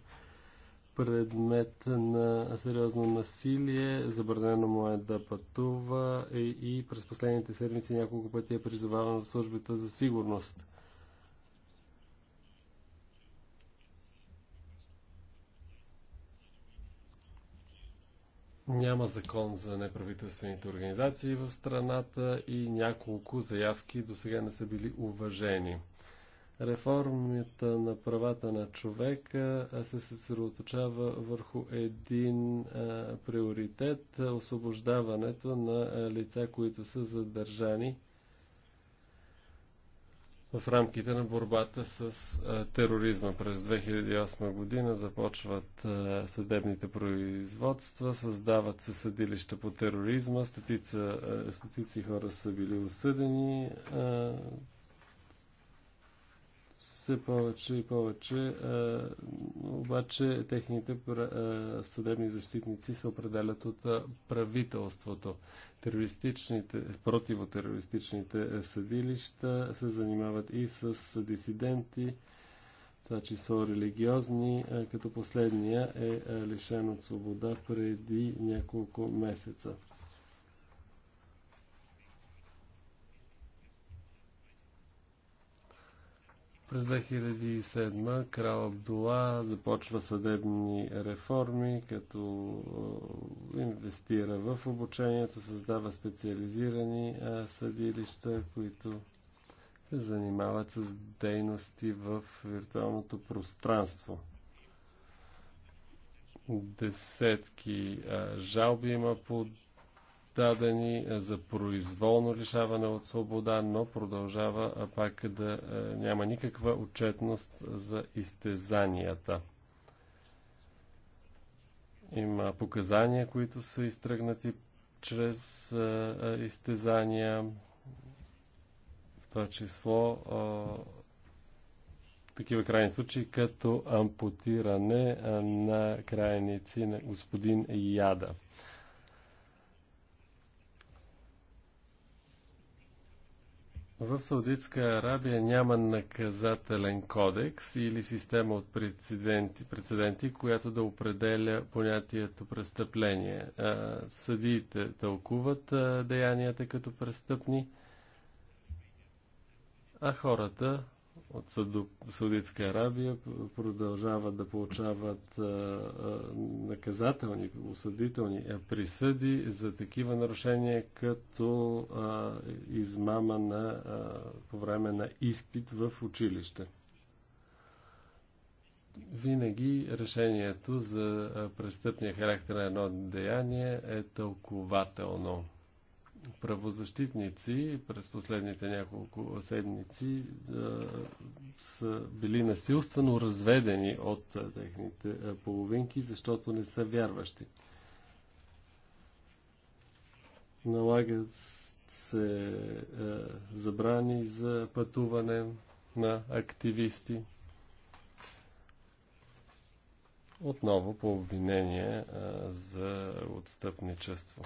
предмет на сериозно насилие. Забранено му е да пътува и, и през последните седмици няколко пъти е призовавано в службите за сигурност. Няма закон за неправителствените организации в страната и няколко заявки до сега не са били уважени. Реформата на правата на човека се съсредоточава върху един а, приоритет освобождаването на лица, които са задържани в рамките на борбата с тероризма. През 2008 година започват съдебните производства, създават се съдилища по тероризма, стотици хора са били осъдени все повече и повече, е, обаче техните е, съдебни защитници се определят от е, правителството. Терористичните, противотерористичните съдилища се занимават и с дисиденти, това число религиозни, като последния е лишен от свобода преди няколко месеца. През 2007 крал Абдула започва съдебни реформи, като инвестира в обучението, създава специализирани съдилища, които се занимават с дейности в виртуалното пространство. Десетки жалби има по дадени е, за произволно лишаване от свобода, но продължава пак да е, няма никаква отчетност за изтезанията. Има показания, които са изтръгнати чрез е, изтезания, в това число такива крайни случаи, като ампутиране на крайници на господин Яда. В Саудитска Арабия няма наказателен кодекс или система от прецеденти, прецеденти която да определя понятието престъпление. Съдиите тълкуват деянията като престъпни, а хората от Саудитска Арабия продължават да получават наказателни, осъдителни присъди за такива нарушения, като измама на, по време на изпит в училище. Винаги решението за престъпния характер на едно деяние е тълкователно правозащитници през последните няколко седмици да, е, са били насилствено разведени от е, техните е, половинки, защото не са вярващи. Налагат се забрани за пътуване на активисти. Отново по обвинение за отстъпничество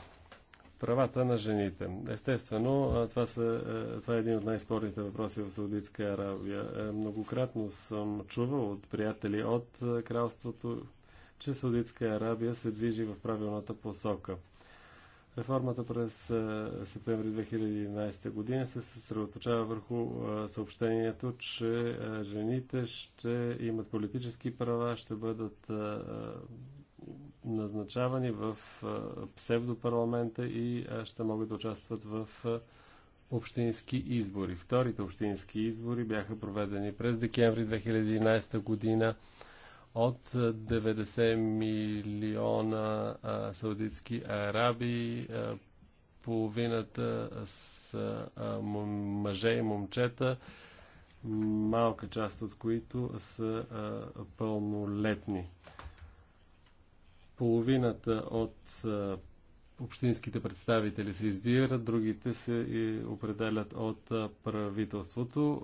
правата на жените. Естествено, това, са, това е един от най-спорните въпроси в Саудитска Аравия. Е, многократно съм чувал от приятели от кралството, че Саудитска Арабия се движи в правилната посока. Реформата през септември 2011 година се съсредоточава върху съобщението, че жените ще имат политически права, ще бъдат назначавани в псевдопарламента и ще могат да участват в общински избори. Вторите общински избори бяха проведени през декември 2011 година от 90 милиона саудитски араби, половината с мъже и момчета, малка част от които са а, пълнолетни половината от общинските представители се избират, другите се определят от правителството.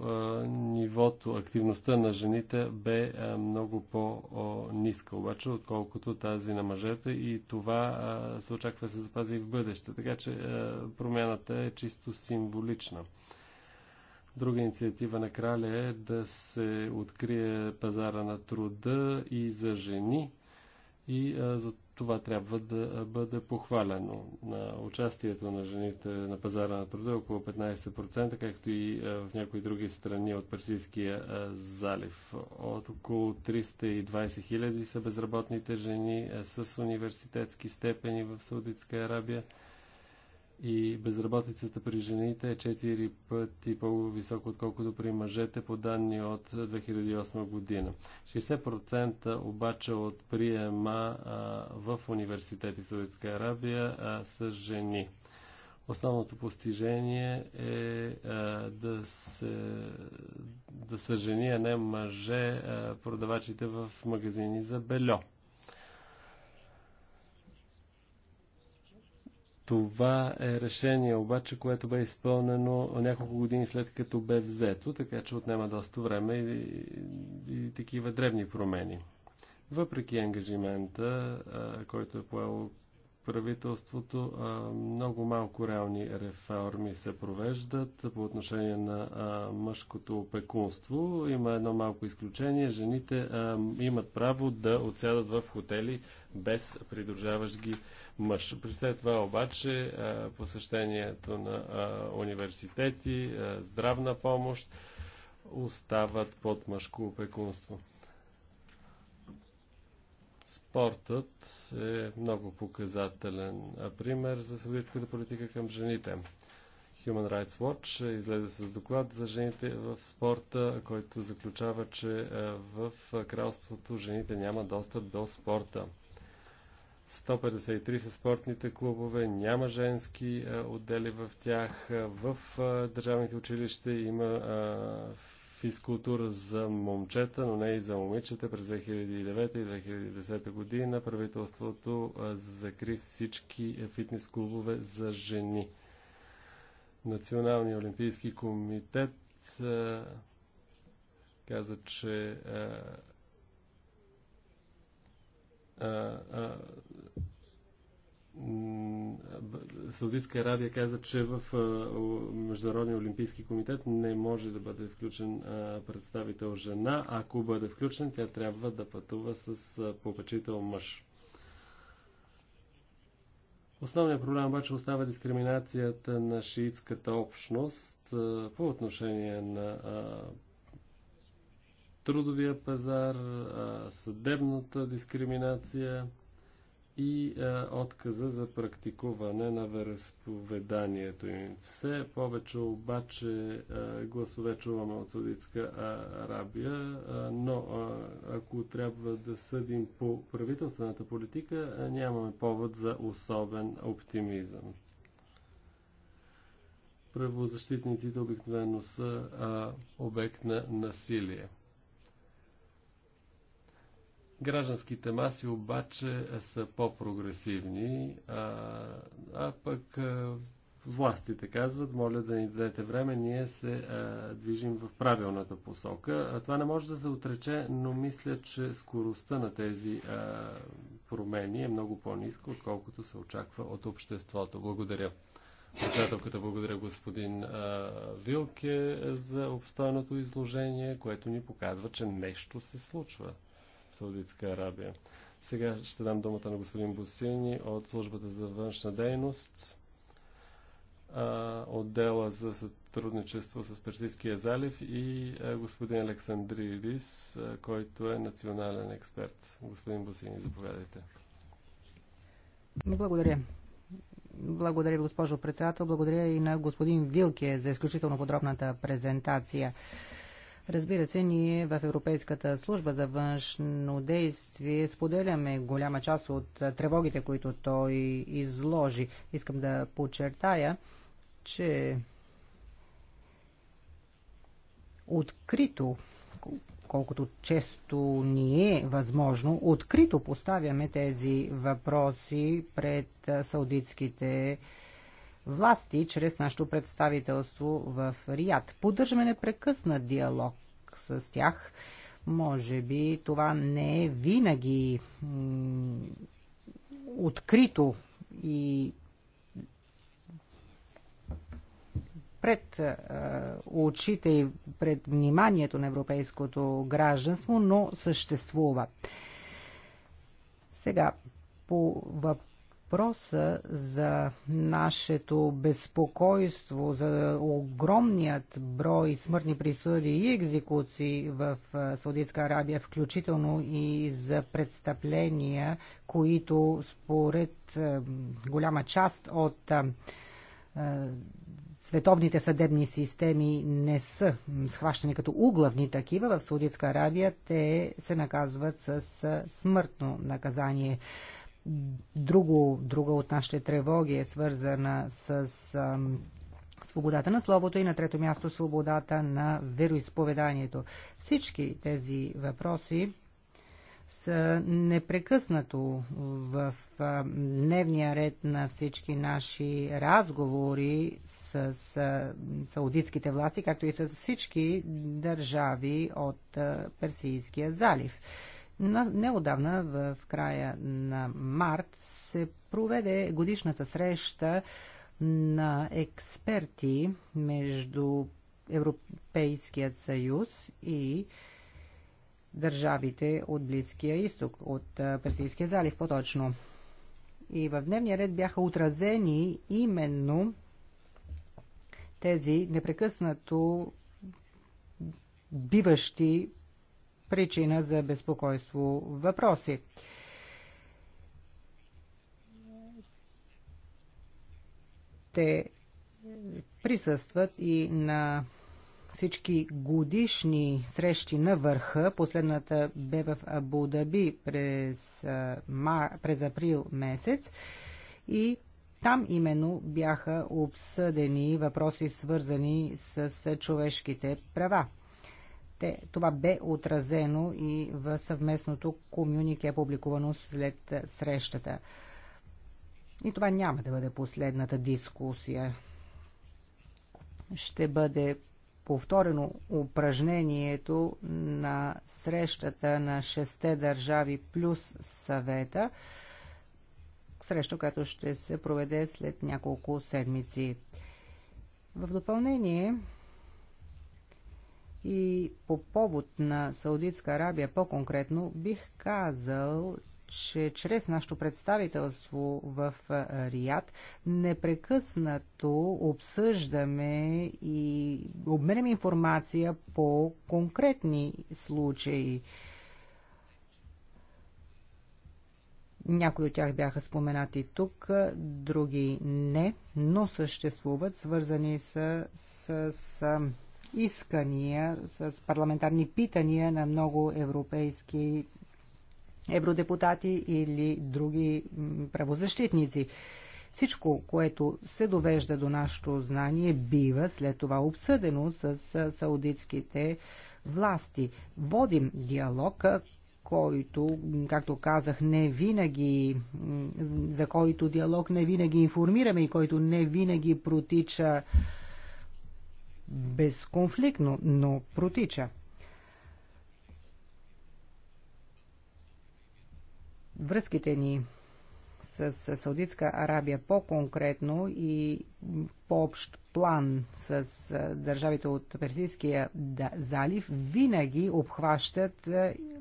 Нивото, активността на жените бе много по-ниска, обаче, отколкото тази на мъжете и това се очаква да се запази и в бъдеще. Така че промяната е чисто символична. Друга инициатива на краля е да се открие пазара на труда и за жени, и а, за това трябва да бъде похвалено. На участието на жените на пазара на труда е около 15%, както и в някои други страни от Персийския залив. От около 320 хиляди са безработните жени с университетски степени в Саудитска Арабия и безработицата при жените е 4 пъти по високо отколкото при мъжете по данни от 2008 година. 60% обаче от приема а, в университети в Саудитска Арабия а, са жени. Основното постижение е а, да, се, да са жени, а не мъже, а, продавачите в магазини за бельо. Това е решение обаче, което бе изпълнено няколко години след като бе взето, така че отнема доста време и, и, и такива древни промени. Въпреки ангажимента, а, който е поел правителството. Много малко реални реформи се провеждат по отношение на мъжкото опекунство. Има едно малко изключение. Жените имат право да отсядат в хотели без придружаващ ги мъж. При след това обаче посещението на университети, здравна помощ остават под мъжко опекунство. Спортът е много показателен А пример за съветската политика към жените. Human Rights Watch излезе с доклад за жените в спорта, който заключава, че е, в кралството жените няма достъп до спорта. 153 са спортните клубове, няма женски е, отдели в тях. Е, в държавните училища има физкултура за момчета, но не и за момичета през 2009 и 2010 година. Правителството закри всички е, фитнес клубове за жени. Националния олимпийски комитет каза, че а, а, Саудитска Арабия каза, че в Международния олимпийски комитет не може да бъде включен представител жена. Ако бъде включен, тя трябва да пътува с попечител мъж. Основният проблем обаче остава дискриминацията на шиитската общност по отношение на трудовия пазар, съдебната дискриминация – и а, е, отказа за практикуване на вероисповеданието им. Все повече обаче а, е, гласове чуваме от Саудитска Арабия, а, е, но а, ако трябва да съдим по правителствената политика, а, нямаме повод за особен оптимизъм. Правозащитниците обикновено са а, обект на насилие. Гражданските маси обаче са по-прогресивни, а, а пък а, властите казват, моля да ни дадете време, ние се а, движим в правилната посока. А, това не може да се отрече, но мисля, че скоростта на тези а, промени е много по-ниска, отколкото се очаква от обществото. Благодаря. Председателката благодаря господин а, Вилке за обстойното изложение, което ни показва, че нещо се случва. Саудитска Арабия. Сега ще дам думата на господин Босини от службата за външна дейност, отдела за сътрудничество с Персийския залив и господин Александри Рис, който е национален експерт. Господин Босини, заповядайте. Благодаря. Благодаря ви, госпожо председател. Благодаря и на господин Вилке за изключително подробната презентация. Разбира се, ние в Европейската служба за външно действие споделяме голяма част от тревогите, които той изложи. Искам да подчертая, че открито, колкото често ни е възможно, открито поставяме тези въпроси пред саудитските власти чрез нашето представителство в Рият. Поддържаме непрекъснат диалог с тях. Може би това не е винаги открито и пред е, очите и пред вниманието на европейското гражданство, но съществува. Сега, по въпроса въпроса за нашето безпокойство, за огромният брой смъртни присъди и екзекуции в Саудитска Арабия, включително и за престъпления, които според голяма част от световните съдебни системи не са схващани като углавни такива, в Саудитска Арабия те се наказват с смъртно наказание. Друго, друга от нашите тревоги е свързана с а, свободата на словото и на трето място свободата на вероисповеданието. Всички тези въпроси са непрекъснато в дневния ред на всички наши разговори с саудитските власти, както и с всички държави от Персийския залив. Неодавна, в края на март, се проведе годишната среща на експерти между Европейският съюз и държавите от Близкия изток, от Персийския залив по-точно. И в дневния ред бяха отразени именно тези непрекъснато биващи причина за безпокойство въпроси. Те присъстват и на всички годишни срещи на върха. Последната бе в Абу Даби през, през април месец и там именно бяха обсъдени въпроси свързани с човешките права те, това бе отразено и в съвместното комюнике, публикувано след срещата. И това няма да бъде последната дискусия. Ще бъде повторено упражнението на срещата на шесте държави плюс съвета, среща, която ще се проведе след няколко седмици. В допълнение, и по повод на Саудитска Арабия по-конкретно бих казал, че чрез нашето представителство в Рият непрекъснато обсъждаме и обменяме информация по конкретни случаи. Някои от тях бяха споменати тук, други не, но съществуват, свързани с, с, с искания, с парламентарни питания на много европейски евродепутати или други правозащитници. Всичко, което се довежда до нашето знание, бива след това обсъдено с саудитските власти. Водим диалог, който, както казах, не винаги, за който диалог не винаги информираме и който не винаги протича безконфликтно, но протича. Връзките ни с Саудитска Арабия по-конкретно и по-общ план с държавите от Персийския залив винаги обхващат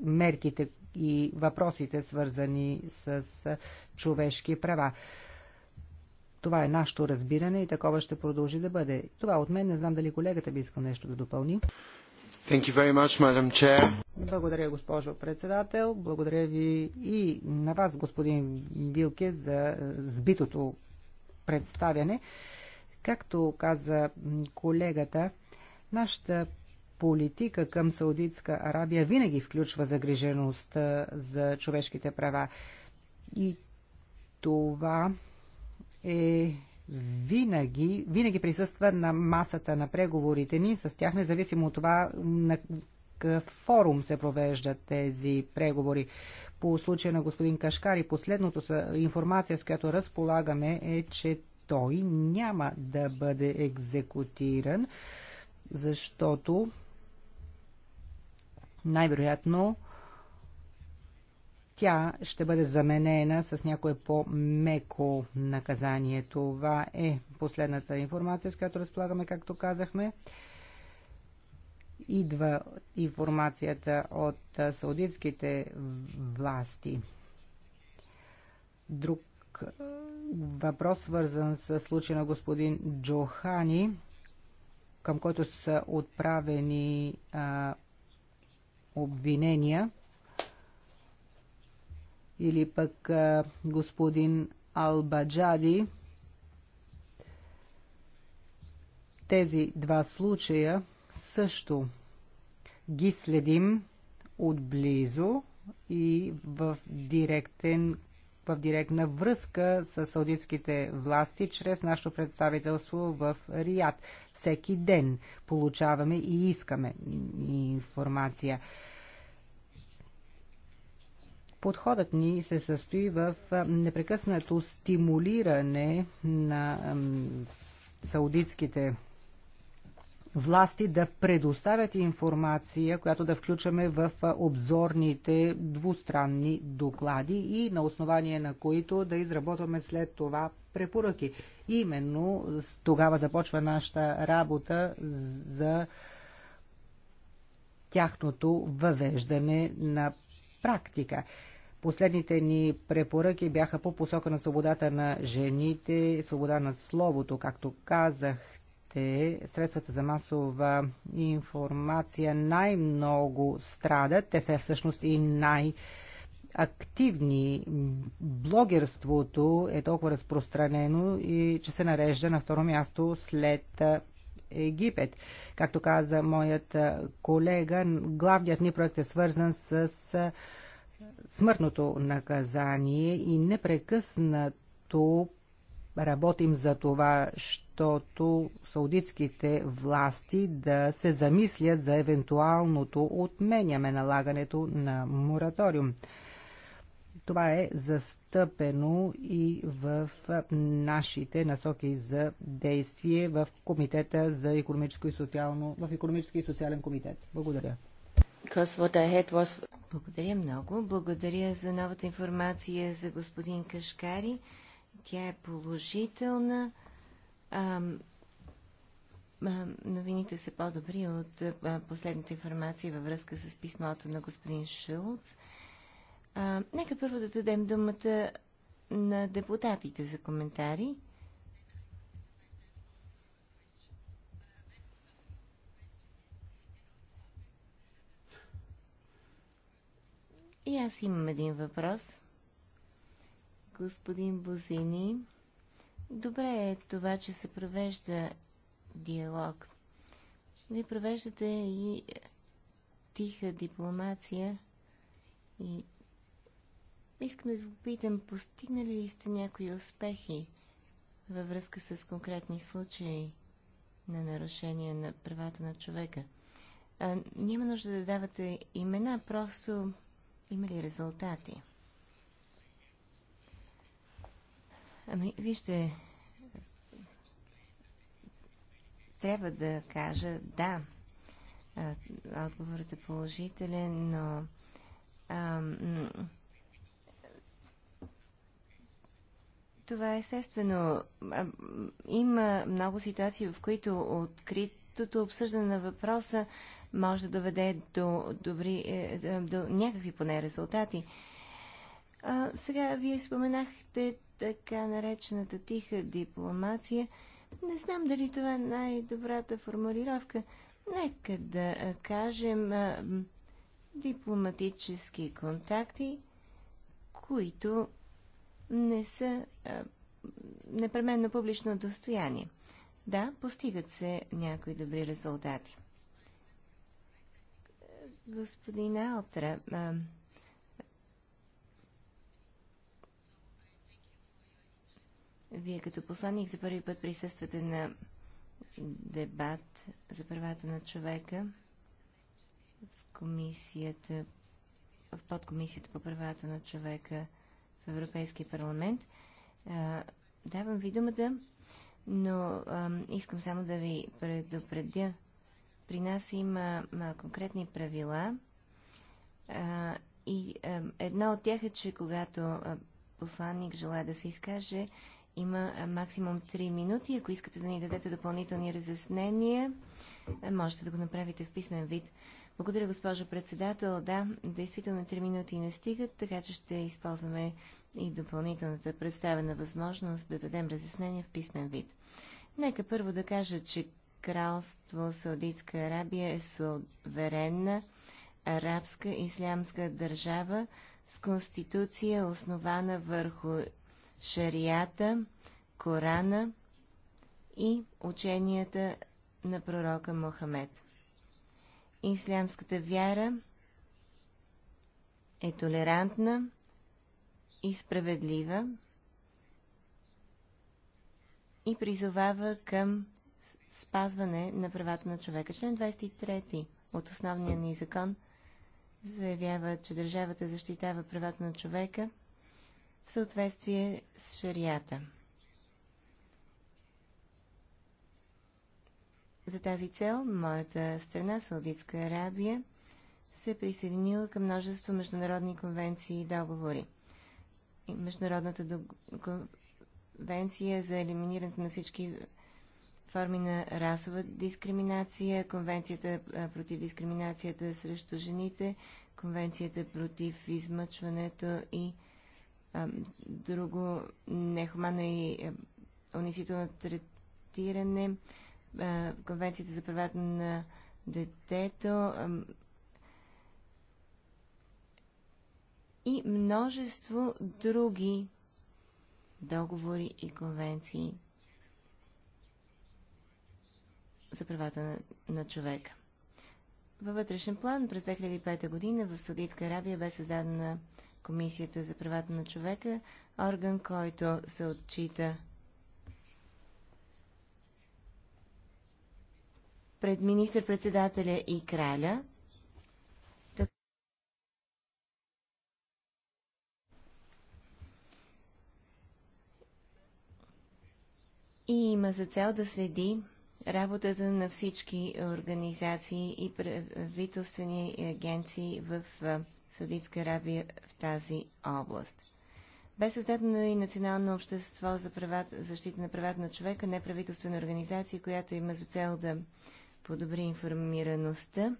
мерките и въпросите свързани с човешки права. Това е нашето разбиране и такова ще продължи да бъде. Това от мен. Не знам дали колегата би искал нещо да допълни. Thank you very much, Madam Chair. Благодаря, госпожо председател. Благодаря ви и на вас, господин Вилке, за е, сбитото представяне. Както каза колегата, нашата политика към Саудитска Арабия винаги включва загрижеността е, за човешките права. И това е винаги, винаги присъства на масата на преговорите ни с тях, независимо от това на какъв форум се провеждат тези преговори. По случая на господин Кашкари, последното информация, с която разполагаме е, че той няма да бъде екзекутиран, защото най-вероятно тя ще бъде заменена с някое по-меко наказание. Това е последната информация, с която разполагаме, както казахме. Идва информацията от саудитските власти. Друг въпрос, свързан с случая на господин Джохани, към който са отправени а, обвинения или пък господин Албаджади. Тези два случая също ги следим отблизо и в, директен, в директна връзка с саудитските власти чрез нашето представителство в Рият. Всеки ден получаваме и искаме информация. Подходът ни се състои в непрекъснато стимулиране на саудитските власти да предоставят информация, която да включваме в обзорните двустранни доклади и на основание на които да изработваме след това препоръки. Именно тогава започва нашата работа за тяхното въвеждане на практика. Последните ни препоръки бяха по посока на свободата на жените, свобода на словото, както казах средствата за масова информация най-много страдат. Те са всъщност и най- активни. Блогерството е толкова разпространено и че се нарежда на второ място след Египет. Както каза моят колега, главният ни проект е свързан с смъртното наказание и непрекъснато работим за това, защото саудитските власти да се замислят за евентуалното отменяме налагането на мораториум. Това е застъпено и в нашите насоки за действие в Комитета за економическо и социално, в економически и социален комитет. Благодаря. Was... Благодаря много. Благодаря за новата информация за господин Кашкари. Тя е положителна. А, а, новините са по-добри от а, последната информация във връзка с писмото на господин Шулц. А, нека първо да дадем думата на депутатите за коментари. И аз имам един въпрос. Господин Бозини, добре е това, че се провежда диалог. Вие провеждате и е, тиха дипломация и искам да ви попитам, постигнали ли сте някои успехи във връзка с конкретни случаи на нарушение на правата на човека? А, няма нужда да давате имена, просто има ли резултати? Ами, вижте, трябва да кажа да. Отговорът е положителен, но ам, това е естествено. Има много ситуации, в които откритото обсъждане на въпроса може да доведе до, добри, е, е, до някакви поне резултати. А, сега вие споменахте така наречената тиха дипломация. Не знам дали това е най-добрата формулировка. Нека да кажем а, дипломатически контакти, които не са а, непременно публично достояние. Да, постигат се някои добри резултати господин Алтра. Вие като посланник за първи път присъствате на дебат за правата на човека в комисията, в подкомисията по правата на човека в Европейския парламент. А, давам ви думата, но а, искам само да ви предупредя, при нас има конкретни правила и едно от тях е, че когато посланник желая да се изкаже, има максимум 3 минути. Ако искате да ни дадете допълнителни разяснения, можете да го направите в писмен вид. Благодаря, госпожа председател. Да, действително 3 минути не стигат, така че ще използваме и допълнителната представена възможност да дадем разяснение в писмен вид. Нека първо да кажа, че кралство Саудитска Арабия е суверенна арабска ислямска държава с конституция, основана върху шарията, Корана и ученията на пророка Мохамед. Ислямската вяра е толерантна и справедлива и призовава към спазване на правата на човека. Член 23 от основния ни закон заявява, че държавата защитава правата на човека в съответствие с шарията. За тази цел моята страна, Саудитска Арабия, се е присъединила към множество международни конвенции и договори. Международната конвенция за елиминирането на всички форми на расова дискриминация, Конвенцията против дискриминацията срещу жените, Конвенцията против измъчването и а, друго нехуманно и а, унизително третиране, а, Конвенцията за правата на детето а, и множество други договори и конвенции за правата на, на човека. Във вътрешен план през 2005 година в Саудитска Арабия бе създадена Комисията за правата на човека, орган, който се отчита пред министър-председателя и краля. И има за цел да следи работата на всички организации и правителствени агенции в Саудитска Арабия в тази област. Бе създадено и Национално общество за правата, защита на правата на човека, неправителствена организация, която има за цел да подобри информираността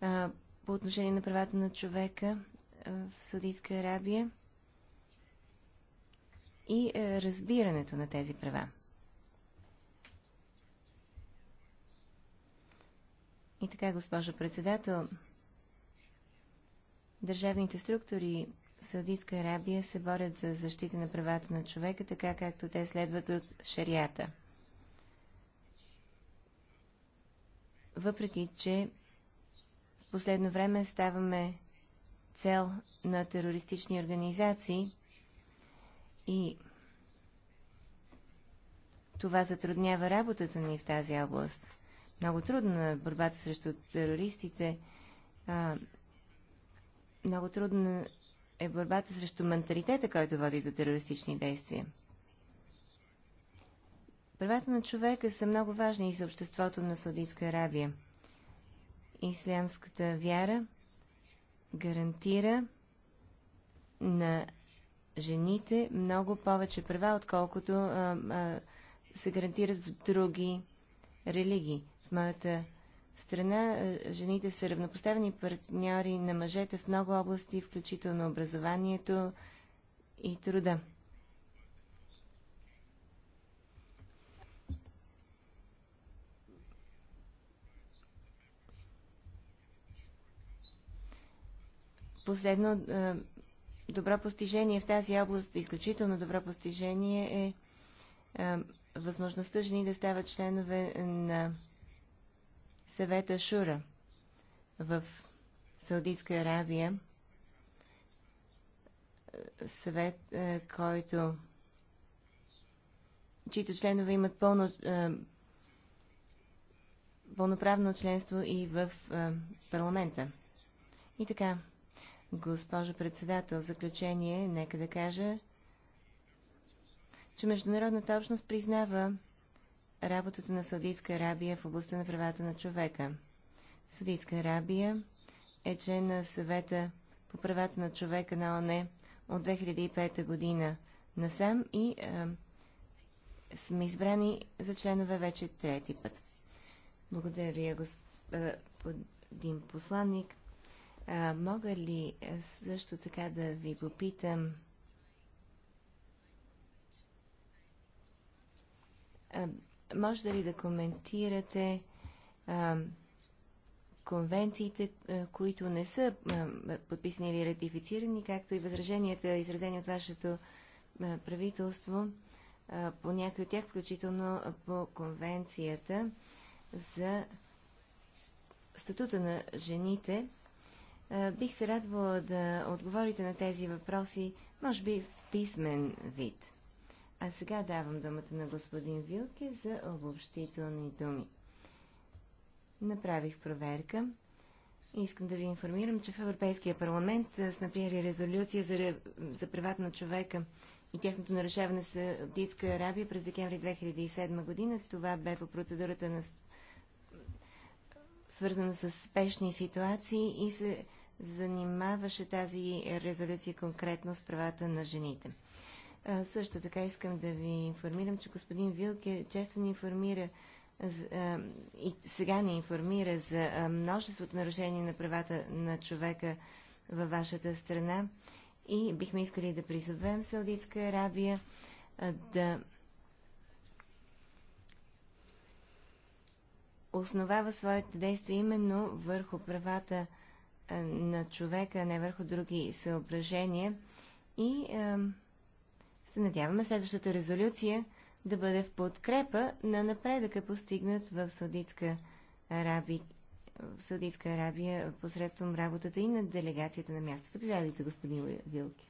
а, по отношение на правата на човека в Саудитска Арабия и а, разбирането на тези права. И така, госпожо председател, държавните структури в Саудитска Арабия се борят за защита на правата на човека, така както те следват от шарията. Въпреки, че в последно време ставаме цел на терористични организации и това затруднява работата ни в тази област много трудна. Е борбата срещу терористите а, много трудна е борбата срещу менталитета, който води до терористични действия. Правата на човека са много важни и за обществото на Саудитска Арабия. Ислямската вяра гарантира на жените много повече права, отколкото а, а, се гарантират в други религии моята страна е, жените са равнопоставени партньори на мъжете в много области, включително образованието и труда. Последно е, добро постижение в тази област, изключително добро постижение е, е възможността жени да стават членове на съвета Шура в Саудитска Арабия, съвет, е, който чието членове имат пълно, е, пълноправно членство и в е, парламента. И така, госпожо председател, заключение, нека да кажа, че международната общност признава работата на Саудитска Арабия в областта на правата на човека. Саудитска Арабия е член на съвета по правата на човека на ОНЕ от 2005 година насам и е, сме избрани за членове вече трети път. Благодаря, господин е, посланник. А, е, мога ли е, също така да ви попитам а, може да ли да коментирате а, конвенциите, а, които не са а, подписани или ратифицирани, както и възраженията, изразени от вашето а, правителство, а, по някои от тях, включително а, по конвенцията за статута на жените. А, бих се радвала да отговорите на тези въпроси, може би в писмен вид. А сега давам думата на господин Вилке за обобщителни думи. Направих проверка. Искам да ви информирам, че в Европейския парламент сме приели резолюция за, за правата на човека и тяхното нарешаване с Саудитска Арабия през декември 2007 година. Това бе по процедурата на свързана с спешни ситуации и се занимаваше тази резолюция конкретно с правата на жените. А, също така искам да ви информирам, че господин Вилке често ни информира за, а, и сега ни информира за множеството нарушения на правата на човека във вашата страна и бихме искали да призовем Саудитска Арабия а, да основава своите действия именно върху правата на човека, а не върху други съображения. И а, се надяваме следващата резолюция да бъде в подкрепа на напредъка постигнат в Саудитска Арабия, в Саудитска Арабия посредством работата и на делегацията на място. Заповядайте, господин Вилки.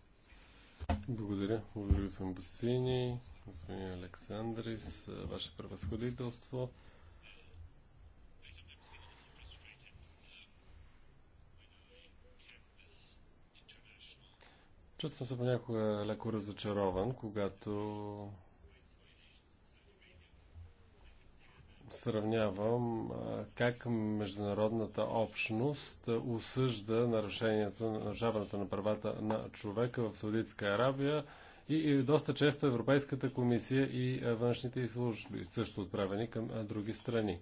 Благодаря. Благодаря, господин Басини, господин Александрис, ваше превъзходителство. Чувствам се понякога леко разочарован, когато сравнявам как международната общност осъжда нарушението, нарушаването на правата на човека в Саудитска Арабия и, и доста често Европейската комисия и външните служби също отправени към други страни.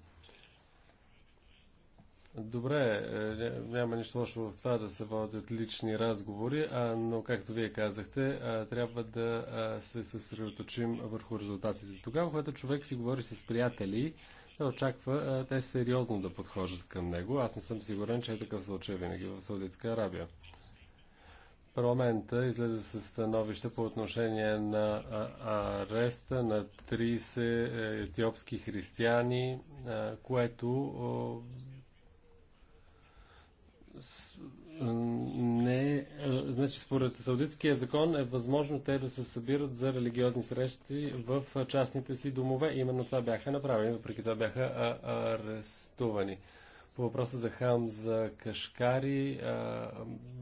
Добре, е, няма нищо лошо в това да се водят лични разговори, а, но както вие казахте, а, трябва да а, се съсредоточим върху резултатите. Тогава, когато човек си говори с приятели, той очаква а, те сериозно да подхождат към него. Аз не съм сигурен, че е такъв случай винаги в Саудитска Арабия. Парламента излезе с становище по отношение на ареста на 30 е, етиопски християни, което не, значи според саудитския закон е възможно те да се събират за религиозни срещи в частните си домове. Именно това бяха направени, въпреки това бяха арестувани. По въпроса за Хам, за Кашкари, а,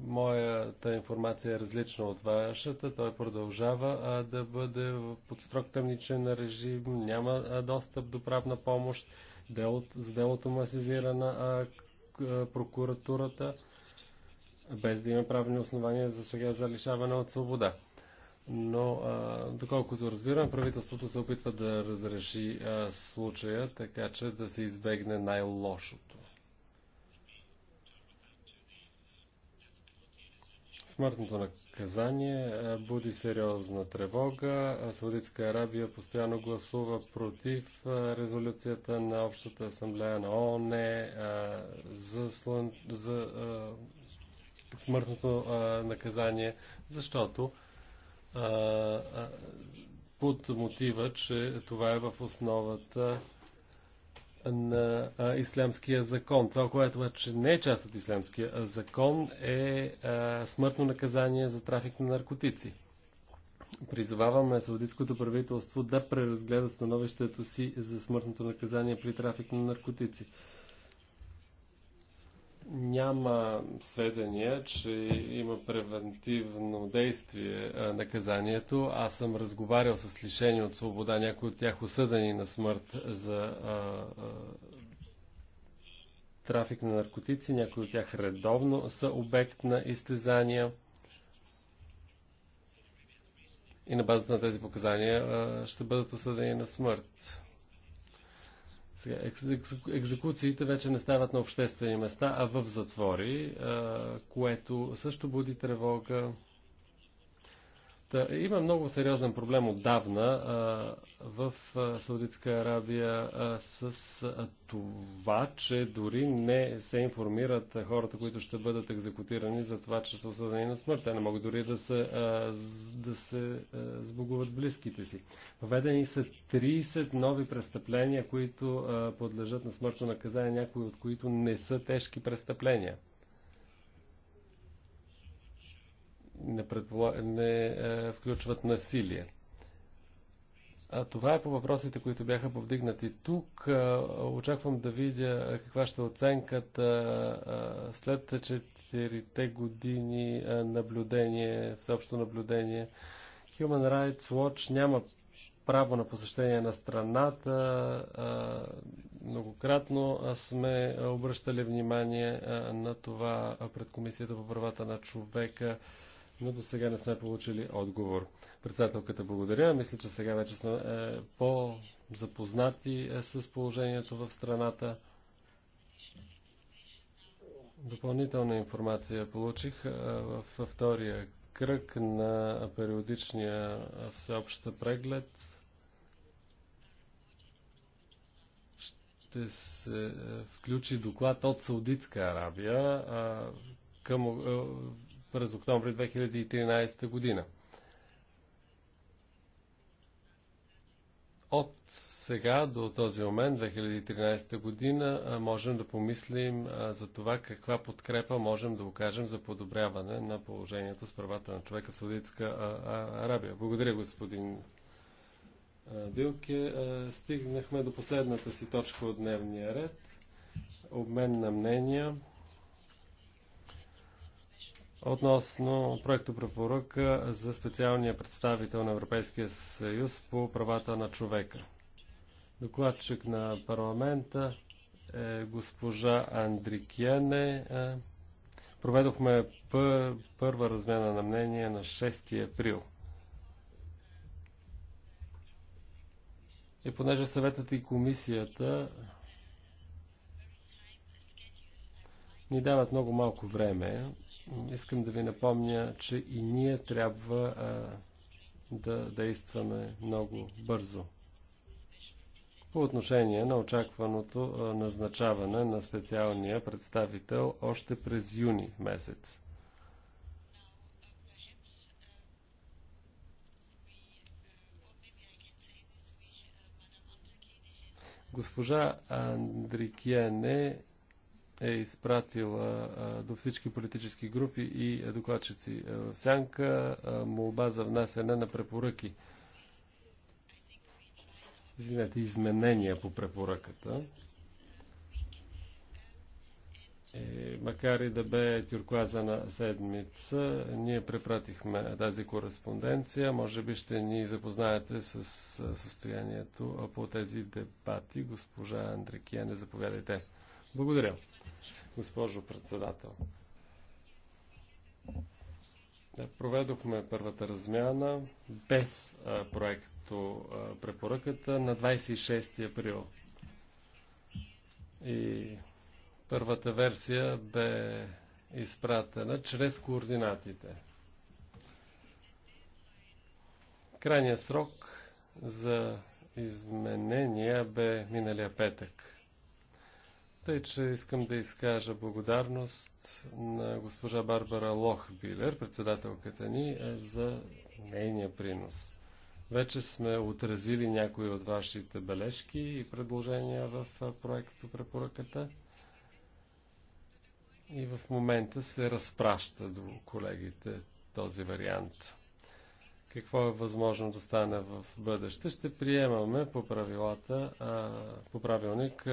моята информация е различна от вашата. Той продължава а, да бъде под строг тъмничен режим, няма а, достъп до правна помощ. Делото, за делото му е сезирана прокуратурата, без да има правни основания за сега за лишаване от свобода. Но, а, доколкото разбирам, правителството се опитва да разреши а, случая, така че да се избегне най-лошото. смъртното наказание е, буди сериозна тревога. Саудитска Арабия постоянно гласува против е, резолюцията на Общата асамблея на ООН е, за, слън... за а, смъртното а, наказание, защото а, под мотива, че това е в основата на а, ислямския закон. Това, което че не е част от ислямския закон, е а, смъртно наказание за трафик на наркотици. Призоваваме саудитското правителство да преразгледа становището си за смъртното наказание при трафик на наркотици няма сведения, че има превентивно действие наказанието. Аз съм разговарял с лишени от свобода, някои от тях осъдени на смърт за а, а, трафик на наркотици, някои от тях редовно са обект на изтезания. И на базата на тези показания а, ще бъдат осъдени на смърт. Сега, екзекуциите вече не стават на обществени места, а в затвори, което също буди тревога Та, има много сериозен проблем отдавна а, в а, Саудитска Арабия а, с а, това, че дори не се информират а, хората, които ще бъдат екзекутирани за това, че са осъдени на смърт. Те не могат дори да се, а, да се а, сбогуват близките си. Введени са 30 нови престъпления, които а, подлежат на смъртно наказание, някои от които не са тежки престъпления. не, предполаг... не а, е, включват насилие. А това е по въпросите, които бяха повдигнати тук. Е, очаквам да видя каква ще е оценката е, след 4 години наблюдение, всеобщо наблюдение. Human Rights Watch няма право на посещение на страната. Многократно сме обръщали внимание на това пред Комисията по правата на човека но до сега не сме получили отговор. Председателката благодаря. Мисля, че сега вече сме е, по-запознати е с положението в страната. Допълнителна информация получих е, във втория кръг на периодичния е, всеобщ преглед. ще се е, включи доклад от Саудитска Арабия е, към през октомври 2013 година. От сега до този момент, 2013 година, можем да помислим за това каква подкрепа можем да окажем за подобряване на положението с правата на човека в Саудитска Арабия. Благодаря, господин Билке. Стигнахме до последната си точка от дневния ред. Обмен на мнения относно проекто препоръка за специалния представител на Европейския съюз по правата на човека. Докладчик на парламента е госпожа Андрикиене. Е, проведохме първа размяна на мнение на 6 април. И понеже съветът и комисията ни дават много малко време, искам да ви напомня, че и ние трябва а, да действаме много бързо по отношение на очакваното назначаване на специалния представител още през юни месец. Госпожа Андрикияне е изпратила до всички политически групи и е, докладчици е, в сянка молба за внасяне на препоръки. Извинете, изменения по препоръката. И е, макар и да бе тюркуазана седмица, ние препратихме тази кореспонденция. Може би ще ни запознаете с състоянието по тези дебати. Госпожа Андрекия, не заповядайте. Благодаря госпожо председател. Да, проведохме първата размяна без а, проекто а, препоръката на 26 април. И първата версия бе изпратена чрез координатите. Крайният срок за изменения бе миналия петък. Тъй, че искам да изкажа благодарност на госпожа Барбара Лохбилер, председателката ни, е, за нейния принос. Вече сме отразили някои от вашите бележки и предложения в проекто препоръката. И в момента се разпраща до колегите този вариант. Какво е възможно да стане в бъдеще? Ще приемаме по правилата, по правилник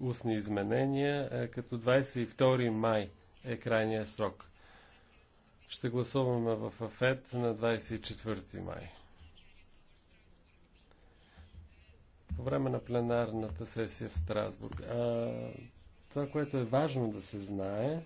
устни изменения, е, като 22 май е крайния срок. Ще гласуваме в АФЕД на 24 май. По време на пленарната сесия в Страсбург. А, това, което е важно да се знае,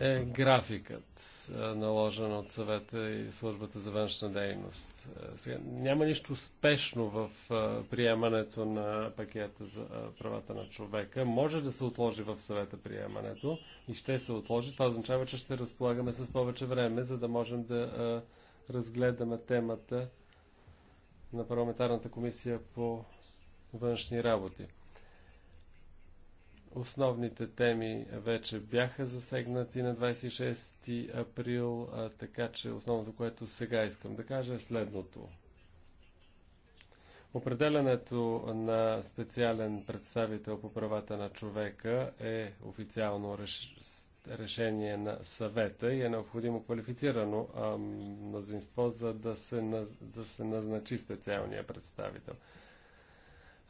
е графикът, е, наложен от съвета и службата за външна дейност. Е, сега, няма нищо спешно в е, приемането на пакета за правата на човека. Може да се отложи в съвета приемането и ще се отложи. Това означава, че ще разполагаме с повече време, за да можем да разгледаме темата на парламентарната комисия по външни работи. Основните теми вече бяха засегнати на 26 април, а, така че основното, което сега искам да кажа е следното. Определенето на специален представител по правата на човека е официално реш... решение на съвета и е необходимо квалифицирано а, мнозинство, за да се, наз... да се назначи специалния представител.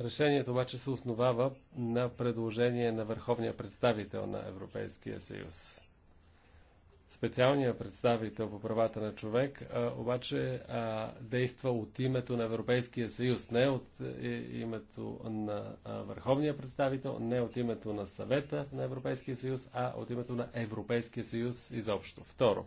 Решението обаче се основава на предложение на върховния представител на Европейския съюз. Специалният представител по правата на човек а, обаче а, действа от името на Европейския съюз, не от е, името на а, върховния представител, не от името на съвета на Европейския съюз, а от името на Европейския съюз изобщо. Второ,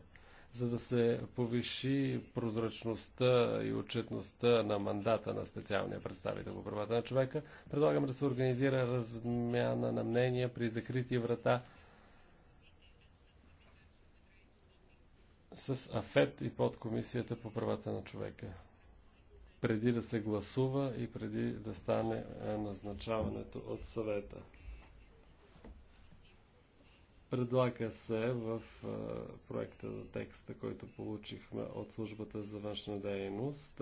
за да се повиши прозрачността и отчетността на мандата на специалния представител по правата на човека. Предлагам да се организира размяна на мнения при закрити врата с АФЕТ и подкомисията по правата на човека преди да се гласува и преди да стане е, назначаването от съвета. Предлага се в проекта за текста, който получихме от службата за външна дейност,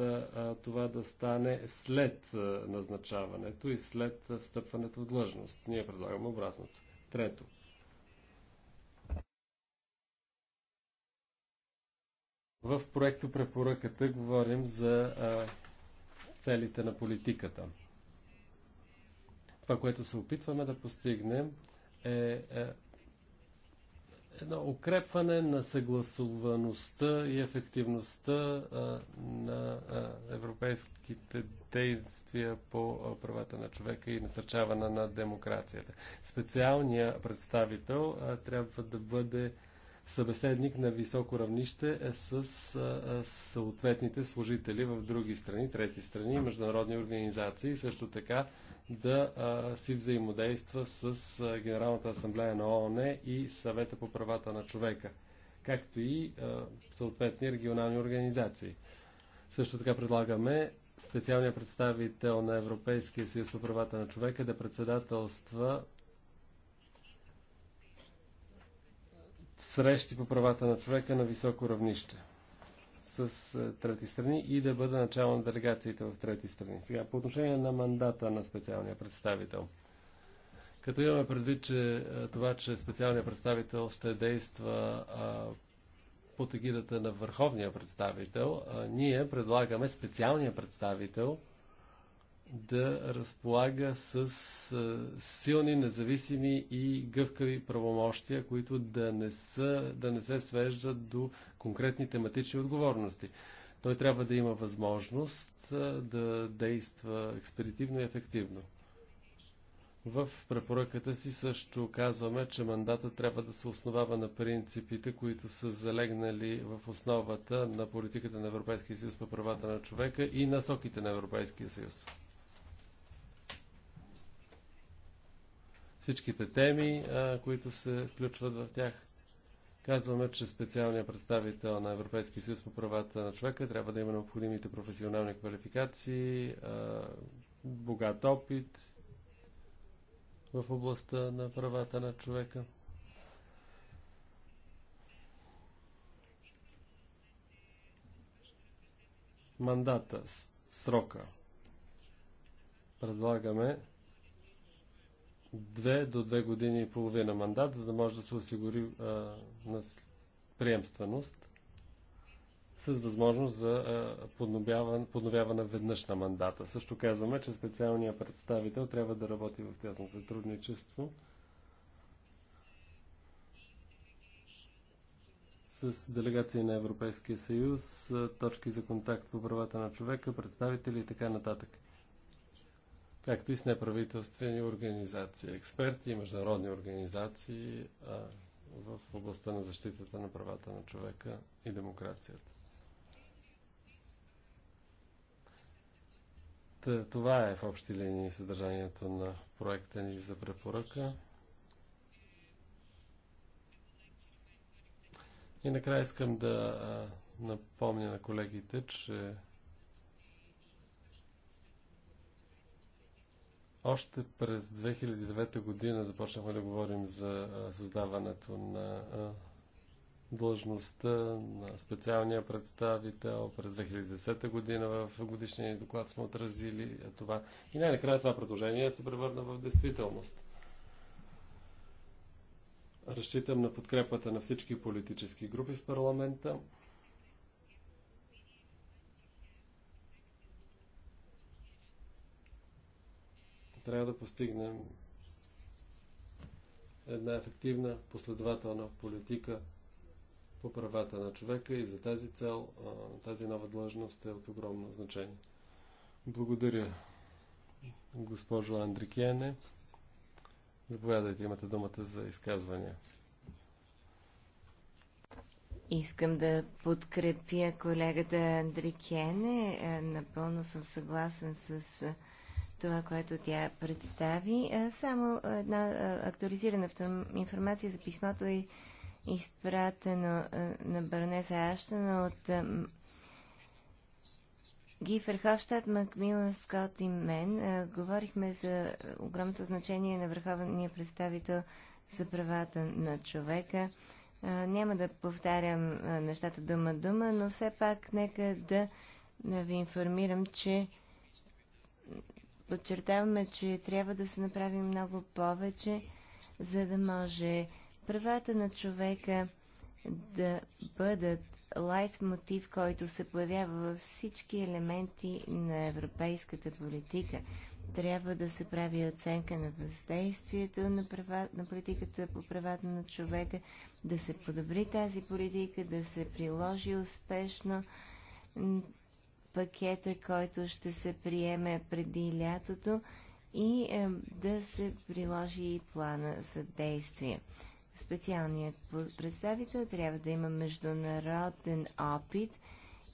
това да стане след назначаването и след встъпването в длъжност. Ние предлагаме обратното. Трето. В проекто препоръката говорим за целите на политиката. Това, което се опитваме да постигнем е, е едно укрепване на съгласуваността и ефективността а, на а, европейските действия по а, правата на човека и насърчаване на демокрацията. Специалният представител а, трябва да бъде събеседник на високо равнище е с съответните служители в други страни, трети страни, международни организации, също така да а, си взаимодейства с а, Генералната асамблея на ООН и съвета по правата на човека, както и а, съответни регионални организации. Също така предлагаме специалния представител на Европейския съюз по правата на човека да председателства срещи по правата на човека на високо равнище с е, трети страни и да бъде начало на делегациите в трети страни. Сега, по отношение на мандата на специалния представител. Като имаме предвид, че е, това, че специалният представител ще действа а, под егидата на върховния представител, а, ние предлагаме специалния представител – да разполага с силни, независими и гъвкави правомощия, които да не, са, да не се свеждат до конкретни тематични отговорности. Той трябва да има възможност да действа експедитивно и ефективно. В препоръката си също казваме, че мандата трябва да се основава на принципите, които са залегнали в основата на политиката на Европейския съюз по правата на човека и насоките на Европейския съюз. всичките теми, а, които се включват в тях. Казваме, че специалният представител на Европейския съюз по правата на човека трябва да има необходимите професионални квалификации, а, богат опит в областта на правата на човека. Мандата, срока. Предлагаме две до две години и половина мандат, за да може да се осигури а, приемственост с възможност за а, подновяване, подновяване веднъж на мандата. Също казваме, че специалният представител трябва да работи в тясно сътрудничество с делегации на Европейския съюз, точки за контакт по правата на човека, представители и така нататък както и с неправителствени организации, експерти и международни организации в областта на защитата на правата на човека и демокрацията. това е в общи линии съдържанието на проекта ни за препоръка. И накрая искам да напомня на колегите, че Още през 2009 година започнахме да говорим за създаването на длъжността на специалния представител. През 2010 година в годишния доклад сме отразили това. И най-накрая това предложение се превърна в действителност. Разчитам на подкрепата на всички политически групи в парламента. Трябва да постигнем една ефективна, последователна политика по правата на човека и за тази цел тази нова длъжност е от огромно значение. Благодаря, госпожо Андрикиене. Заповядайте, имате думата за изказвания. Искам да подкрепя колегата Андрикене. Е, напълно съм съгласен с това, което тя представи. Само една актуализирана информация за писмото е изпратено на баронеса Аштана от Гифер Ферховщад, Макмилан Скот и мен. Говорихме за огромното значение на върховния представител за правата на човека. Няма да повтарям нещата дума-дума, но все пак нека да ви информирам, че подчертаваме, че трябва да се направи много повече, за да може правата на човека да бъдат лайт мотив, който се появява във всички елементи на европейската политика. Трябва да се прави оценка на въздействието на, права, на политиката по правата на човека, да се подобри тази политика, да се приложи успешно пакета, който ще се приеме преди лятото и е, да се приложи и плана за действие. Специалният представител трябва да има международен опит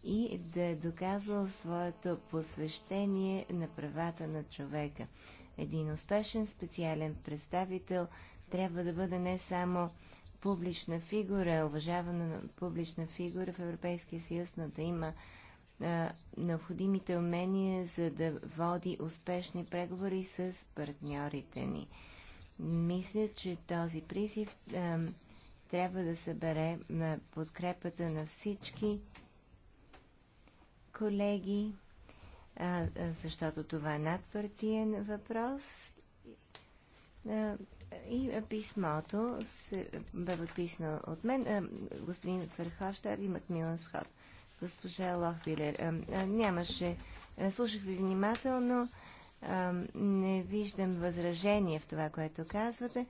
и да е доказал своето посвещение на правата на човека. Един успешен специален представител трябва да бъде не само публична фигура, уважавана публична фигура в Европейския съюз, но да има а, необходимите умения, за да води успешни преговори с партньорите ни. Мисля, че този призив а, трябва да събере на подкрепата на всички колеги, а, защото това е надпартиен въпрос. А, и писмото се бе подписано от мен, а, господин Ферховщад и Макмилан Схот госпожа Лохбилер. Нямаше. Е, слушах ви внимателно. Не виждам възражение в това, което казвате.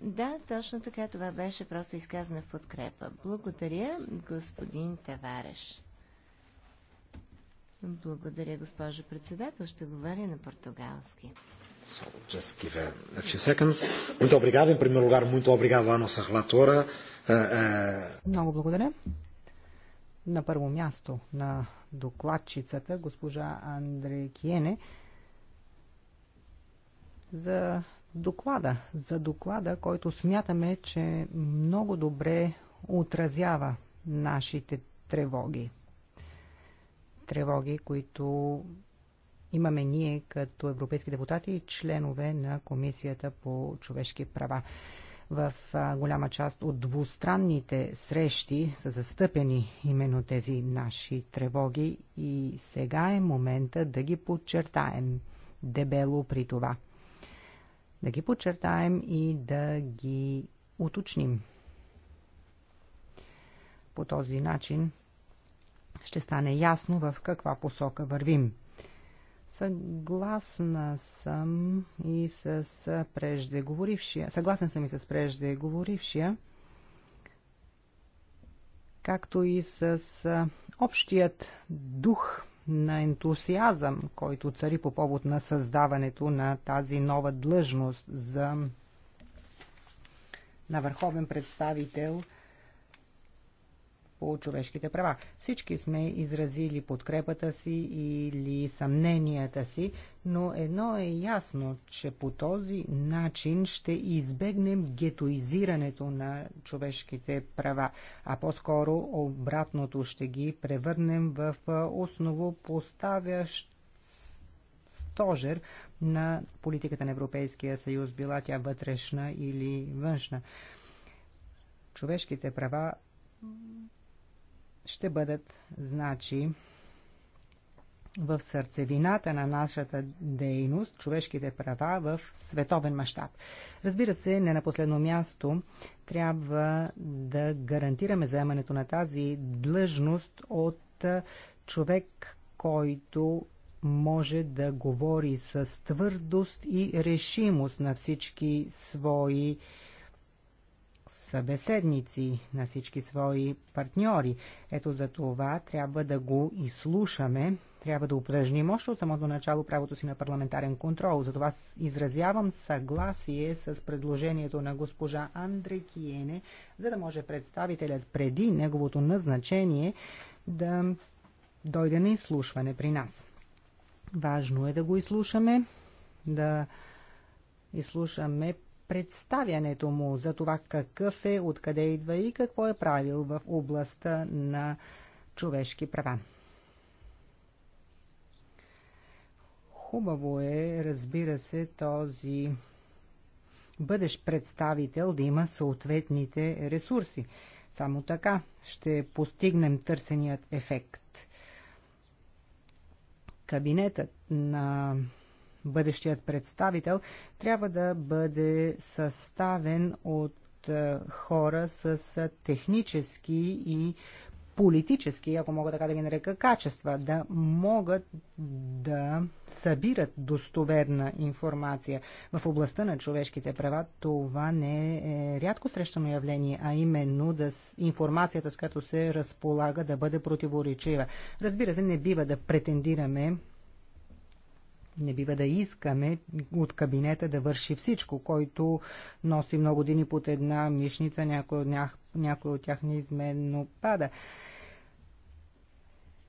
Да, точно така. Това беше просто изказано в подкрепа. Благодаря, господин Тавареш. Благодаря, госпожо председател. Ще говоря на португалски. So, just give a few seconds. Muito obrigado. Em primeiro lugar, muito obrigado à nossa relatora. Uh, uh... Много благодаря на първо място на докладчицата, госпожа Андре Киене, за доклада, за доклада, който смятаме, че много добре отразява нашите тревоги. Тревоги, които имаме ние като европейски депутати и членове на Комисията по човешки права. В голяма част от двустранните срещи са застъпени именно тези наши тревоги и сега е момента да ги подчертаем дебело при това. Да ги подчертаем и да ги уточним. По този начин ще стане ясно в каква посока вървим. Съгласна съм и с преждеговорившия. Съгласен съм и с преждеговорившия, както и с общият дух на ентусиазъм, който цари по повод на създаването на тази нова длъжност за на върховен представител по човешките права. Всички сме изразили подкрепата си или съмненията си, но едно е ясно, че по този начин ще избегнем гетоизирането на човешките права, а по-скоро обратното ще ги превърнем в основопоставящ стожер на политиката на Европейския съюз, била тя вътрешна или външна. Човешките права ще бъдат, значи, в сърцевината на нашата дейност, човешките права в световен мащаб. Разбира се, не на последно място трябва да гарантираме заемането на тази длъжност от човек, който може да говори с твърдост и решимост на всички свои събеседници, на всички свои партньори. Ето за това трябва да го изслушаме, трябва да упражним още от самото начало правото си на парламентарен контрол. Затова изразявам съгласие с предложението на госпожа Андре Киене, за да може представителят преди неговото назначение да дойде на изслушване при нас. Важно е да го изслушаме, да изслушаме представянето му за това какъв е, откъде идва и какво е правил в областта на човешки права. Хубаво е, разбира се, този бъдеш представител да има съответните ресурси. Само така ще постигнем търсеният ефект. Кабинетът на бъдещият представител, трябва да бъде съставен от е, хора с е, технически и политически, ако мога така да ги нарека, качества, да могат да събират достоверна информация. В областта на човешките права това не е рядко срещано явление, а именно да информацията, с която се разполага, да бъде противоречива. Разбира се, не бива да претендираме не бива да искаме от кабинета да върши всичко, който носи много дни под една мишница, някой от, нях, някой от тях неизменно пада.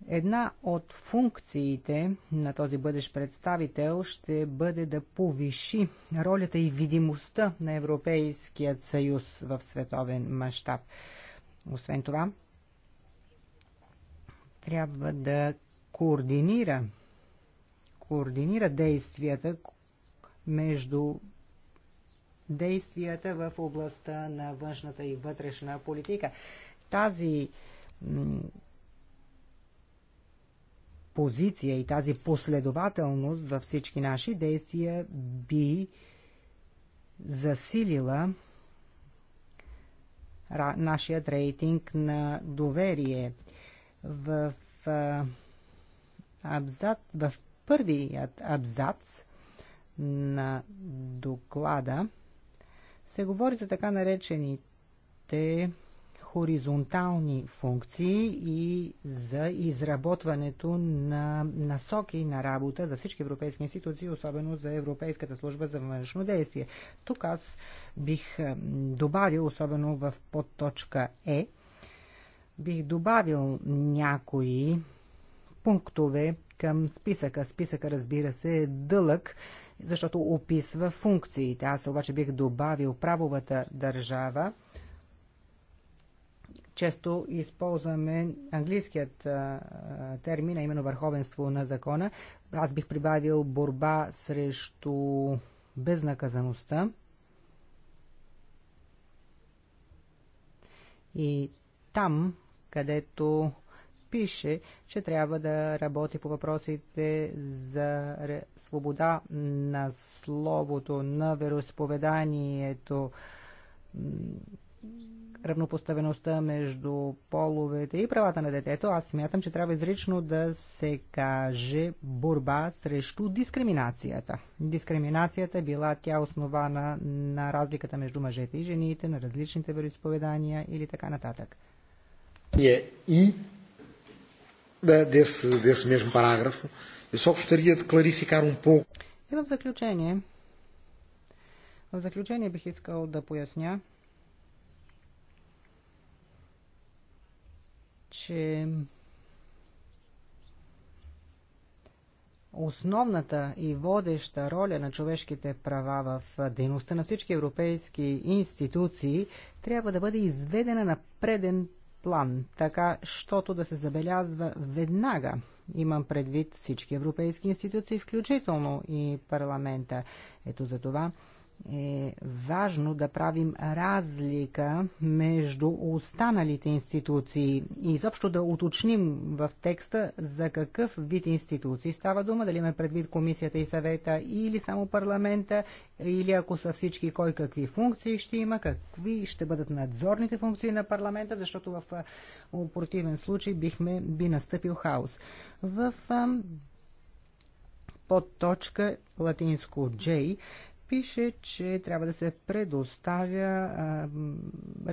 Една от функциите на този бъдещ представител ще бъде да повиши ролята и видимостта на Европейският съюз в световен мащаб. Освен това, трябва да координира координира действията между действията в областта на външната и вътрешна политика. Тази позиция и тази последователност във всички наши действия би засилила нашият рейтинг на доверие. В абзац, в първият абзац на доклада се говори за така наречените хоризонтални функции и за изработването на насоки на работа за всички европейски институции, особено за Европейската служба за външно действие. Тук аз бих добавил, особено в подточка Е, бих добавил някои пунктове, към списъка. Списъка, разбира се, е дълъг, защото описва функциите. Аз обаче бих добавил правовата държава. Често използваме английският а, термин, а именно върховенство на закона. Аз бих прибавил борба срещу безнаказаността. И там, където пише, че трябва да работи по въпросите за свобода на словото, на вероисповеданието, равнопоставеността между половете и правата на детето, аз смятам, че трябва изрично да се каже борба срещу дискриминацията. Дискриминацията била тя основана на разликата между мъжете и жените, на различните вероисповедания или така нататък. Е, и desse, desse mesmo parágrafo. Eu só gostaria de clarificar um pouco. И в заключение, в заключение бих искал да поясня, че основната и водеща роля на човешките права в дейността на всички европейски институции трябва да бъде изведена на преден план, така щото да се забелязва веднага. Имам предвид всички европейски институции, включително и парламента. Ето за това е важно да правим разлика между останалите институции и изобщо да уточним в текста за какъв вид институции става дума, дали ме предвид комисията и съвета или само парламента, или ако са всички кой какви функции ще има, какви ще бъдат надзорните функции на парламента, защото в противен случай бихме, би настъпил хаос. В под точка латинско J пише, че трябва да се предоставя а,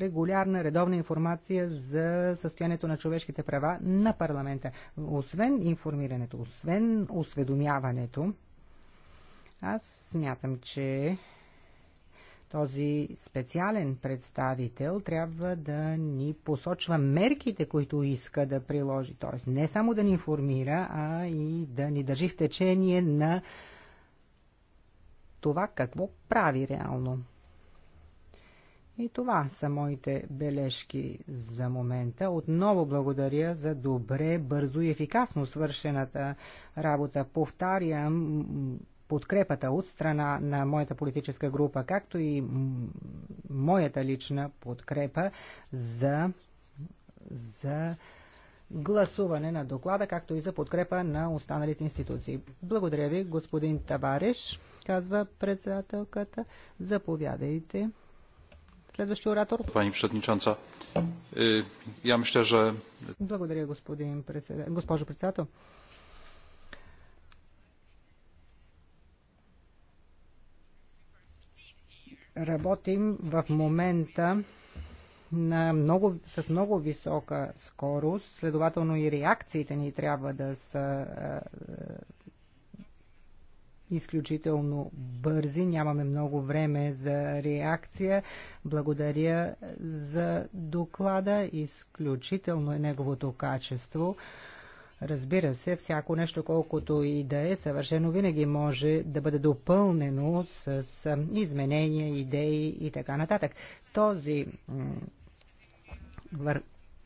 регулярна, редовна информация за състоянието на човешките права на парламента. Освен информирането, освен осведомяването, аз смятам, че този специален представител трябва да ни посочва мерките, които иска да приложи. Тоест не само да ни информира, а и да ни държи в течение на това какво прави реално. И това са моите бележки за момента. Отново благодаря за добре, бързо и ефикасно свършената работа. Повтарям подкрепата от страна на моята политическа група, както и моята лична подкрепа за, за гласуване на доклада, както и за подкрепа на останалите институции. Благодаря ви, господин Табареш казва председателката. Заповядайте. Следващия оратор. Пани Przewodnicząca, е, я мисля, че... Благодаря, господин председател. госпожо председател. Работим в момента на много, с много висока скорост, следователно и реакциите ни трябва да са е, изключително бързи. Нямаме много време за реакция. Благодаря за доклада. Изключително е неговото качество. Разбира се, всяко нещо, колкото и да е съвършено, винаги може да бъде допълнено с изменения, идеи и така нататък. Този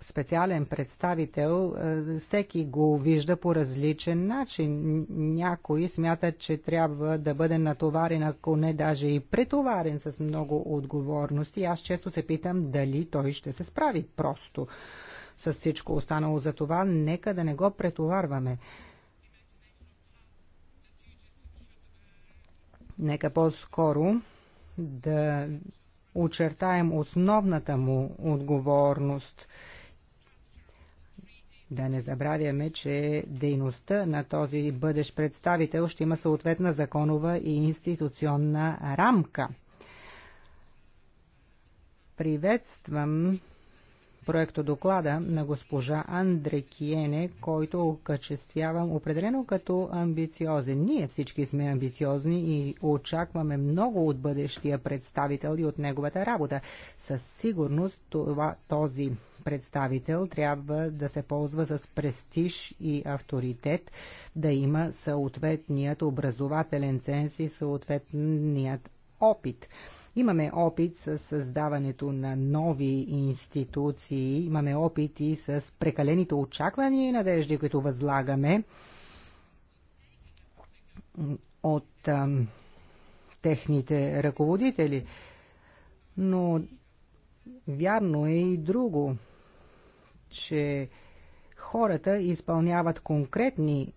специален представител, е, всеки го вижда по различен начин. Някои смятат, че трябва да бъде натоварен, ако не даже и претоварен с много отговорности. Аз често се питам дали той ще се справи просто с всичко останало. За това нека да не го претоварваме. Нека по-скоро да очертаем основната му отговорност – да не забравяме, че дейността на този бъдещ представител ще има съответна законова и институционна рамка. Приветствам проекто доклада на госпожа Андре Киене, който окачествявам определено като амбициозен. Ние всички сме амбициозни и очакваме много от бъдещия представител и от неговата работа. Със сигурност това, този представител трябва да се ползва с престиж и авторитет, да има съответният образователен ценз и съответният опит. Имаме опит с създаването на нови институции, имаме опит и с прекалените очаквания и надежди, които възлагаме от ам, техните ръководители. Но вярно е и друго че хората изпълняват конкретни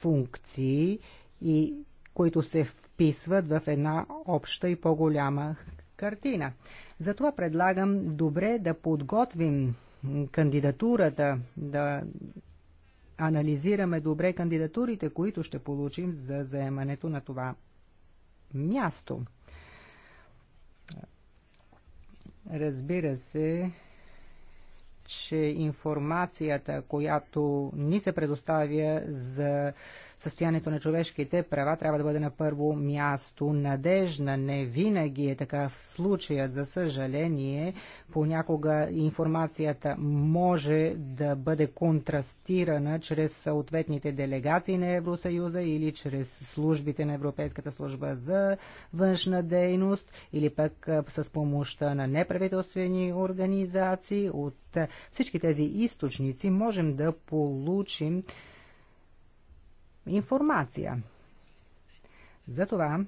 функции и които се вписват в една обща и по-голяма картина. Затова предлагам добре да подготвим кандидатурата, да анализираме добре кандидатурите, които ще получим за заемането на това място. Разбира се, че информацията, която ни се предоставя за състоянието на човешките права трябва да бъде на първо място надежна. Не винаги е така в случаят, за съжаление. Понякога информацията може да бъде контрастирана чрез съответните делегации на Евросъюза или чрез службите на Европейската служба за външна дейност или пък с помощта на неправителствени организации. От всички тези източници можем да получим информация. Затова,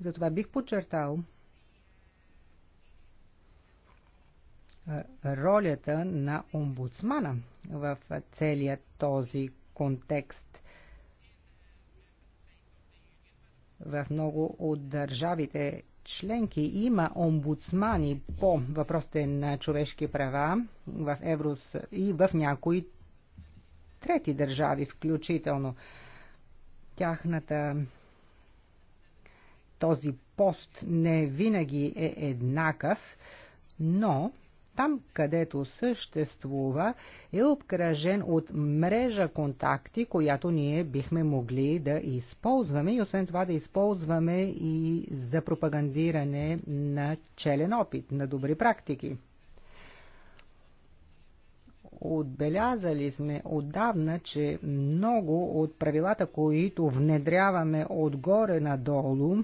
затова бих подчертал ролята на омбудсмана в целия този контекст. В много от държавите членки има омбудсмани по въпросите на човешки права в Еврос и в някои трети държави включително. Тяхната този пост не винаги е еднакъв, но там, където съществува, е обкръжен от мрежа контакти, която ние бихме могли да използваме и освен това да използваме и за пропагандиране на челен опит, на добри практики. Отбелязали сме отдавна, че много от правилата, които внедряваме отгоре надолу,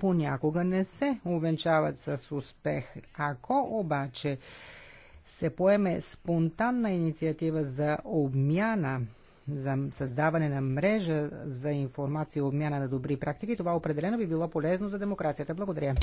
понякога не се увенчават с успех. Ако обаче се поеме спонтанна инициатива за обмяна, за създаване на мрежа за информация и обмяна на добри практики, това определено би било полезно за демокрацията. Благодаря.